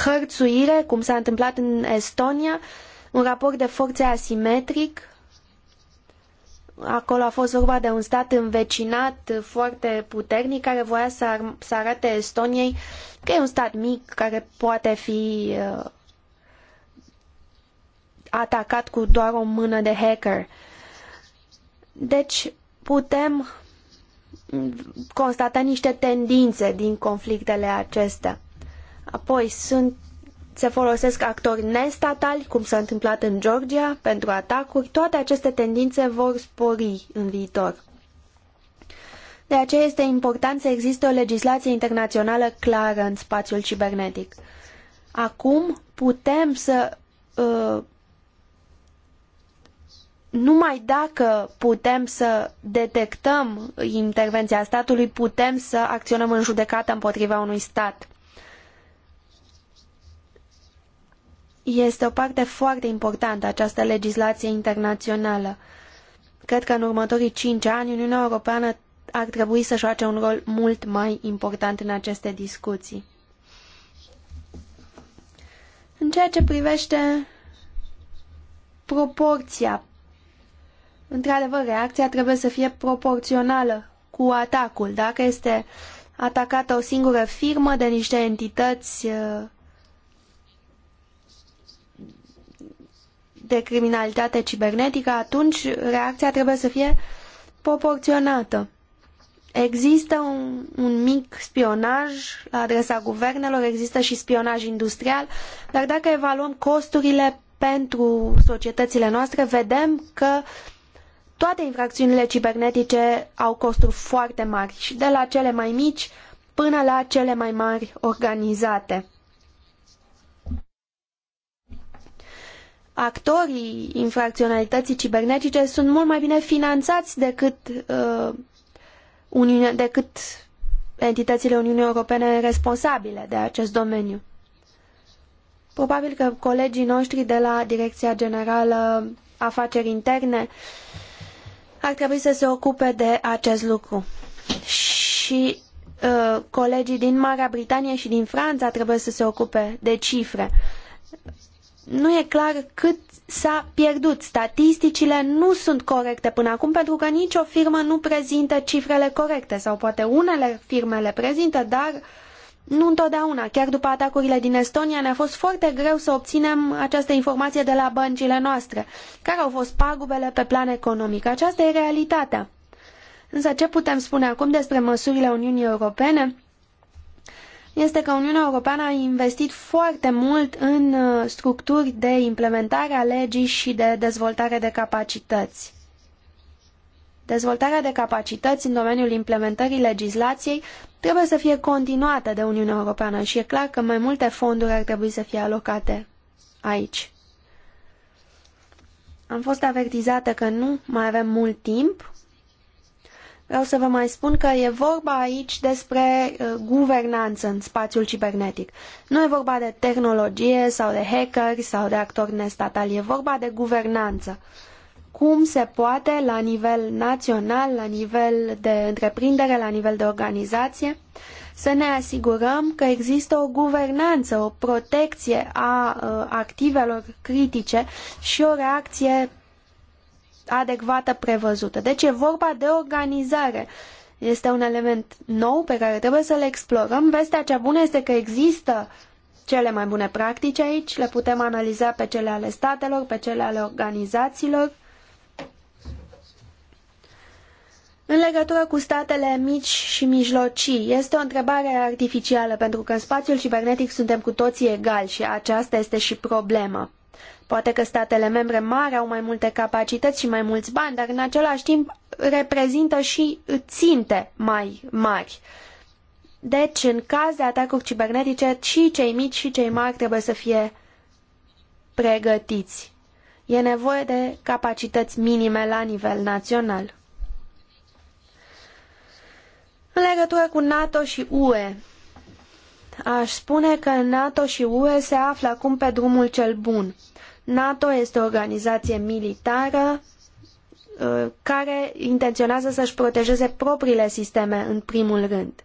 hărțuire, cum s-a întâmplat în Estonia, un raport de forțe asimetric. Acolo a fost vorba de un stat învecinat foarte puternic care voia să, ar, să arate Estoniei că e un stat mic care poate fi uh, atacat cu doar o mână de hacker. Deci, putem constata niște tendințe din conflictele acestea. Apoi sunt, se folosesc actori nestatali, cum s-a întâmplat în Georgia, pentru atacuri. Toate aceste tendințe vor spori în viitor. De aceea este important să existe o legislație internațională clară în spațiul cibernetic. Acum putem să uh, numai dacă putem să detectăm intervenția statului, putem să acționăm în judecată împotriva unui stat. Este o parte foarte importantă această legislație internațională. Cred că în următorii cinci ani Uniunea Europeană ar trebui să joace un rol mult mai important în aceste discuții. În ceea ce privește proporția Într-adevăr, reacția trebuie să fie proporțională cu atacul. Dacă este atacată o singură firmă de niște entități uh, de criminalitate cibernetică, atunci reacția trebuie să fie proporționată. Există un, un mic spionaj la adresa guvernelor, există și spionaj industrial, dar dacă evaluăm costurile pentru societățile noastre, vedem că uh, toate infracțiunile cibernetice au costuri foarte mari și de la cele mai mici până la cele mai mari organizate. Actorii infracționalității cibernetice sunt mult mai bine finanțați decât, uh, Uniune, decât entitățile Uniunii Europene responsabile de acest domeniu. Probabil că colegii noștri de la Direcția Generală Afaceri Interne uh, ar trebui să se ocupe de acest lucru. Și uh, colegii din Marea Britanie și din Franța trebuie să se ocupe de cifre. Nu e clar cât s-a pierdut. Statisticile nu sunt corecte până acum pentru că nicio firmă nu prezintă cifrele corecte sau poate unele firme le prezintă, dar uh, nu întotdeauna, chiar după atacurile din Estonia, ne-a fost foarte greu să obținem această informație de la băncile noastre. Care au fost pagubele pe plan economic? Aceasta e realitatea. Însă ce putem spune acum despre măsurile Uniunii Europene? Este că Uniunea Europeană a investit foarte mult în uh, structuri de implementare a legii și de dezvoltare de capacități. Dezvoltarea de capacități în domeniul implementării legislației trebuie să fie continuată de Uniunea Europeană și e clar că mai multe fonduri ar trebui să fie alocate aici. Am fost avertizată că nu mai avem mult timp. Vreau să vă mai spun că e vorba aici despre uh, guvernanță în spațiul cibernetic. Nu e vorba de tehnologie sau de hackeri sau de actori nestatali, e vorba de guvernanță. Uh, cum se poate la nivel național, la nivel de întreprindere, la nivel de organizație, să ne asigurăm că există o guvernanță, o protecție a uh, activelor critice și o reacție adecvată prevăzută. Deci e vorba de organizare. Este un element nou pe care trebuie să-l explorăm. Vestea cea bună este că există cele mai bune practici aici, le putem analiza pe cele ale statelor, pe cele ale organizațiilor În legătură cu statele mici și mijlocii, este o întrebare artificială, pentru că în spațiul cibernetic suntem cu toții egali și aceasta este și problema. Poate că statele membre mari au mai multe capacități și mai mulți bani, dar în același timp reprezintă și ținte mai mari. Deci, în caz de atacuri cibernetice, și cei mici și cei mari trebuie să fie pregătiți. E nevoie de capacități minime la nivel național. În legătură cu NATO și UE, aș spune că NATO și UE se află acum pe drumul cel bun. NATO este o organizație militară uh, care intenționează să-și protejeze propriile sisteme în primul rând.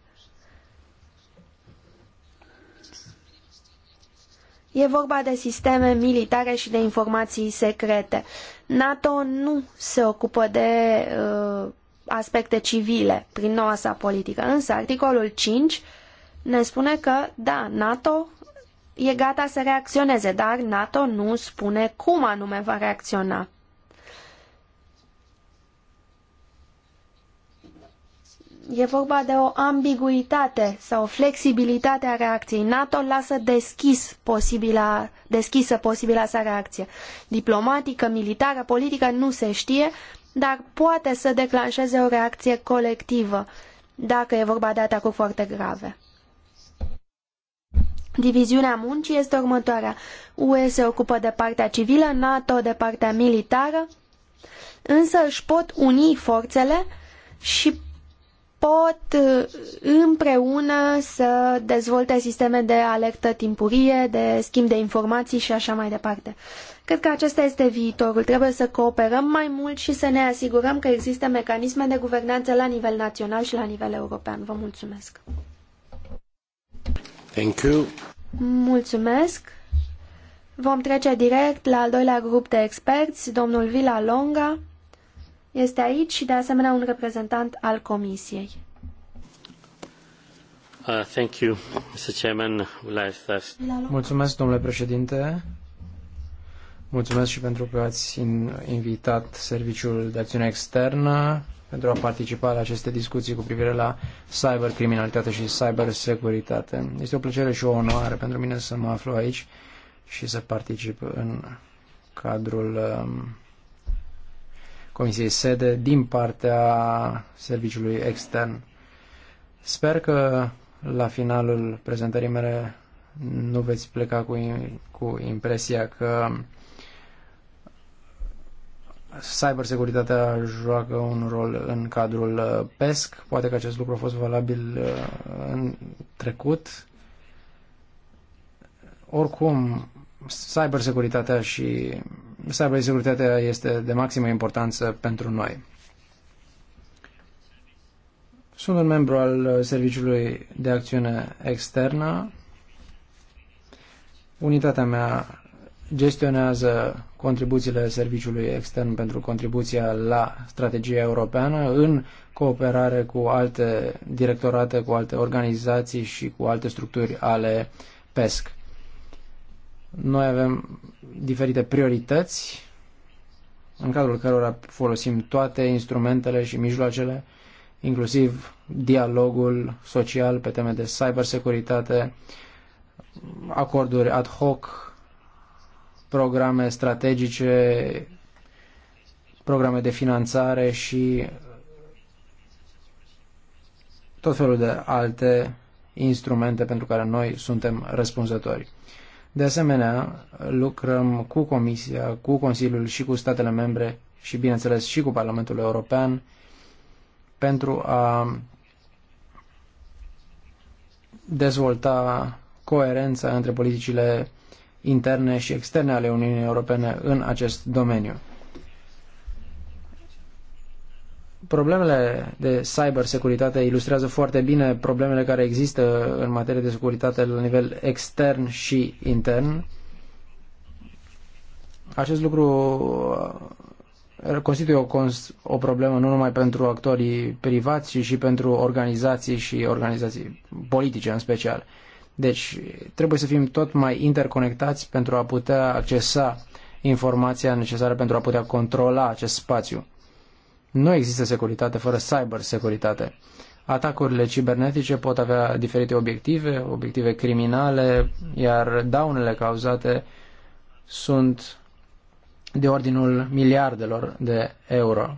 E vorba de sisteme militare și de informații secrete. NATO nu se ocupă de uh, aspecte civile prin noua sa politică. Însă articolul 5 ne spune că, da, NATO e gata să reacționeze, dar NATO nu spune cum anume va reacționa. E vorba de o ambiguitate sau o flexibilitate a reacției. NATO lasă deschis posibila, deschisă posibila sa reacție. Diplomatică, militară, politică, nu se știe, dar poate să declanșeze o reacție colectivă dacă e vorba de atacuri foarte grave. Diviziunea muncii este următoarea. UE se ocupă de partea civilă, NATO de partea militară, însă își pot uni forțele și pot uh, împreună să dezvolte sisteme de alertă timpurie, de schimb de informații și așa mai departe. Cred că acesta este viitorul. Trebuie să cooperăm mai mult și să ne asigurăm că există mecanisme de guvernanță la nivel național și la nivel european. Vă mulțumesc! Thank you. Mulțumesc! Vom trece direct la al doilea grup de experți, domnul Vila Longa. Este aici și de asemenea un reprezentant al Comisiei.
Uh, thank you, Mr. Chairman.
Mulțumesc, domnule președinte. Mulțumesc și pentru că ați invitat Serviciul de Acțiune Externă pentru a participa la aceste discuții cu privire la cybercriminalitate și cybersecuritate. Este o plăcere și o onoare pentru mine să mă aflu aici și să particip în cadrul um, Comisiei Sede din partea Serviciului Extern. Sper că la finalul prezentării mele nu veți pleca cu, cu impresia că Cybersecuritatea joacă un rol în cadrul uh, PESC. Poate că acest lucru a fost valabil uh, în trecut. Oricum, cybersecuritatea și cybersecuritatea este de maximă importanță pentru noi. Sunt un membru al uh, Serviciului de Acțiune Externă. Unitatea mea gestionează contribuțiile Serviciului Extern pentru contribuția la strategia europeană în cooperare cu alte directorate, cu alte organizații și cu alte structuri ale PESC. Noi avem diferite priorități în cadrul cărora folosim toate instrumentele și mijloacele, inclusiv dialogul social pe teme de cybersecuritate, acorduri ad hoc programe strategice, programe de finanțare și tot felul de alte instrumente pentru care noi suntem răspunzători. De asemenea, lucrăm cu Comisia, cu Consiliul și cu statele membre și, bineînțeles, și cu Parlamentul European pentru a dezvolta coerența între politicile interne și externe ale Uniunii Europene în acest domeniu. Problemele de cybersecuritate ilustrează foarte bine problemele care există în materie de securitate la nivel extern și intern. Acest lucru uh, constituie o, cons- o problemă nu numai pentru actorii privați, ci și pentru organizații și organizații politice în special. Deci trebuie să fim tot mai interconectați pentru a putea accesa informația necesară pentru a putea controla acest spațiu. Nu există securitate fără cybersecuritate. Atacurile cibernetice pot avea diferite obiective, obiective criminale, iar daunele cauzate sunt de ordinul miliardelor de euro.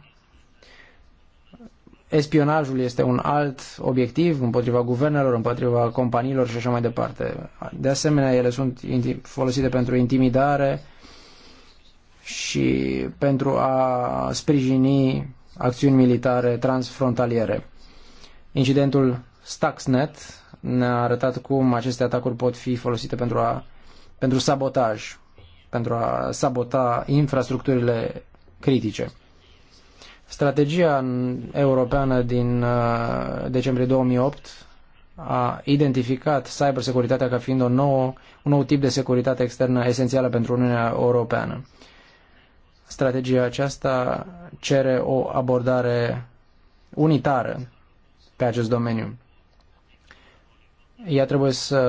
Espionajul este un alt obiectiv împotriva guvernelor, împotriva companiilor și așa mai departe. De asemenea, ele sunt folosite pentru intimidare și pentru a sprijini acțiuni militare transfrontaliere. Incidentul Stuxnet ne-a arătat cum aceste atacuri pot fi folosite pentru, a, pentru sabotaj, pentru a sabota infrastructurile critice. Strategia europeană din uh, decembrie 2008 a identificat cybersecuritatea ca fiind o nouă, un nou tip de securitate externă esențială pentru Uniunea Europeană. Strategia aceasta cere o abordare unitară pe acest domeniu ea trebuie să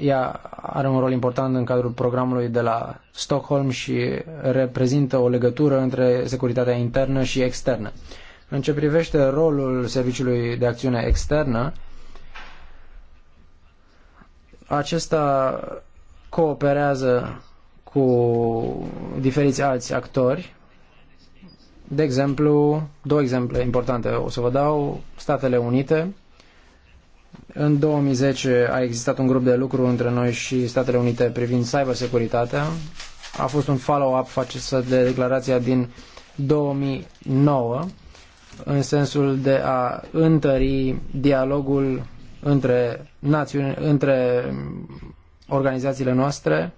ea are un rol important în cadrul programului de la Stockholm și reprezintă o legătură între securitatea internă și externă. În ce privește rolul Serviciului de Acțiune Externă, acesta cooperează cu diferiți alți actori. De exemplu, două exemple importante o să vă dau, Statele Unite, în 2010 a existat un grup de lucru între noi și Statele Unite privind cybersecuritatea. A fost un follow-up față de declarația din 2009 în sensul de a întări dialogul între, națiuni, între organizațiile noastre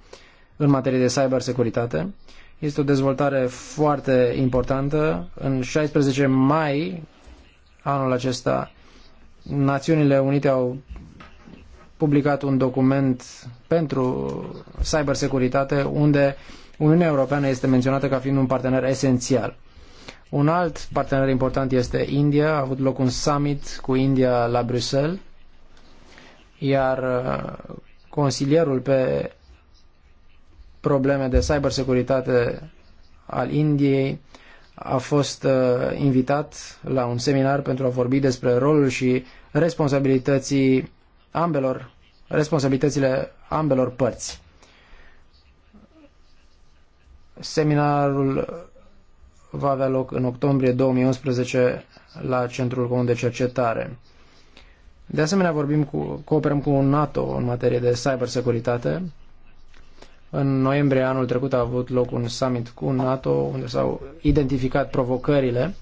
în materie de cybersecuritate. Este o dezvoltare foarte importantă. În 16 mai anul acesta Națiunile Unite au publicat un document pentru cybersecuritate unde Uniunea Europeană este menționată ca fiind un partener esențial. Un alt partener important este India. A avut loc un summit cu India la Bruxelles, iar uh, consilierul pe probleme de cybersecuritate al Indiei a fost uh, invitat la un seminar pentru a vorbi despre rolul și responsabilității ambelor, responsabilitățile ambelor părți. Seminarul va avea loc în octombrie 2011 la Centrul Comun de Cercetare. De asemenea, vorbim cu, cooperăm cu NATO în materie de cybersecuritate, în noiembrie anul trecut a avut loc un summit cu NATO unde s-au identificat provocările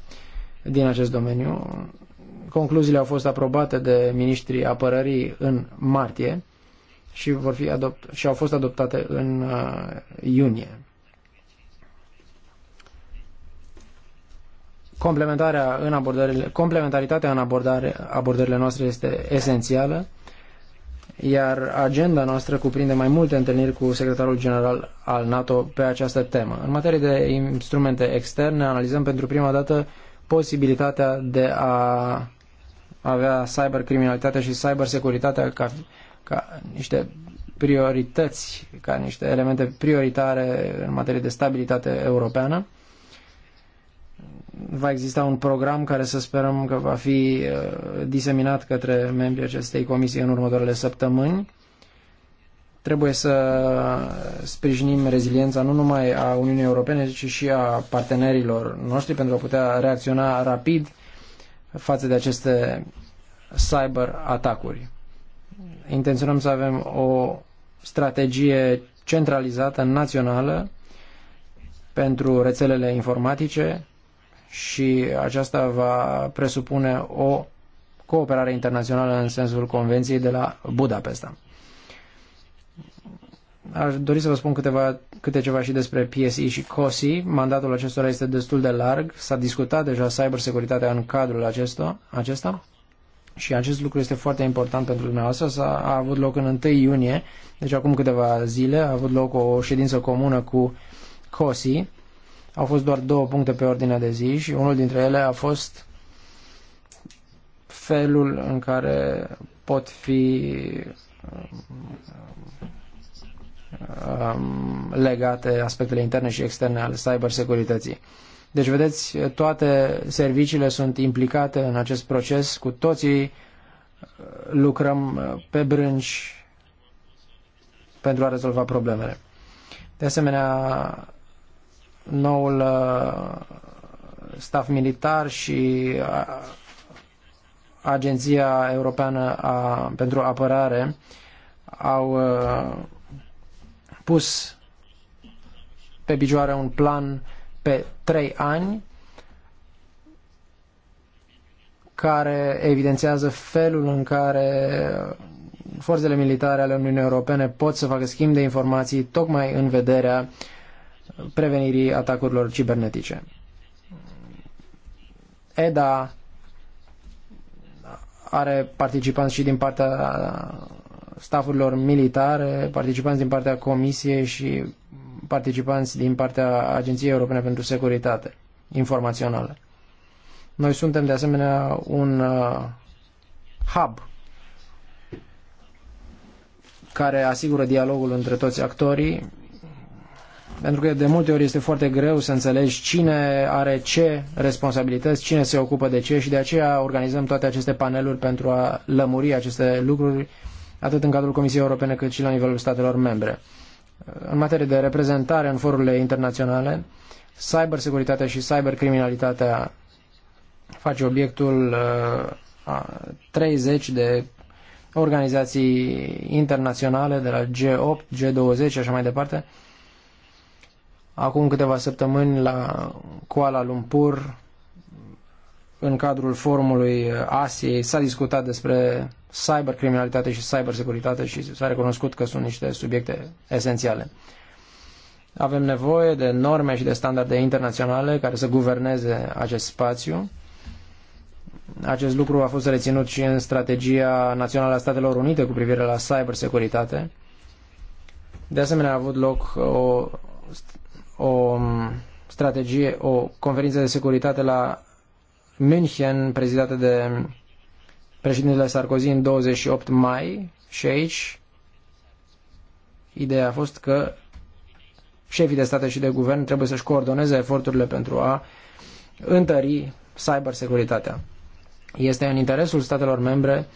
din acest domeniu. Concluziile au fost aprobate de ministrii apărării în martie și, vor fi adopt- și au fost adoptate în uh, iunie. Complementarea în abordările, complementaritatea în abordare, abordările noastre este esențială iar agenda noastră cuprinde mai multe întâlniri cu secretarul general al NATO pe această temă. În materie de instrumente externe, analizăm pentru prima dată posibilitatea de a avea cybercriminalitatea și cybersecuritatea ca, ca niște priorități, ca niște elemente prioritare în materie de stabilitate europeană va exista un program care să sperăm că va fi uh, diseminat către membrii acestei comisii în următoarele săptămâni. Trebuie să sprijinim reziliența nu numai a Uniunii Europene, ci și a partenerilor noștri pentru a putea reacționa rapid față de aceste cyber atacuri. Intenționăm să avem o strategie centralizată națională pentru rețelele informatice și aceasta va presupune o cooperare internațională în sensul Convenției de la Budapesta. Aș dori să vă spun câteva, câte ceva și despre PSI și COSI. Mandatul acestora este destul de larg. S-a discutat deja cybersecuritatea în cadrul acesto, acesta și acest lucru este foarte important pentru dumneavoastră. S-a, a avut loc în 1 iunie, deci acum câteva zile, a avut loc o ședință comună cu COSI au fost doar două puncte pe ordinea de zi și unul dintre ele a fost felul în care pot fi um, legate aspectele interne și externe ale cybersecurității. Deci, vedeți, toate serviciile sunt implicate în acest proces, cu toții uh, lucrăm uh, pe brânci pentru a rezolva problemele. De asemenea, noul uh, staff militar și uh, Agenția Europeană a, pentru Apărare au uh, pus pe picioare un plan pe trei ani care evidențiază felul în care forțele militare ale Uniunii Europene pot să facă schimb de informații tocmai în vederea prevenirii atacurilor cibernetice. EDA are participanți și din partea stafurilor militare, participanți din partea Comisiei și participanți din partea Agenției Europene pentru Securitate Informațională. Noi suntem de asemenea un uh, hub care asigură dialogul între toți actorii pentru că de multe ori este foarte greu să înțelegi cine are ce responsabilități, cine se ocupă de ce și de aceea organizăm toate aceste paneluri pentru a lămuri aceste lucruri atât în cadrul Comisiei Europene cât și la nivelul statelor membre. În materie de reprezentare în forurile internaționale, cybersecuritatea și cybercriminalitatea face obiectul uh, a 30 de organizații internaționale de la G8, G20 și așa mai departe, acum câteva săptămâni la Kuala Lumpur, în cadrul forumului Asiei, s-a discutat despre cybercriminalitate și cybersecuritate și s-a recunoscut că sunt niște subiecte esențiale. Avem nevoie de norme și de standarde internaționale care să guverneze acest spațiu. Acest lucru a fost reținut și în strategia națională a Statelor Unite cu privire la cybersecuritate. De asemenea, a avut loc o o um, strategie, o conferință de securitate la München, prezidată de președintele Sarkozy în 28 mai și aici ideea a fost că șefii de state și de guvern trebuie să-și coordoneze eforturile pentru a întări cybersecuritatea. Este în interesul statelor membre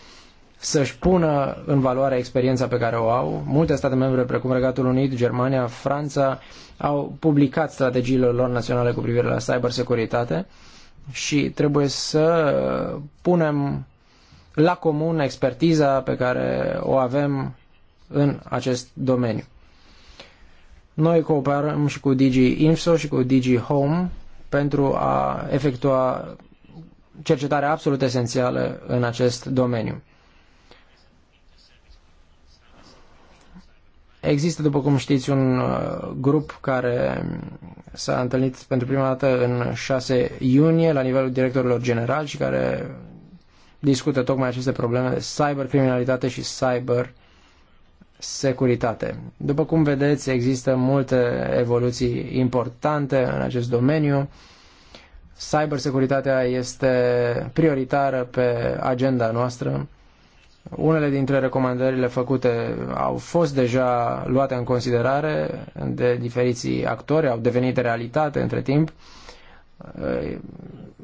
să-și pună în valoare experiența pe care o au. Multe state membre, precum Regatul Unit, Germania, Franța, au publicat strategiile lor naționale cu privire la cybersecuritate și trebuie să punem la comun expertiza pe care o avem în acest domeniu. Noi cooperăm și cu Digi Info și cu Digi Home pentru a efectua cercetare absolut esențială în acest domeniu. Există, după cum știți, un uh, grup care s-a întâlnit pentru prima dată în 6 iunie la nivelul directorilor generali și care discută tocmai aceste probleme de cybercriminalitate și cyber securitate. După cum vedeți, există multe evoluții importante în acest domeniu. Cybersecuritatea este prioritară pe agenda noastră unele dintre recomandările făcute au fost deja luate în considerare de diferiții actori, au devenit realitate între timp. Eh,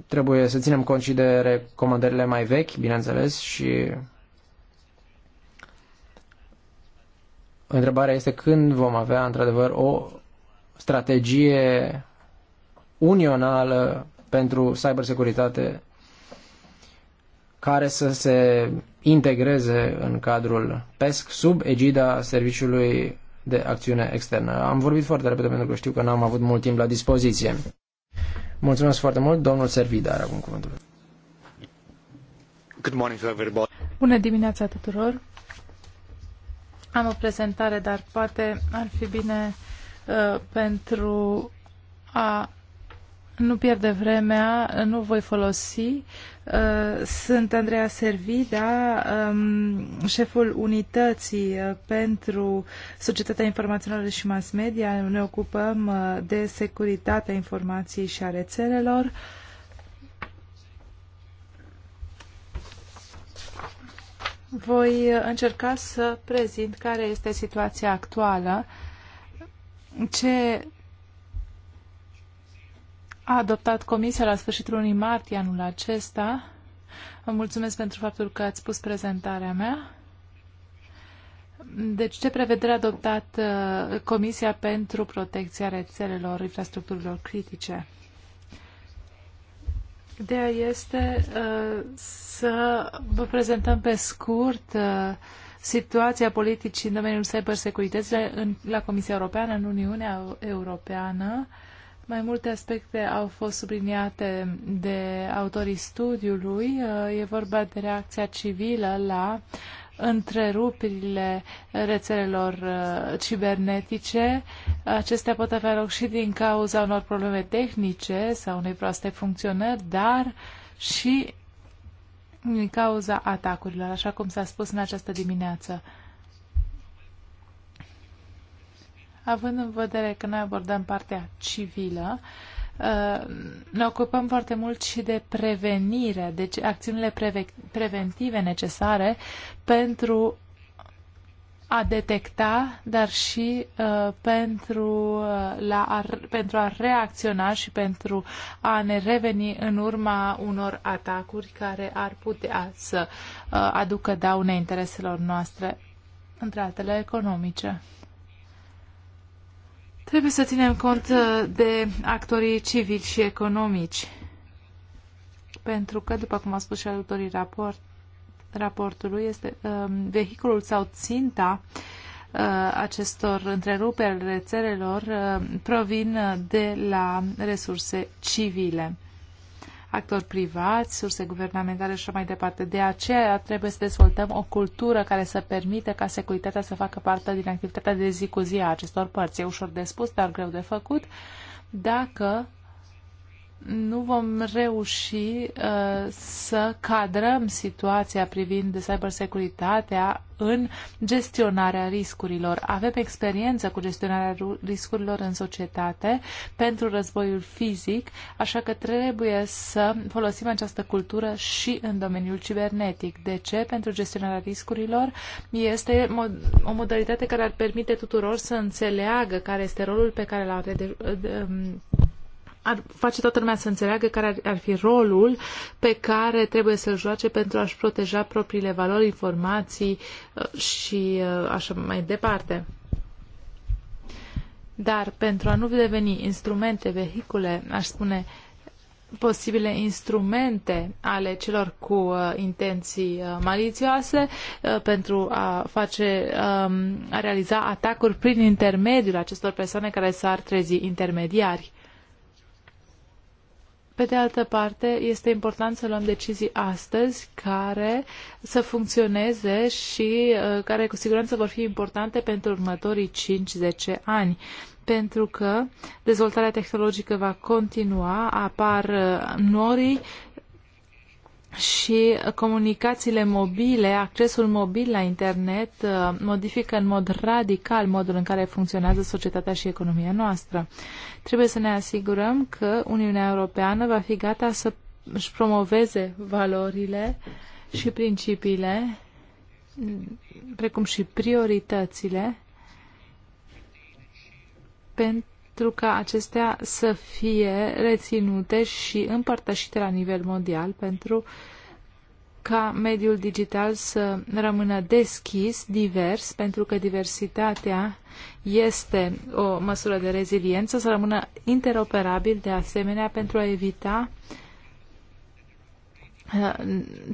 trebuie să ținem cont și de recomandările mai vechi, bineînțeles, și întrebarea este când vom avea într-adevăr o strategie unională pentru cybersecuritate care să se integreze în cadrul PESC sub egida Serviciului de Acțiune Externă. Am vorbit foarte repede pentru că știu că n-am avut mult timp la dispoziție. Mulțumesc foarte mult. Domnul Servida are acum cuvântul.
Good morning to everybody. Bună dimineața tuturor. Am o prezentare, dar poate ar fi bine uh, pentru a nu pierde vremea, nu voi folosi. Uh, sunt Andreea Servida, um, șeful unității uh, pentru societatea informațională și mass media. Ne ocupăm uh, de securitatea informației și a rețelelor. Voi încerca să prezint care este situația actuală, ce a adoptat Comisia la sfârșitul lunii martie anul acesta. Vă mulțumesc pentru faptul că ați pus prezentarea mea. Deci, ce prevedere a adoptat uh, Comisia pentru protecția rețelelor infrastructurilor critice? Ideea este uh, să vă prezentăm pe scurt uh, situația politicii în domeniul cybersecurității la Comisia Europeană, în Uniunea Europeană. Mai multe aspecte au fost subliniate de autorii studiului. E vorba de reacția civilă la întrerupirile rețelelor uh, cibernetice. Acestea pot avea loc și din cauza unor probleme tehnice sau unei proaste funcționări, dar și din cauza atacurilor, așa cum s-a spus în această dimineață. având în vedere că noi abordăm partea civilă, uh, ne ocupăm foarte mult și de prevenire, deci acțiunile preve preventive necesare pentru a detecta, dar și uh, pentru, uh, la a, pentru a reacționa și pentru a ne reveni în urma unor atacuri care ar putea să uh, aducă daune intereselor noastre, între altele economice. Trebuie să ținem cont uh, de actorii civici și economici, pentru că, după cum a spus și autorii raport, raportului, este uh, vehiculul sau ținta uh, acestor întreruperi rețelelor uh, provin uh, de la resurse civile actori privați, surse guvernamentale și mai departe. De aceea trebuie să dezvoltăm o cultură care să permită ca securitatea să facă parte din activitatea de zi cu zi a acestor părți. E ușor de spus, dar greu de făcut. Dacă nu vom reuși uh, să cadrăm situația privind cybersecuritatea în gestionarea riscurilor. Avem experiență cu gestionarea riscurilor în societate pentru războiul fizic, așa că trebuie să folosim această cultură și în domeniul cibernetic. De ce? Pentru gestionarea riscurilor este o modalitate care ar permite tuturor să înțeleagă care este rolul pe care l-au de, de, de, um, ar face toată lumea să înțeleagă care ar, ar fi rolul pe care trebuie să-l joace pentru a-și proteja propriile valori, informații uh, și uh, așa mai departe. Dar pentru a nu deveni instrumente, vehicule, aș spune posibile instrumente ale celor cu uh, intenții uh, malițioase uh, pentru a face, um, a realiza atacuri prin intermediul acestor persoane care s-ar trezi intermediari. Pe de altă parte, este important să luăm decizii astăzi care să funcționeze și uh, care cu siguranță vor fi importante pentru următorii 5-10 ani pentru că dezvoltarea tehnologică va continua, apar uh, norii și comunicațiile mobile, accesul mobil la internet uh, modifică în mod radical modul în care funcționează societatea și economia noastră. Trebuie să ne asigurăm că Uniunea Europeană va fi gata să își promoveze valorile și principiile, precum și prioritățile pentru pentru ca acestea să fie reținute și împărtășite la nivel mondial pentru ca mediul digital să rămână deschis, divers, pentru că diversitatea este o măsură de reziliență, să rămână interoperabil de asemenea pentru a evita uh,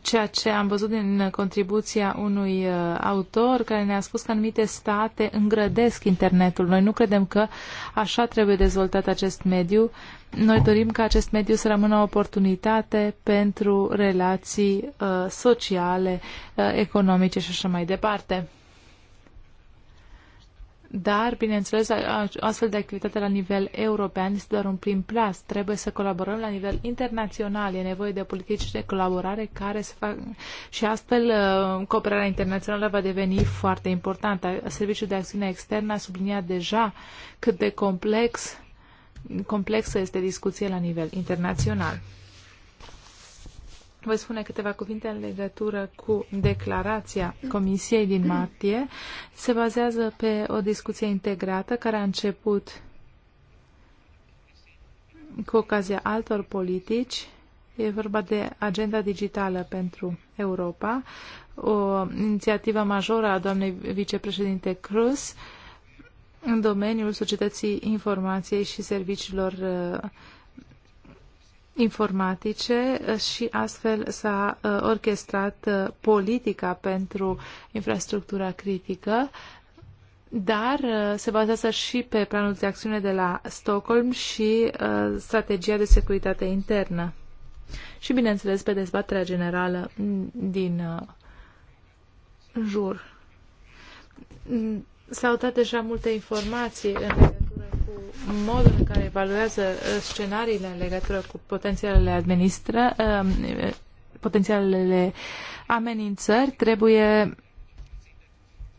ceea ce am văzut din contribuția unui uh, autor care ne-a spus că anumite state îngrădesc internetul. Noi nu credem că așa trebuie dezvoltat acest mediu. Noi dorim ca acest mediu să rămână o oportunitate pentru relații uh, sociale, uh, economice și așa mai departe. Dar, bineînțeles, astfel de activitate la nivel european este doar un prim plas. Trebuie să colaborăm la nivel internațional. E nevoie de politici de colaborare care să fac... Și astfel, uh, cooperarea internațională va deveni foarte importantă. Serviciul de acțiune externă a subliniat deja cât de complex, complexă este discuția la nivel internațional. Voi spune câteva cuvinte în legătură cu declarația Comisiei din martie. Se bazează pe o discuție integrată care a început cu ocazia altor politici. E vorba de agenda digitală pentru Europa, o inițiativă majoră a doamnei vicepreședinte Cruz în domeniul societății informației și serviciilor uh, informatice uh, și astfel s-a uh, orchestrat uh, politica pentru infrastructura critică, dar se bazează și pe planul de acțiune de la Stockholm și strategia de securitate internă. Și, bineînțeles, pe dezbaterea generală din jur. Mm, s-au dat deja multe informații în legătură cu modul în care evaluează uh, scenariile în legătură cu potențialele administră, um, potențialele amenințări, trebuie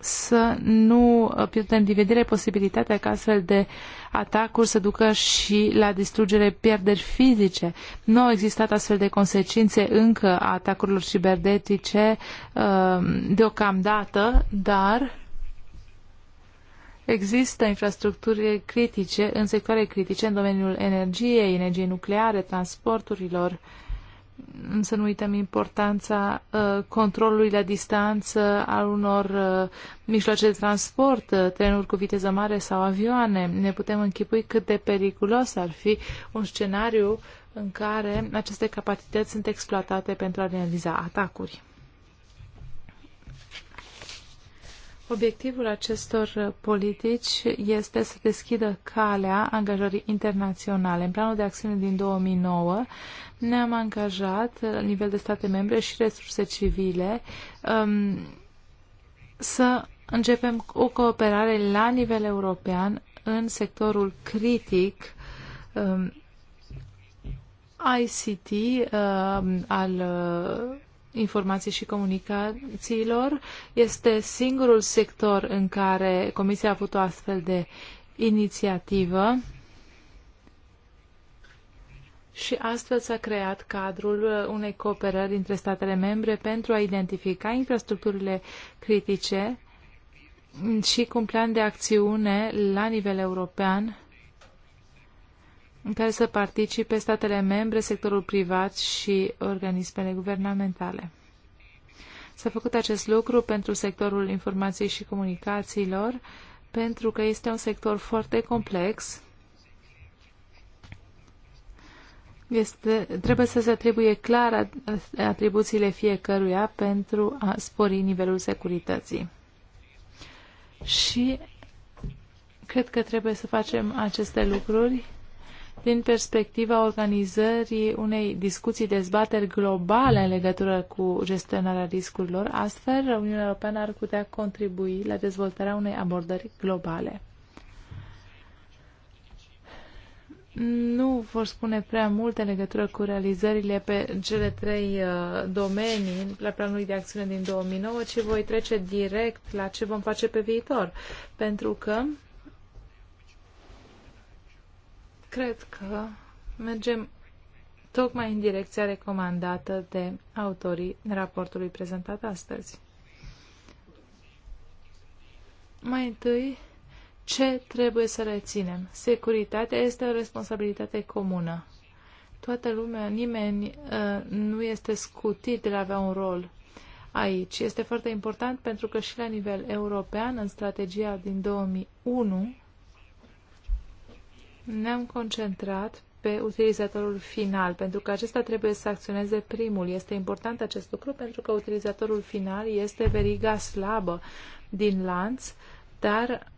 să nu pierdem din vedere posibilitatea ca astfel de atacuri să ducă și la distrugere pierderi fizice. Nu au existat astfel de consecințe încă a atacurilor cibernetice um, deocamdată, dar Există infrastructuri critice, în sectoare critice, în domeniul energiei, energiei nucleare, transporturilor. Să nu uităm importanța uh, controlului la distanță al unor uh, mijloace de transport, uh, trenuri cu viteză mare sau avioane. Ne putem închipui cât de periculos ar fi un scenariu în care aceste capacități sunt exploatate pentru a realiza atacuri. Obiectivul acestor uh, politici este să deschidă calea angajării internaționale. În planul de acțiune din 2009 ne-am angajat uh, la nivel de state membre și resurse civile um, să începem o cooperare la nivel european în sectorul critic um, ICT uh, al uh, informații și comunicațiilor. Este singurul sector în care Comisia a avut o astfel de inițiativă și astfel s-a creat cadrul unei cooperări între statele membre pentru a identifica infrastructurile critice și cu un plan de acțiune la nivel european în care să participe statele membre, sectorul privat și organismele guvernamentale. S-a făcut acest lucru pentru sectorul informației și comunicațiilor, pentru că este un sector foarte complex. Este, trebuie să se atribuie clar atribuțiile fiecăruia pentru a spori nivelul securității. Și cred că trebuie să facem aceste lucruri din perspectiva organizării unei discuții, dezbateri globale în legătură cu gestionarea riscurilor. Astfel, Uniunea Europeană ar putea contribui la dezvoltarea unei abordări globale. Nu vor spune prea multe legătură cu realizările pe cele trei uh, domenii la planului de acțiune din 2009, ci voi trece direct la ce vom face pe viitor, pentru că Cred că mergem tocmai în direcția recomandată de autorii raportului prezentat astăzi. Mai întâi, ce trebuie să reținem? Securitatea este o responsabilitate comună. Toată lumea, nimeni uh, nu este scutit de a avea un rol aici. Este foarte important pentru că și la nivel european, în strategia din 2001, ne-am concentrat pe utilizatorul final, pentru că acesta trebuie să acționeze primul. Este important acest lucru pentru că utilizatorul final este veriga slabă din lanț, dar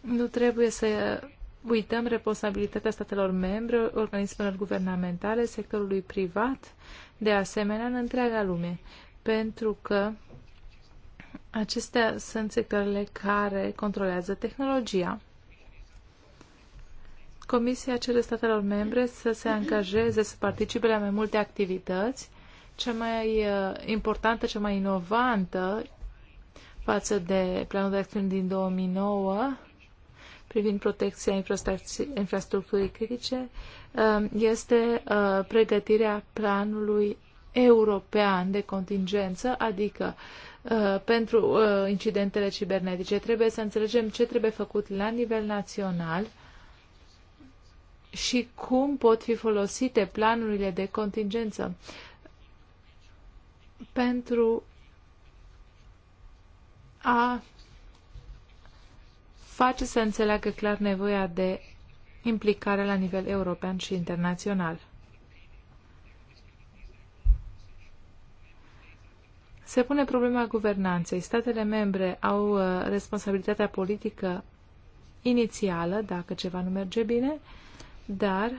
nu trebuie să uităm responsabilitatea statelor membre, organismelor guvernamentale, sectorului privat, de asemenea în întreaga lume, pentru că acestea sunt sectoarele care controlează tehnologia. Comisia cere statelor membre să se angajeze să participe la mai multe activități. Cea mai uh, importantă, cea mai inovantă față de planul de acțiune din 2009 privind protecția infrastructurii critice uh, este uh, pregătirea planului european de contingență, adică pentru incidentele cibernetice. Trebuie să înțelegem ce trebuie făcut la nivel național și cum pot fi folosite planurile de contingență pentru a face să înțeleagă clar nevoia de implicare la nivel european și internațional. Se pune problema guvernanței. Statele membre au uh, responsabilitatea politică inițială, dacă ceva nu merge bine, dar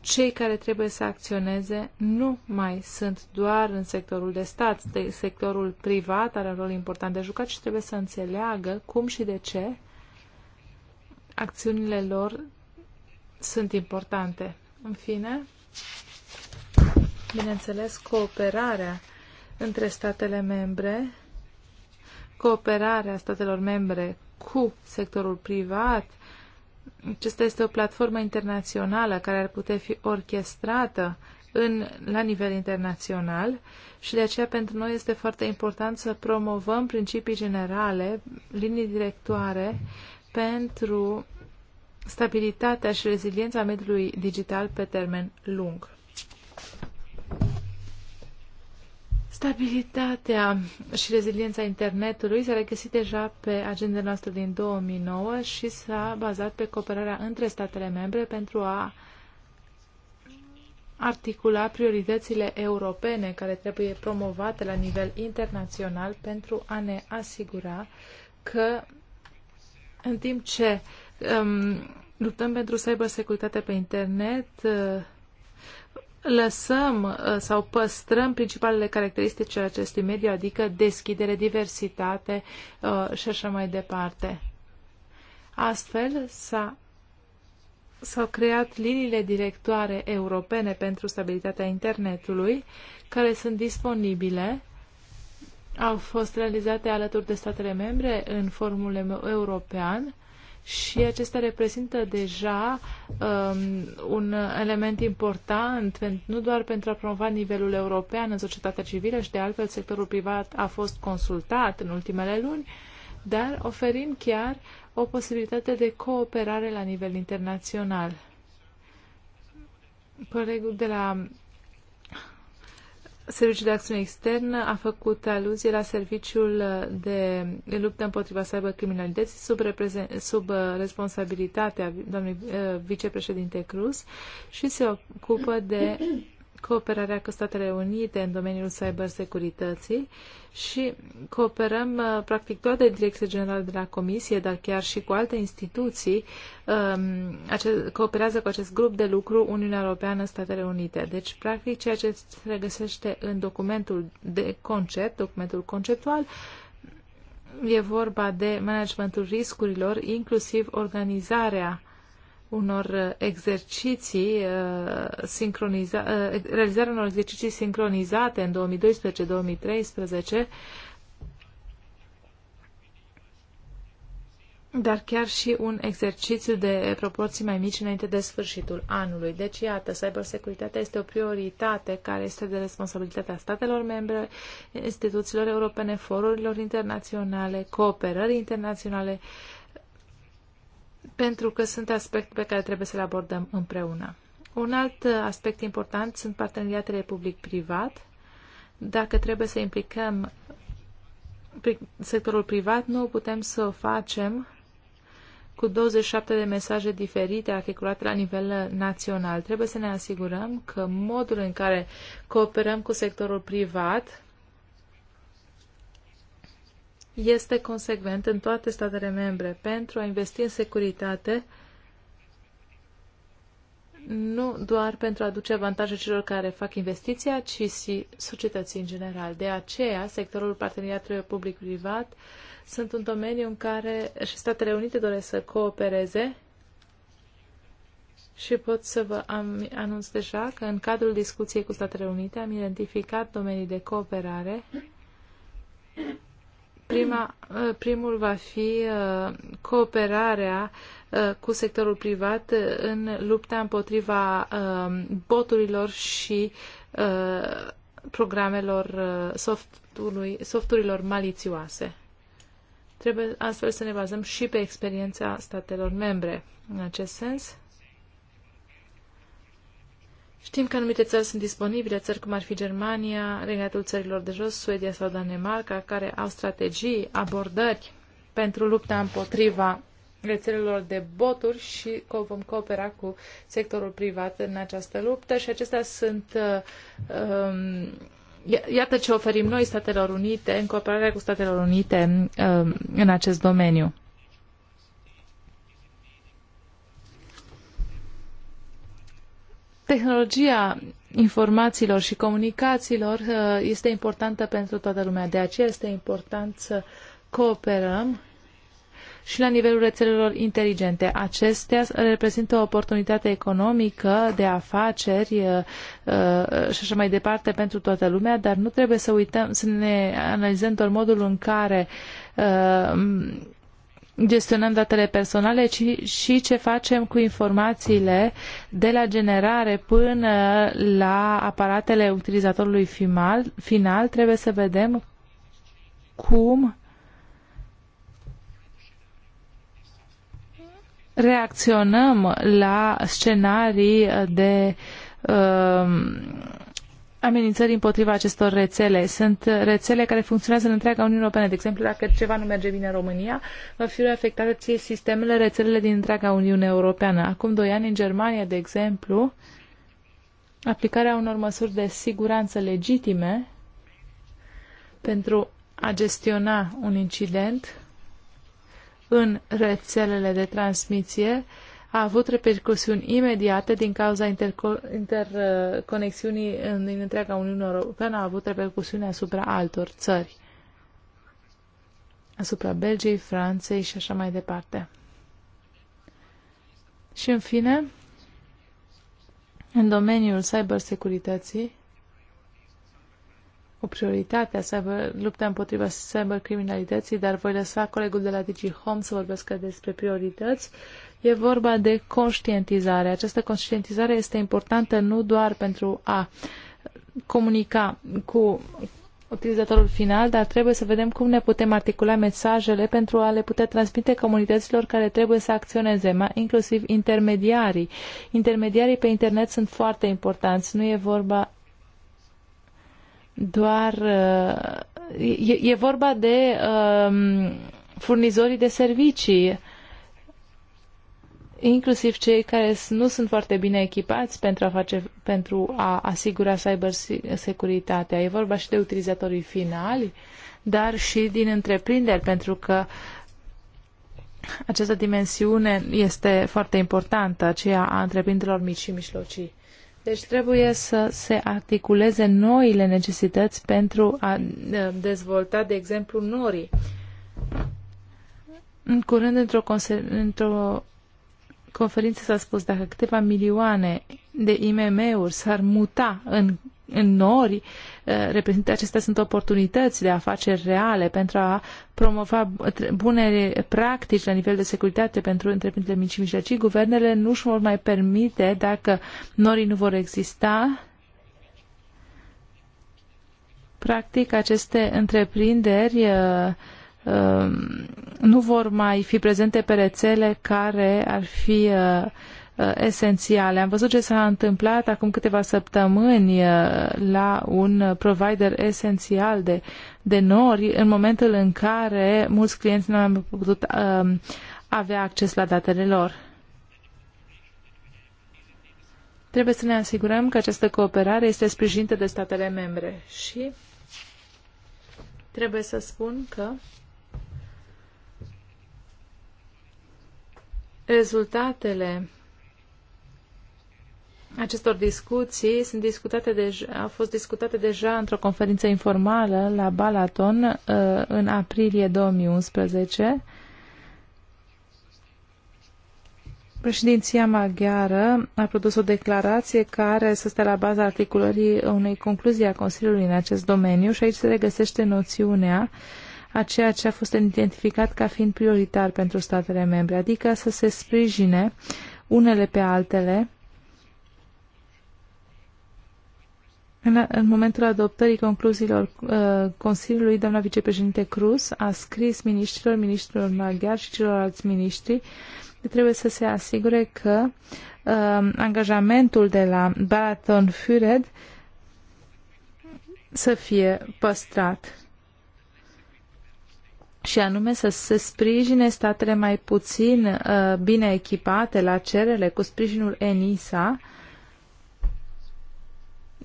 cei care trebuie să acționeze nu mai sunt doar în sectorul de stat, de sectorul privat are un rol important de jucat și trebuie să înțeleagă cum și de ce acțiunile lor sunt importante. În fine, bineînțeles, cooperarea între statele membre, cooperarea statelor membre cu sectorul privat, acesta este o platformă internațională care ar putea fi orchestrată în, la nivel internațional și de aceea pentru noi este foarte important să promovăm principii generale, linii directoare pentru stabilitatea și reziliența mediului digital pe termen lung. Stabilitatea și reziliența internetului s-a regăsit deja pe agenda noastră din 2009 și s-a bazat pe cooperarea între statele membre pentru a articula prioritățile europene care trebuie promovate la nivel internațional pentru a ne asigura că în timp ce um, luptăm pentru cybersecuritate pe internet, uh, lăsăm uh, sau păstrăm principalele caracteristici ale acestui mediu, adică deschidere, diversitate uh, și așa mai departe. Astfel s-a s-au creat liniile directoare europene pentru stabilitatea internetului, care sunt disponibile, au fost realizate alături de statele membre în formul european și acesta reprezintă deja um, un element important, nu doar pentru a promova nivelul european în societatea civilă și de altfel sectorul privat a fost consultat în ultimele luni, dar oferim chiar o posibilitate de cooperare la nivel internațional. Colegul de la Serviciul de Acțiune Externă a făcut aluzie la Serviciul de Luptă împotriva cybercriminalității sub, sub responsabilitatea doamnei eh, vicepreședinte Cruz și se ocupă de cooperarea cu Statele Unite în domeniul cybersecurității și cooperăm uh, practic toate direcțiile generale de la Comisie, dar chiar și cu alte instituții, um, cooperează cu acest grup de lucru Uniunea Europeană, Statele Unite. Deci, practic, ceea ce se regăsește în documentul de concept, documentul conceptual, e vorba de managementul riscurilor, inclusiv organizarea uh, unor exerciții uh, sincroniza, uh, realizarea unor exerciții sincronizate în 2012-2013 dar chiar și un exercițiu de proporții mai mici înainte de sfârșitul anului. Deci, iată, cybersecuritatea este o prioritate care este de responsabilitatea statelor membre, instituțiilor europene, forurilor internaționale, cooperării internaționale uh, pentru că sunt aspecte pe care trebuie să le abordăm împreună. Un alt aspect important sunt parteneriatele public-privat. Dacă trebuie să implicăm sectorul privat, nu putem să o facem cu 27 de mesaje diferite articulate la nivel național. Trebuie să ne asigurăm că modul în care cooperăm cu sectorul privat este consecvent în toate statele membre pentru a investi în securitate, nu doar pentru a aduce avantaje celor care fac investiția, ci și societății în general. De aceea, sectorul parteneriatului public-privat sunt un domeniu în care și Statele Unite doresc să coopereze și pot să vă am, anunț deja că în cadrul discuției cu Statele Unite am identificat domenii de cooperare Prima, uh, primul va fi uh, cooperarea uh, cu sectorul privat în lupta împotriva boturilor și programelor softului, softurilor malițioase. Trebuie astfel să ne bazăm și pe experiența statelor membre. În acest sens, Știm că anumite țări sunt disponibile, țări cum ar fi Germania, Regatul Țărilor de Jos, Suedia sau Danemarca, care au strategii, abordări pentru lupta împotriva rețelelor de boturi și că vom coopera cu sectorul privat în această luptă și acestea sunt um, iată ce oferim noi Statelor Unite în cooperare cu Statelor Unite um, în acest domeniu. tehnologia informațiilor și comunicațiilor uh, este importantă pentru toată lumea. De aceea este important să cooperăm și la nivelul rețelelor inteligente. Acestea reprezintă o oportunitate economică de afaceri uh, uh, și așa mai departe pentru toată lumea, dar nu trebuie să uităm, să ne analizăm doar modul în care gestionăm datele personale, ci și ce facem cu informațiile de la generare până la aparatele utilizatorului final, final trebuie să vedem cum reacționăm la scenarii de uh, amenințări împotriva acestor rețele. Sunt rețele care funcționează în întreaga Uniune Europeană. De exemplu, dacă ceva nu merge bine în România, va fi afectate sistemele, rețelele din întreaga Uniune Europeană. Acum doi ani în Germania, de exemplu, aplicarea unor măsuri de siguranță legitime pentru a gestiona un incident în rețelele de transmisie uh, a avut repercusiuni imediate din cauza interconexiunii în, din întreaga Uniune Europeană, a avut repercusiuni asupra altor țări, asupra Belgiei, Franței și așa mai departe. Și în fine, în domeniul cybersecurității, o prioritate a cyber, lupta împotriva cybercriminalității, dar voi lăsa colegul de la DigiHome să vorbească despre priorități E vorba de conștientizare. Această conștientizare este importantă nu doar pentru a comunica cu utilizatorul final, dar trebuie să vedem cum ne putem articula mesajele pentru a le putea transmite comunităților care trebuie să acționeze, mai inclusiv intermediarii. Intermediarii pe internet sunt foarte importanți. Nu e vorba doar... Uh, e, e vorba de um, furnizorii de servicii inclusiv cei care nu sunt foarte bine echipați pentru a, face, pentru a asigura cybersecuritatea. E vorba și de utilizatorii finali, dar și din întreprinderi, pentru că această dimensiune este foarte importantă, aceea a întreprinderilor mici și mijlocii. Deci trebuie să se articuleze noile necesități pentru a eh, dezvolta, de exemplu, norii. În curând, într-o într conferință s-a spus dacă câteva milioane de IMM-uri s-ar muta în, în nori, eh, reprezintă acestea sunt oportunități de afaceri reale pentru a promova bune practici la nivel de securitate pentru întreprinderile mici și mijlocii. Guvernele nu își vor mai permite, dacă norii nu vor exista, practic aceste întreprinderi uh, Ehm, nu vor mai fi prezente pe rețele care ar fi eh, eh, esențiale. Am văzut ce s-a întâmplat acum câteva săptămâni eh, la un provider esențial de, de nori, în momentul în care mulți clienți nu au putut ehm, avea acces la datele lor. Trebuie să ne asigurăm că această cooperare este sprijinită de statele membre și trebuie să spun că Rezultatele acestor discuții sunt discutate deja, au fost discutate deja într-o conferință informală la Balaton uh, în aprilie 2011. Președinția maghiară a produs o declarație care să stea la baza articulării unei concluzii a Consiliului în acest domeniu și aici se regăsește noțiunea uh, a ceea ce a fost identificat ca fiind prioritar pentru statele membre, adică să se sprijine unele pe altele În, în momentul adoptării concluziilor uh, Consiliului, doamna vicepreședinte Cruz a scris miniștrilor, miniștrilor maghiari și celorlalți miniștri că trebuie să se asigure că uh, angajamentul de la Baraton Füred să fie păstrat și anume să se sprijine statele mai puțin uh, bine echipate la cerere cu sprijinul ENISA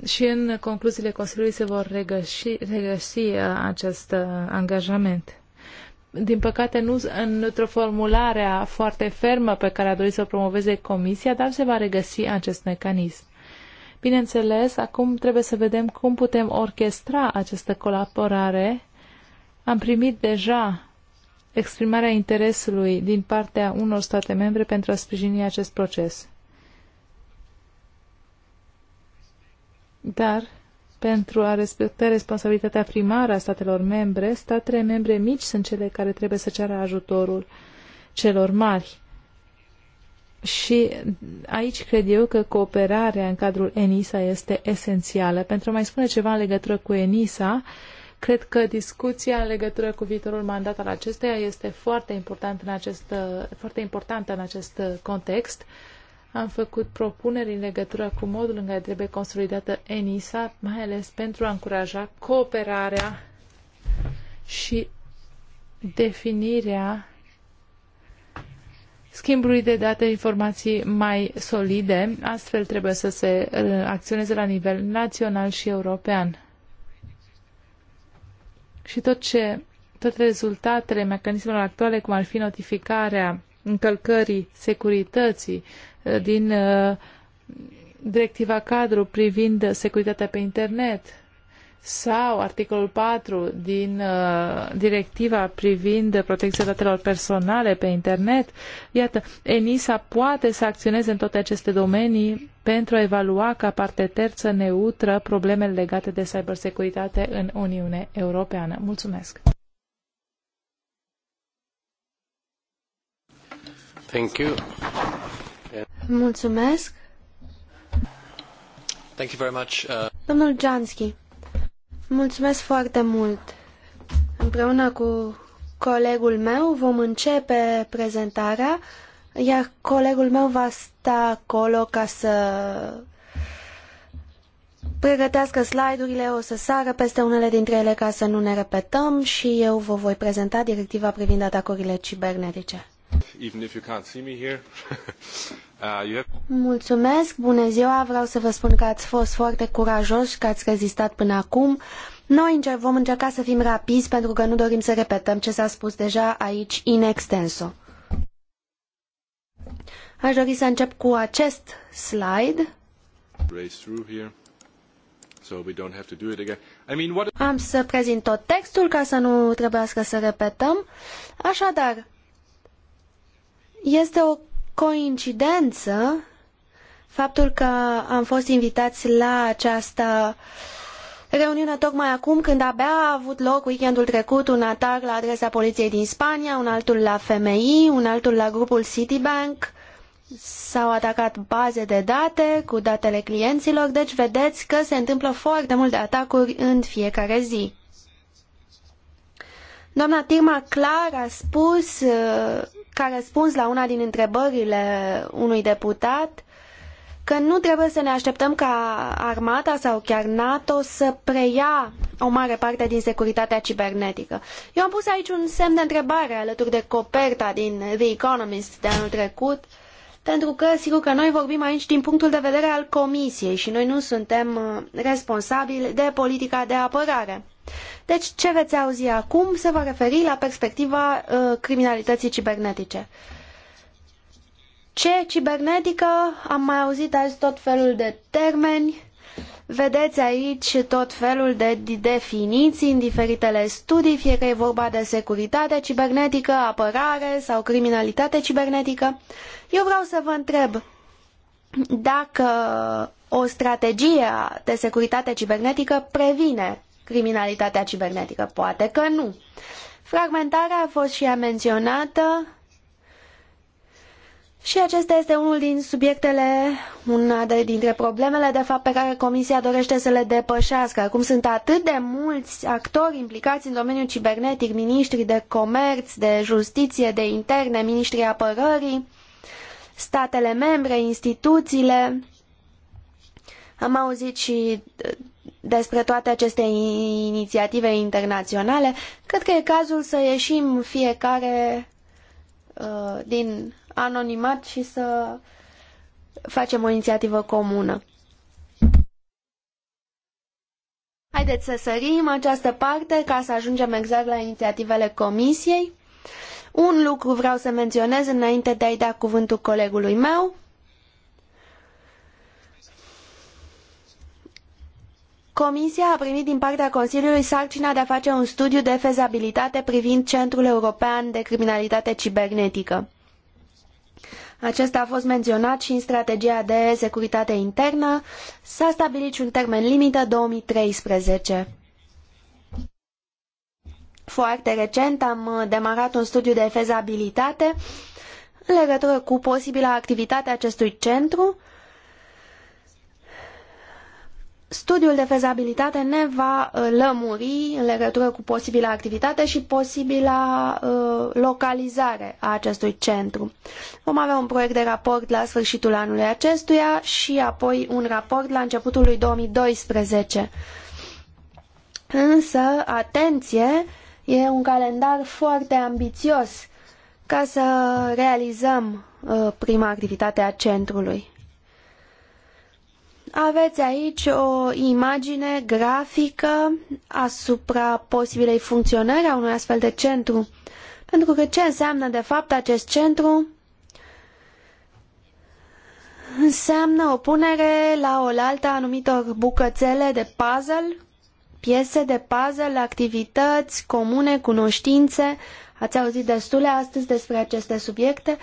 și în concluziile Consiliului se vor regăsi, regăsi uh, acest uh, angajament. Din păcate, nu într-o formulare foarte fermă pe care a dorit să o promoveze Comisia, dar se va regăsi acest mecanism. Bineînțeles, acum trebuie să vedem cum putem orchestra această colaborare am primit deja exprimarea interesului din partea unor state membre pentru a sprijini acest proces. Dar, pentru a respecta responsabilitatea primară a statelor membre, statele membre mici sunt cele care trebuie să ceară ajutorul celor mari. Și aici cred eu că cooperarea în cadrul ENISA este esențială. Pentru a mai spune ceva în legătură cu ENISA, uh, Cred că discuția în legătură cu viitorul mandat al acesteia este foarte, important în acest, foarte importantă în acest context. Am făcut propuneri în legătură cu modul în care trebuie consolidată ENISA, mai ales pentru a încuraja cooperarea și definirea schimbului de date informații mai solide. Astfel trebuie să se acționeze la nivel național și european și tot ce, toate rezultatele mecanismelor actuale, cum ar fi notificarea încălcării securității eh, din uh, directiva cadru privind securitatea pe internet sau articolul 4 din uh, directiva privind protecția datelor personale pe internet, iată, ENISA poate să acționeze în toate aceste domenii pentru a evalua ca parte terță neutră problemele legate de cybersecuritate în Uniunea Europeană. Mulțumesc!
Thank you.
Mulțumesc!
Thank you very much. Uh...
Domnul Jansky. Mulțumesc foarte mult. Împreună cu colegul meu vom începe prezentarea, iar colegul meu va sta acolo ca să pregătească slide-urile, o să sară peste unele dintre ele ca să nu ne repetăm și eu vă voi prezenta directiva privind atacurile cibernetice.
Even if you can't see me here. Uh,
Mulțumesc, bună ziua, vreau să vă spun că ați fost foarte curajos și că ați rezistat până acum. Noi vom încerca să fim rapizi pentru că nu dorim să repetăm ce s-a spus deja aici in extenso. Aș dori să încep cu acest slide. Am să prezint tot textul ca să nu trebuiască să repetăm. Așadar, este o coincidență faptul că am fost invitați la această reuniune tocmai acum când abia a avut loc weekendul trecut un atac la adresa poliției din Spania, un altul la FMI, un altul la grupul Citibank. S-au atacat baze de date cu datele clienților, deci vedeți că se întâmplă foarte multe atacuri în fiecare zi. Doamna Tirma clar a spus ca răspuns la una din întrebările unui deputat că nu trebuie să ne așteptăm ca armata sau chiar NATO să preia o mare parte din securitatea cibernetică. Eu am pus aici un semn de întrebare alături de coperta din The Economist de anul trecut, pentru că, sigur că noi vorbim aici din punctul de vedere al Comisiei și noi nu suntem uh, responsabili de politica de apărare. Deci, ce veți auzi acum se va referi la perspectiva uh, criminalității cibernetice. Ce cibernetică? Am mai auzit azi tot felul de termeni. Vedeți aici tot felul de definiții în diferitele studii, fie că e vorba de securitate cibernetică, apărare sau criminalitate cibernetică. Eu vreau să vă întreb dacă o strategie de securitate cibernetică previne criminalitatea cibernetică? Poate că nu. Fragmentarea a fost și ea menționată și acesta este unul din subiectele, una dintre problemele, de fapt, pe care Comisia dorește să le depășească. Acum sunt atât de mulți actori implicați în domeniul cibernetic, miniștri de comerț, de justiție, de interne, miniștrii apărării, statele membre, instituțiile. Am auzit și despre toate aceste inițiative internaționale, cred că e cazul să ieșim fiecare uh, din anonimat și să facem o inițiativă comună. Haideți să sărim această parte ca să ajungem exact la inițiativele comisiei. Un lucru vreau să menționez înainte de a-i da cuvântul colegului meu. Comisia a primit din partea Consiliului sarcina de a face un studiu de fezabilitate privind Centrul European de Criminalitate Cibernetică. Acesta a fost menționat și în strategia de securitate internă. S-a stabilit și un termen limită 2013. Foarte recent am demarat un studiu de fezabilitate în legătură cu posibila activitate a acestui centru Studiul de fezabilitate ne va uh, lămuri în legătură cu posibila activitate și posibila uh, localizare a acestui centru. Vom avea un proiect de raport la sfârșitul anului acestuia și apoi un raport la începutul lui 2012. Însă, atenție, e un calendar foarte ambițios ca să realizăm uh, prima activitate a centrului. Aveți aici o imagine grafică asupra posibilei funcționări a unui astfel de centru. Pentru că ce înseamnă de fapt acest centru? Înseamnă o punere la oaltă a anumitor bucățele de puzzle, piese de puzzle, activități comune, cunoștințe, Ați auzit destule astăzi despre aceste subiecte.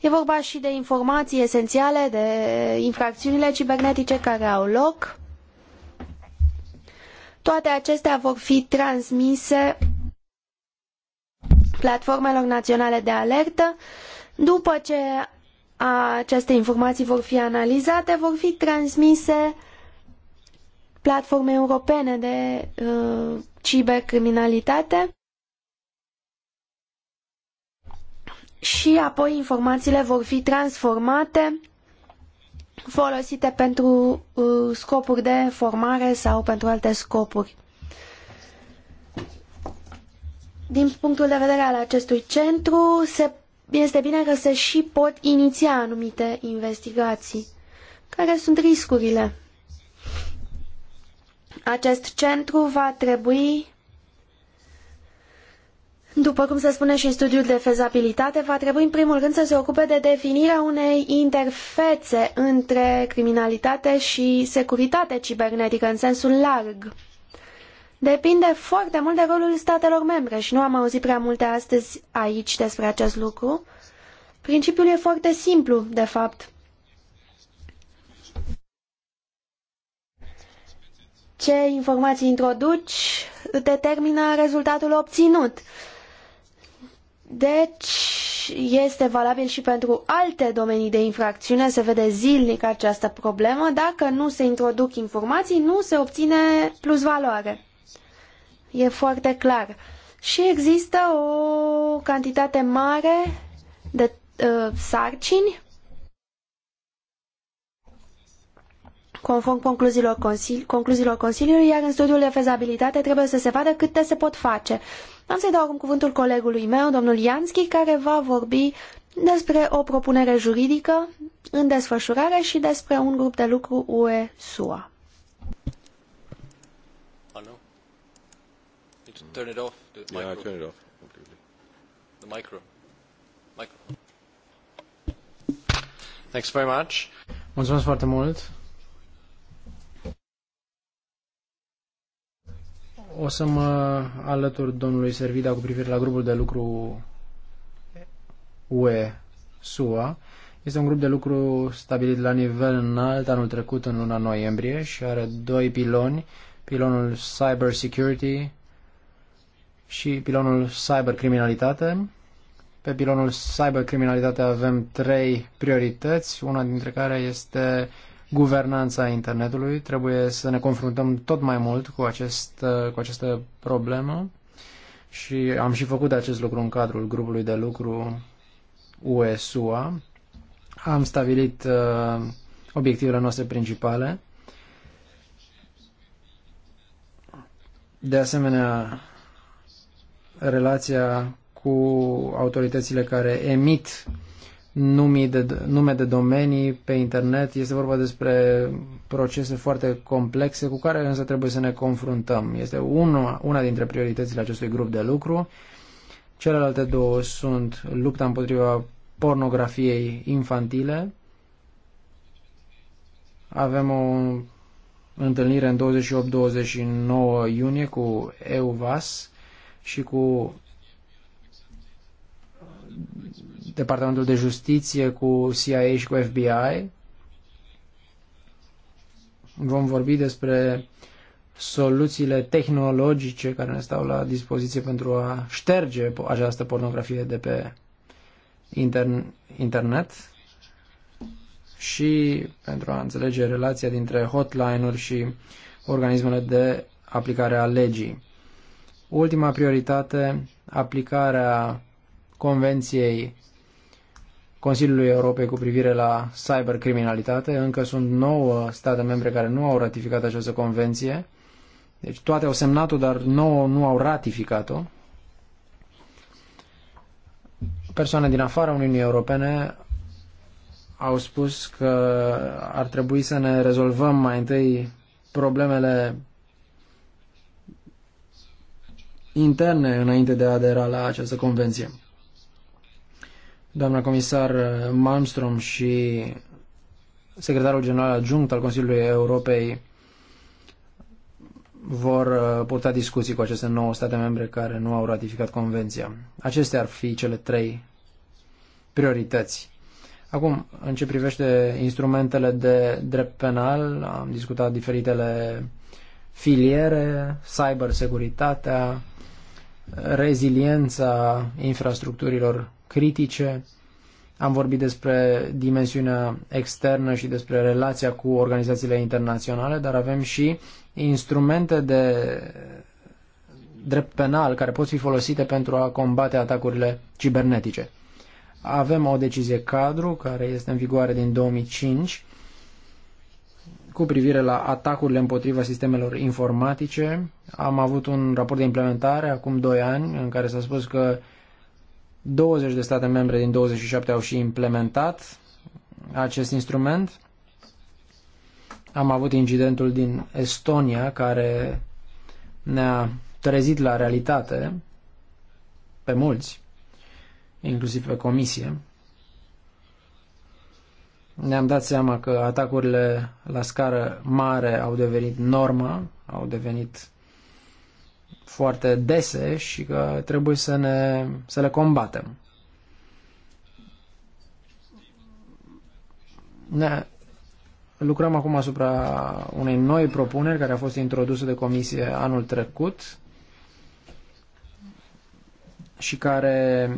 E vorba și de informații esențiale, de infracțiunile cibernetice care au loc. Toate acestea vor fi transmise platformelor naționale de alertă. După ce aceste informații vor fi analizate, vor fi transmise platforme europene de uh, cibercriminalitate și apoi informațiile vor fi transformate, folosite pentru uh, scopuri de formare sau pentru alte scopuri. Din punctul de vedere al acestui centru, se, este bine că se și pot iniția anumite investigații. Care sunt riscurile? Acest centru va trebui după cum se spune și în studiul de fezabilitate, va trebui în primul rând să se ocupe de definirea unei interfețe între criminalitate și securitate cibernetică în sensul larg. Depinde foarte mult de rolul statelor membre și nu am auzit prea multe astăzi aici despre acest lucru. Principiul e foarte simplu, de fapt. Ce informații introduci determină rezultatul obținut. Deci, este valabil și pentru alte domenii de infracțiune, se vede zilnic această problemă. Dacă nu se introduc informații, nu se obține plusvaloare. E foarte clar. Și există o cantitate mare de uh, sarcini conform concluziilor, consili, concluziilor Consiliului, iar în studiul de fezabilitate trebuie să se vadă câte se pot face. Am să-i dau acum cuvântul colegului meu, domnul Ianschi, care va vorbi despre o propunere juridică în desfășurare și despre un grup de lucru UE-SUA.
Oh, turn it off. The yeah, micro. I turn it off
completely. The micro. Micro. Thanks very much. Mulțumesc foarte mult. O să mă alătur domnului Servida cu privire la grupul de lucru UE-SUA. Este un grup de lucru stabilit la nivel înalt anul trecut, în luna noiembrie, și are doi piloni, pilonul Cyber Security și pilonul Cyber Criminalitate. Pe pilonul Cyber Criminalitate avem trei priorități, una dintre care este guvernanța internetului. Trebuie să ne confruntăm tot mai mult cu, acest, uh, cu această problemă și am și făcut acest lucru în cadrul grupului de lucru USUA. Am stabilit uh, obiectivele noastre principale. De asemenea, relația cu autoritățile care emit numii de, nume de domenii pe internet. Este vorba despre procese foarte complexe cu care însă trebuie să ne confruntăm. Este una, una dintre prioritățile acestui grup de lucru. Celelalte două sunt lupta împotriva pornografiei infantile. Avem o întâlnire în 28-29 iunie cu EUVAS și cu Departamentul de Justiție, cu CIA și cu FBI. Vom vorbi despre soluțiile tehnologice care ne stau la dispoziție pentru a șterge această pornografie de pe intern- internet și pentru a înțelege relația dintre hotline-uri și organismele de aplicare a legii. Ultima prioritate, aplicarea Convenției Consiliului Europei cu privire la cybercriminalitate. Încă sunt 9 state membre care nu au ratificat această convenție. Deci toate au semnat-o, dar 9 nu au ratificat-o. Persoane din afara Uniunii Europene au spus că ar trebui să ne rezolvăm mai întâi problemele interne înainte de a adera la această convenție. Doamna comisar Malmström și secretarul general adjunct al Consiliului Europei vor uh, purta discuții cu aceste nouă state membre care nu au ratificat convenția. Acestea ar fi cele trei priorități. Acum, în ce privește instrumentele de drept penal, am discutat diferitele filiere, cybersecuritatea, reziliența infrastructurilor critice. Am vorbit despre dimensiunea externă și despre relația cu organizațiile internaționale, dar avem și instrumente de drept penal care pot fi folosite pentru a combate atacurile cibernetice. Avem o decizie cadru care este în vigoare din 2005 cu privire la atacurile împotriva sistemelor informatice. Am avut un raport de implementare acum 2 ani în care s-a spus că 20 de state membre din 27 au și implementat acest instrument. Am avut incidentul din Estonia care ne-a trezit la realitate pe mulți, inclusiv pe comisie. Ne-am dat seama că atacurile la scară mare au devenit norma, au devenit foarte dese și că trebuie să, ne, să le combatem. Ne lucrăm acum asupra unei noi propuneri care a fost introdusă de comisie anul trecut și care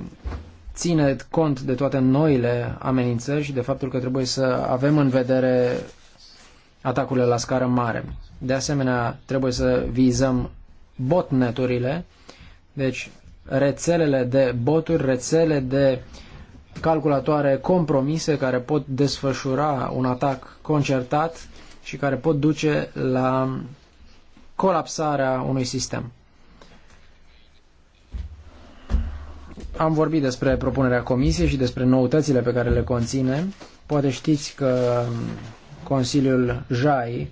ține cont de toate noile amenințări și de faptul că trebuie să avem în vedere atacurile la scară mare. De asemenea, trebuie să vizăm botneturile, deci rețelele de boturi, rețele de calculatoare compromise care pot desfășura un atac concertat și care pot duce la colapsarea unui sistem. Am vorbit despre propunerea comisiei și despre noutățile pe care le conține. Poate știți că Consiliul JAI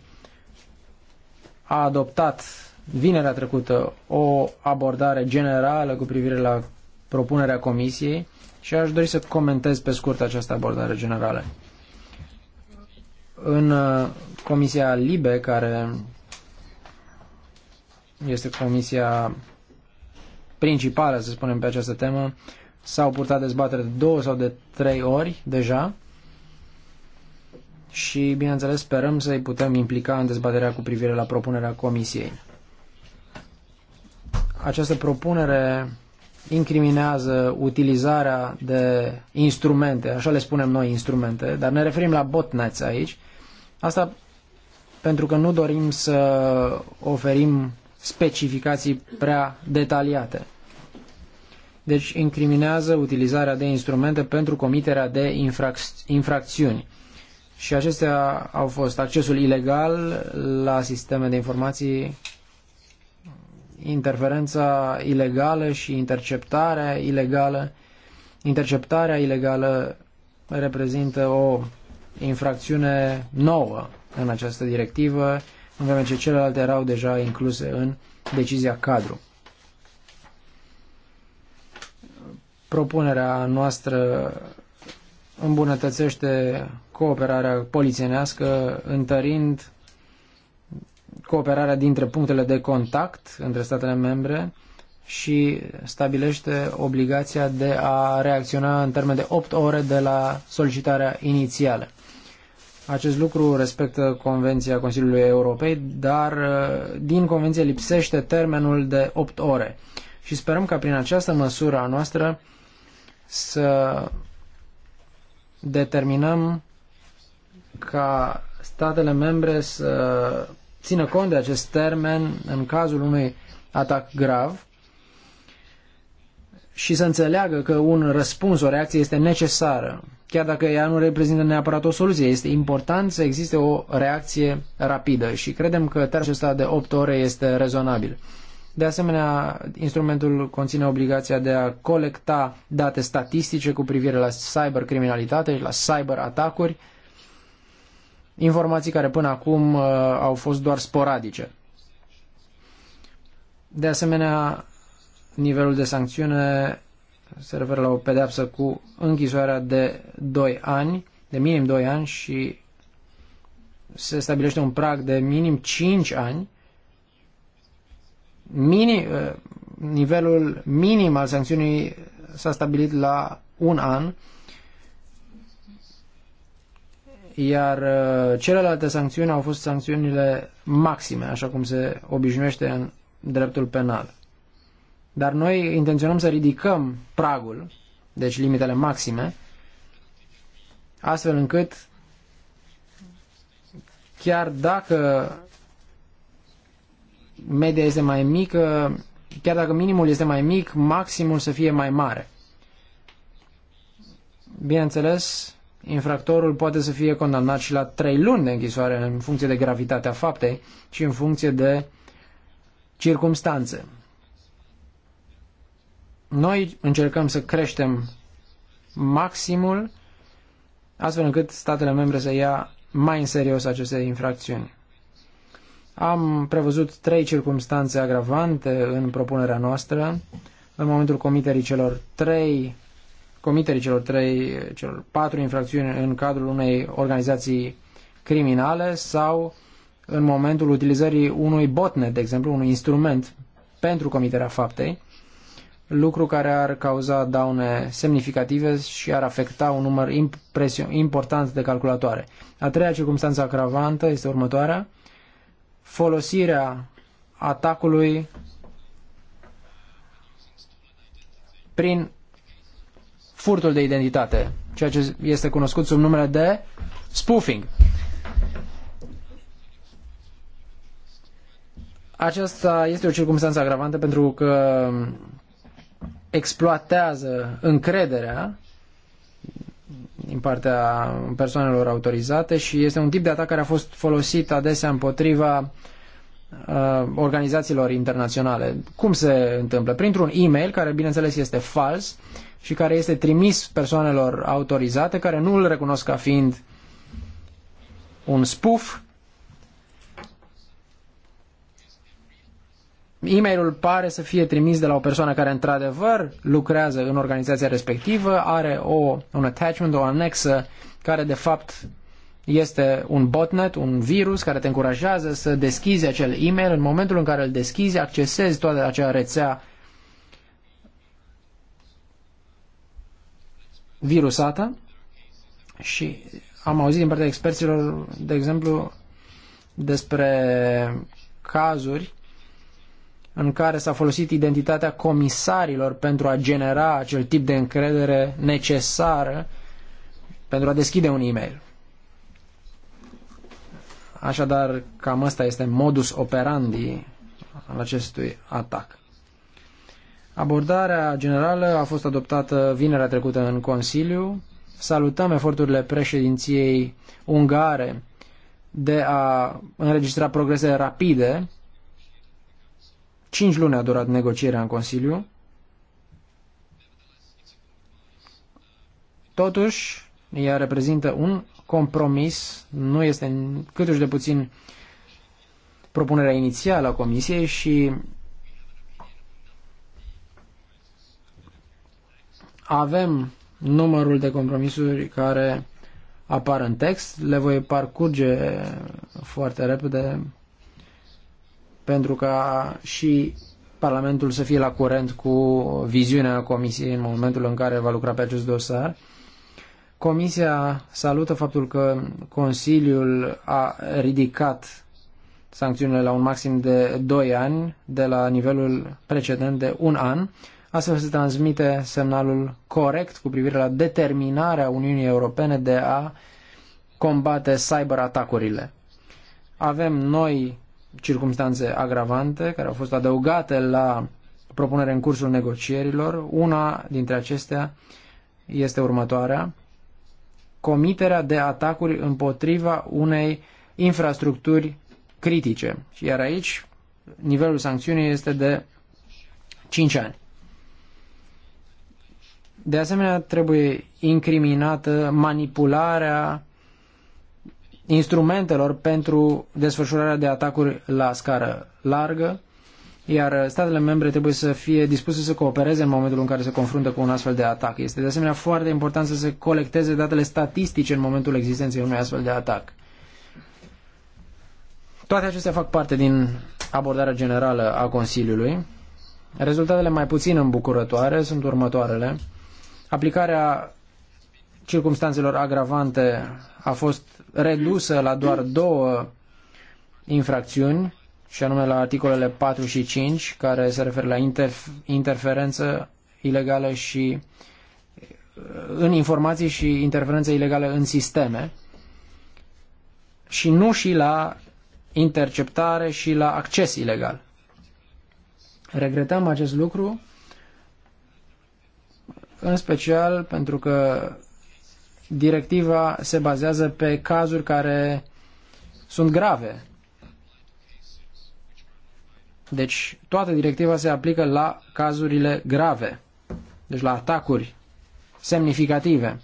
a adoptat vinerea trecută o abordare generală cu privire la propunerea comisiei și aș dori să comentez pe scurt această abordare generală. În uh, comisia LIBE, care este comisia principală, să spunem, pe această temă, s-au purtat dezbatere de două sau de trei ori deja și, bineînțeles, sperăm să-i putem implica în dezbaterea cu privire la propunerea comisiei această propunere incriminează utilizarea de instrumente, așa le spunem noi instrumente, dar ne referim la botnets aici. Asta pentru că nu dorim să oferim specificații prea detaliate. Deci incriminează utilizarea de instrumente pentru comiterea de infrac- infracțiuni. Și acestea au fost accesul ilegal la sisteme de informații interferența ilegală și interceptarea ilegală. Interceptarea ilegală reprezintă o infracțiune nouă în această directivă, în vreme ce celelalte erau deja incluse în decizia cadru. Propunerea noastră îmbunătățește cooperarea polițienească, întărind cooperarea dintre punctele de contact între statele membre și stabilește obligația de a reacționa în termen de 8 ore de la solicitarea inițială. Acest lucru respectă Convenția Consiliului Europei, dar uh, din Convenție lipsește termenul de 8 ore. Și sperăm ca prin această măsură a noastră să determinăm ca statele membre să țină cont de acest termen în cazul unui atac grav și să înțeleagă că un răspuns, o reacție este necesară, chiar dacă ea nu reprezintă neapărat o soluție. Este important să existe o reacție rapidă și credem că termenul acesta de 8 ore este rezonabil. De asemenea, instrumentul conține obligația de a colecta date statistice cu privire la cybercriminalitate și la cyberatacuri, informații care până acum uh, au fost doar sporadice. De asemenea, nivelul de sancțiune se referă la o pedeapsă cu închisoarea de 2 ani, de minim 2 ani și se stabilește un prag de minim 5 ani. Mini, uh, nivelul minim al sancțiunii s-a stabilit la un an, iar uh, celelalte sancțiuni au fost sancțiunile maxime, așa cum se obișnuiește în dreptul penal. Dar noi intenționăm să ridicăm pragul, deci limitele maxime, astfel încât chiar dacă media este mai mică, chiar dacă minimul este mai mic, maximul să fie mai mare. Bineînțeles, infractorul poate să fie condamnat și la trei luni de închisoare în funcție de gravitatea faptei și în funcție de circumstanțe. Noi încercăm să creștem maximul astfel încât statele membre să ia mai în serios aceste infracțiuni. Am prevăzut trei circumstanțe agravante în propunerea noastră. În momentul comiterii celor trei comiterii celor, trei, celor patru infracțiuni în cadrul unei organizații criminale sau în momentul utilizării unui botnet, de exemplu, unui instrument pentru comiterea faptei, lucru care ar cauza daune semnificative și ar afecta un număr important de calculatoare. A treia circunstanță agravantă este următoarea, folosirea atacului prin furtul de identitate, ceea ce este cunoscut sub numele de spoofing. Aceasta este o circunstanță agravantă pentru că exploatează încrederea din partea persoanelor autorizate și este un tip de atac care a fost folosit adesea împotriva Uh, organizațiilor internaționale. Cum se întâmplă? Printr-un e-mail care, bineînțeles, este fals și care este trimis persoanelor autorizate care nu îl recunosc ca fiind un spuf. E-mailul pare să fie trimis de la o persoană care într-adevăr lucrează în organizația respectivă, are o, un attachment, o anexă care de fapt este un botnet, un virus care te încurajează să deschizi acel e-mail. În momentul în care îl deschizi, accesezi toată acea rețea virusată și am auzit din partea experților, de exemplu, despre cazuri în care s-a folosit identitatea comisarilor pentru a genera acel tip de încredere necesară pentru a deschide un e-mail. Așadar, cam asta este modus operandi al acestui atac. Abordarea generală a fost adoptată vinerea trecută în Consiliu. Salutăm eforturile președinției ungare de a înregistra progrese rapide. Cinci luni a durat negocierea în Consiliu. Totuși, ea reprezintă un compromis, nu este câtuși de puțin propunerea inițială a Comisiei și avem numărul de compromisuri care apar în text, le voi parcurge foarte repede pentru ca și Parlamentul să fie la curent cu viziunea Comisiei în momentul în care va lucra pe acest dosar. Comisia salută faptul că Consiliul a ridicat sancțiunile la un maxim de 2 ani de la nivelul precedent de un an. Astfel se transmite semnalul corect cu privire la determinarea Uniunii Europene de a combate cyberatacurile. Avem noi circumstanțe agravante care au fost adăugate la propunere în cursul negocierilor. Una dintre acestea este următoarea comiterea de atacuri împotriva unei infrastructuri critice. Iar aici nivelul sancțiunii este de 5 ani. De asemenea, trebuie incriminată manipularea instrumentelor pentru desfășurarea de atacuri la scară largă, iar uh, statele membre trebuie să fie dispuse să coopereze în momentul în care se confruntă cu un astfel de atac. Este de asemenea foarte important să se colecteze datele statistice în momentul existenței unui astfel de atac. Toate acestea fac parte din abordarea generală a Consiliului. Rezultatele mai puțin îmbucurătoare sunt următoarele. Aplicarea circumstanțelor agravante a fost redusă la doar două infracțiuni, și anume la articolele 4 și 5, care se referă la interf- interferență ilegală și uh, în informații și interferență ilegală în sisteme și nu și la interceptare și la acces ilegal. Regretăm acest lucru în special pentru că directiva se bazează pe cazuri care sunt grave deci toată directiva se aplică la cazurile grave, deci la atacuri semnificative.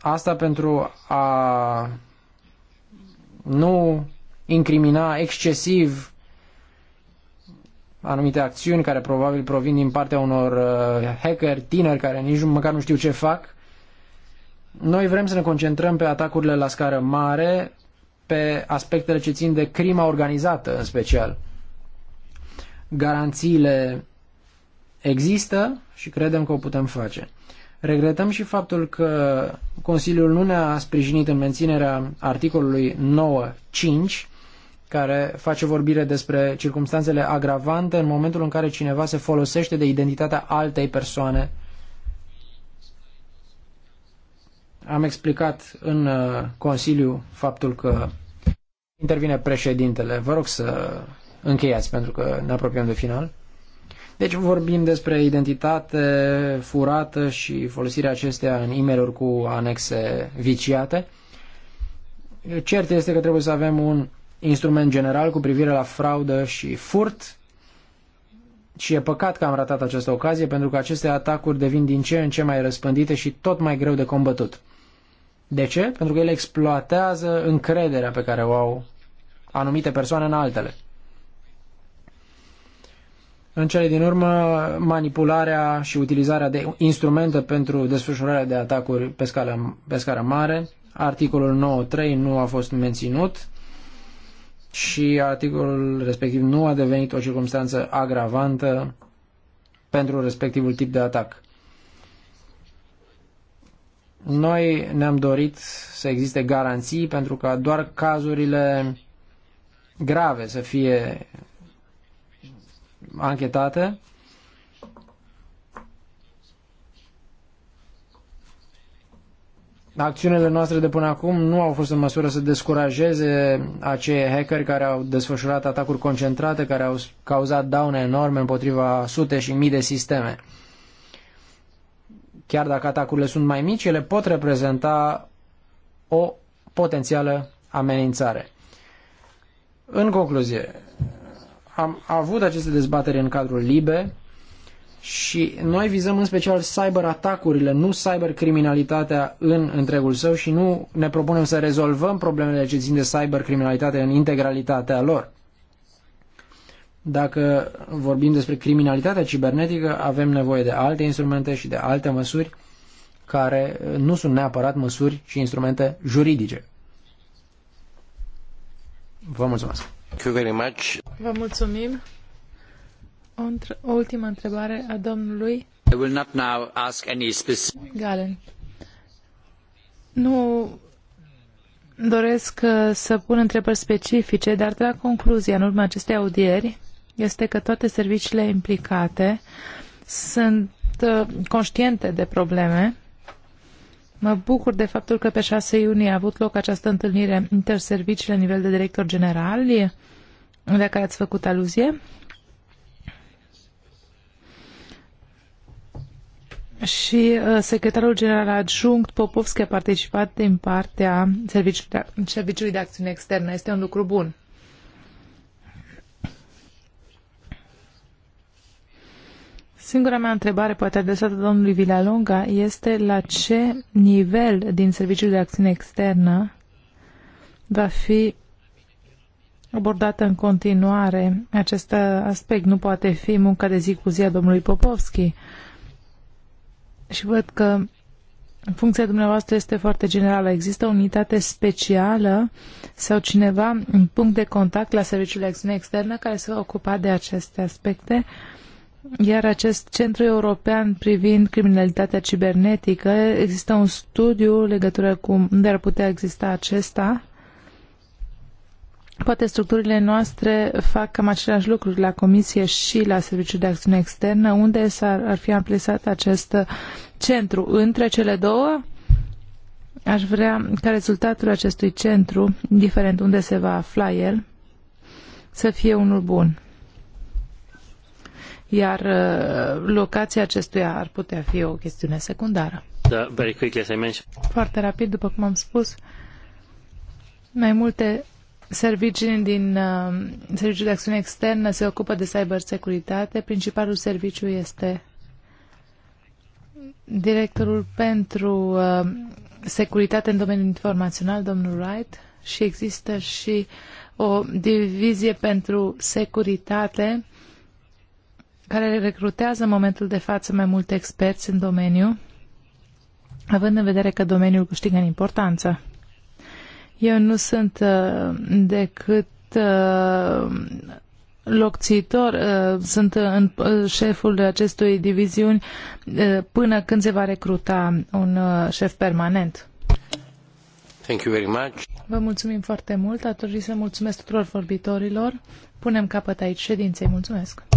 Asta pentru a nu incrimina excesiv anumite acțiuni care probabil provin din partea unor uh, hackeri tineri care nici măcar nu știu ce fac. Noi vrem să ne concentrăm pe atacurile la scară mare pe aspectele ce țin de crima organizată în special. Garanțiile există și credem că o putem face. Regretăm și faptul că Consiliul nu ne-a sprijinit în menținerea articolului 9.5 care face vorbire despre circumstanțele agravante în momentul în care cineva se folosește de identitatea altei persoane. Am explicat în uh, Consiliu faptul că Intervine președintele. Vă rog să încheiați pentru că ne apropiem de final. Deci vorbim despre identitate furată și folosirea acesteia în e cu anexe viciate. Cert este că trebuie să avem un instrument general cu privire la fraudă și furt și e păcat că am ratat această ocazie pentru că aceste atacuri devin din ce în ce mai răspândite și tot mai greu de combătut. De ce? Pentru că ele exploatează încrederea pe care o au anumite persoane în altele. În cele din urmă, manipularea și utilizarea de instrumente pentru desfășurarea de atacuri pe scară, pe scară mare, articolul 9.3 nu a fost menținut și articolul respectiv nu a devenit o circunstanță agravantă pentru respectivul tip de atac. Noi ne-am dorit să existe garanții pentru ca doar cazurile grave să fie anchetate. Acțiunile noastre de până acum nu au fost în măsură să descurajeze acei hackeri care au desfășurat atacuri concentrate, care au cauzat daune enorme împotriva sute și mii de sisteme. Chiar dacă atacurile sunt mai mici, ele pot reprezenta o potențială amenințare. În concluzie, am avut aceste dezbatere în cadrul LIBE și noi vizăm în special cyber-atacurile, nu cyber-criminalitatea în întregul său și nu ne propunem să rezolvăm problemele ce țin de cyber-criminalitate în integralitatea lor. Dacă vorbim despre criminalitatea cibernetică, avem nevoie de alte instrumente și de alte măsuri care nu sunt neapărat măsuri și instrumente juridice. Vă mulțumesc.
Thank you very much.
Vă mulțumim. O, o ultimă întrebare a domnului
I will not now ask any specific...
Galen. Nu doresc uh, să pun întrebări specifice, dar trag concluzia în urma acestei audieri este că toate serviciile implicate sunt uh, conștiente de probleme. Mă bucur de faptul că pe 6 iunie a avut loc această întâlnire interservicii la nivel de director general, la care ați făcut aluzie. Și uh, secretarul general adjunct Popovski a participat din partea Serviciului de, Serviciului de Acțiune Externă. Este un lucru bun. Singura mea întrebare, poate adresată domnului Vilalonga, este la ce nivel din Serviciul de Acțiune Externă va fi abordată în continuare acest aspect. Nu poate fi munca de zi cu zi a domnului Popovski. Și văd că funcția dumneavoastră este foarte generală. Există o unitate specială sau cineva, în punct de contact la Serviciul de Acțiune Externă care se va ocupa de aceste aspecte? Uh, iar acest centru european privind criminalitatea cibernetică, există un studiu legătură cu unde ar putea exista acesta? Poate structurile noastre fac cam aceleași lucruri la Comisie și la Serviciul de Acțiune Externă. Unde s-ar, ar fi amplisat acest centru? Între cele două? Aș vrea ca rezultatul acestui centru, indiferent unde se va afla el, să fie unul bun iar uh, locația acestuia ar putea fi o chestiune secundară.
Da, very quickly, as I mentioned.
Foarte rapid, după cum am spus, mai multe servicii din uh, Serviciul de Acțiune Externă se ocupă de cybersecuritate. Principalul serviciu este directorul pentru uh, securitate în domeniul informațional, domnul Wright, și există și o divizie pentru securitate care recrutează în momentul de față mai multe experți în domeniu, având în vedere că domeniul câștigă în importanță. Eu nu sunt uh, decât uh, locțitor, uh, sunt uh, în, uh, șeful acestui diviziuni uh, până când se va recruta un șef permanent.
Thank you very much.
Vă mulțumim foarte mult. Atunci să mulțumesc tuturor vorbitorilor. Punem capăt aici ședinței. Mulțumesc.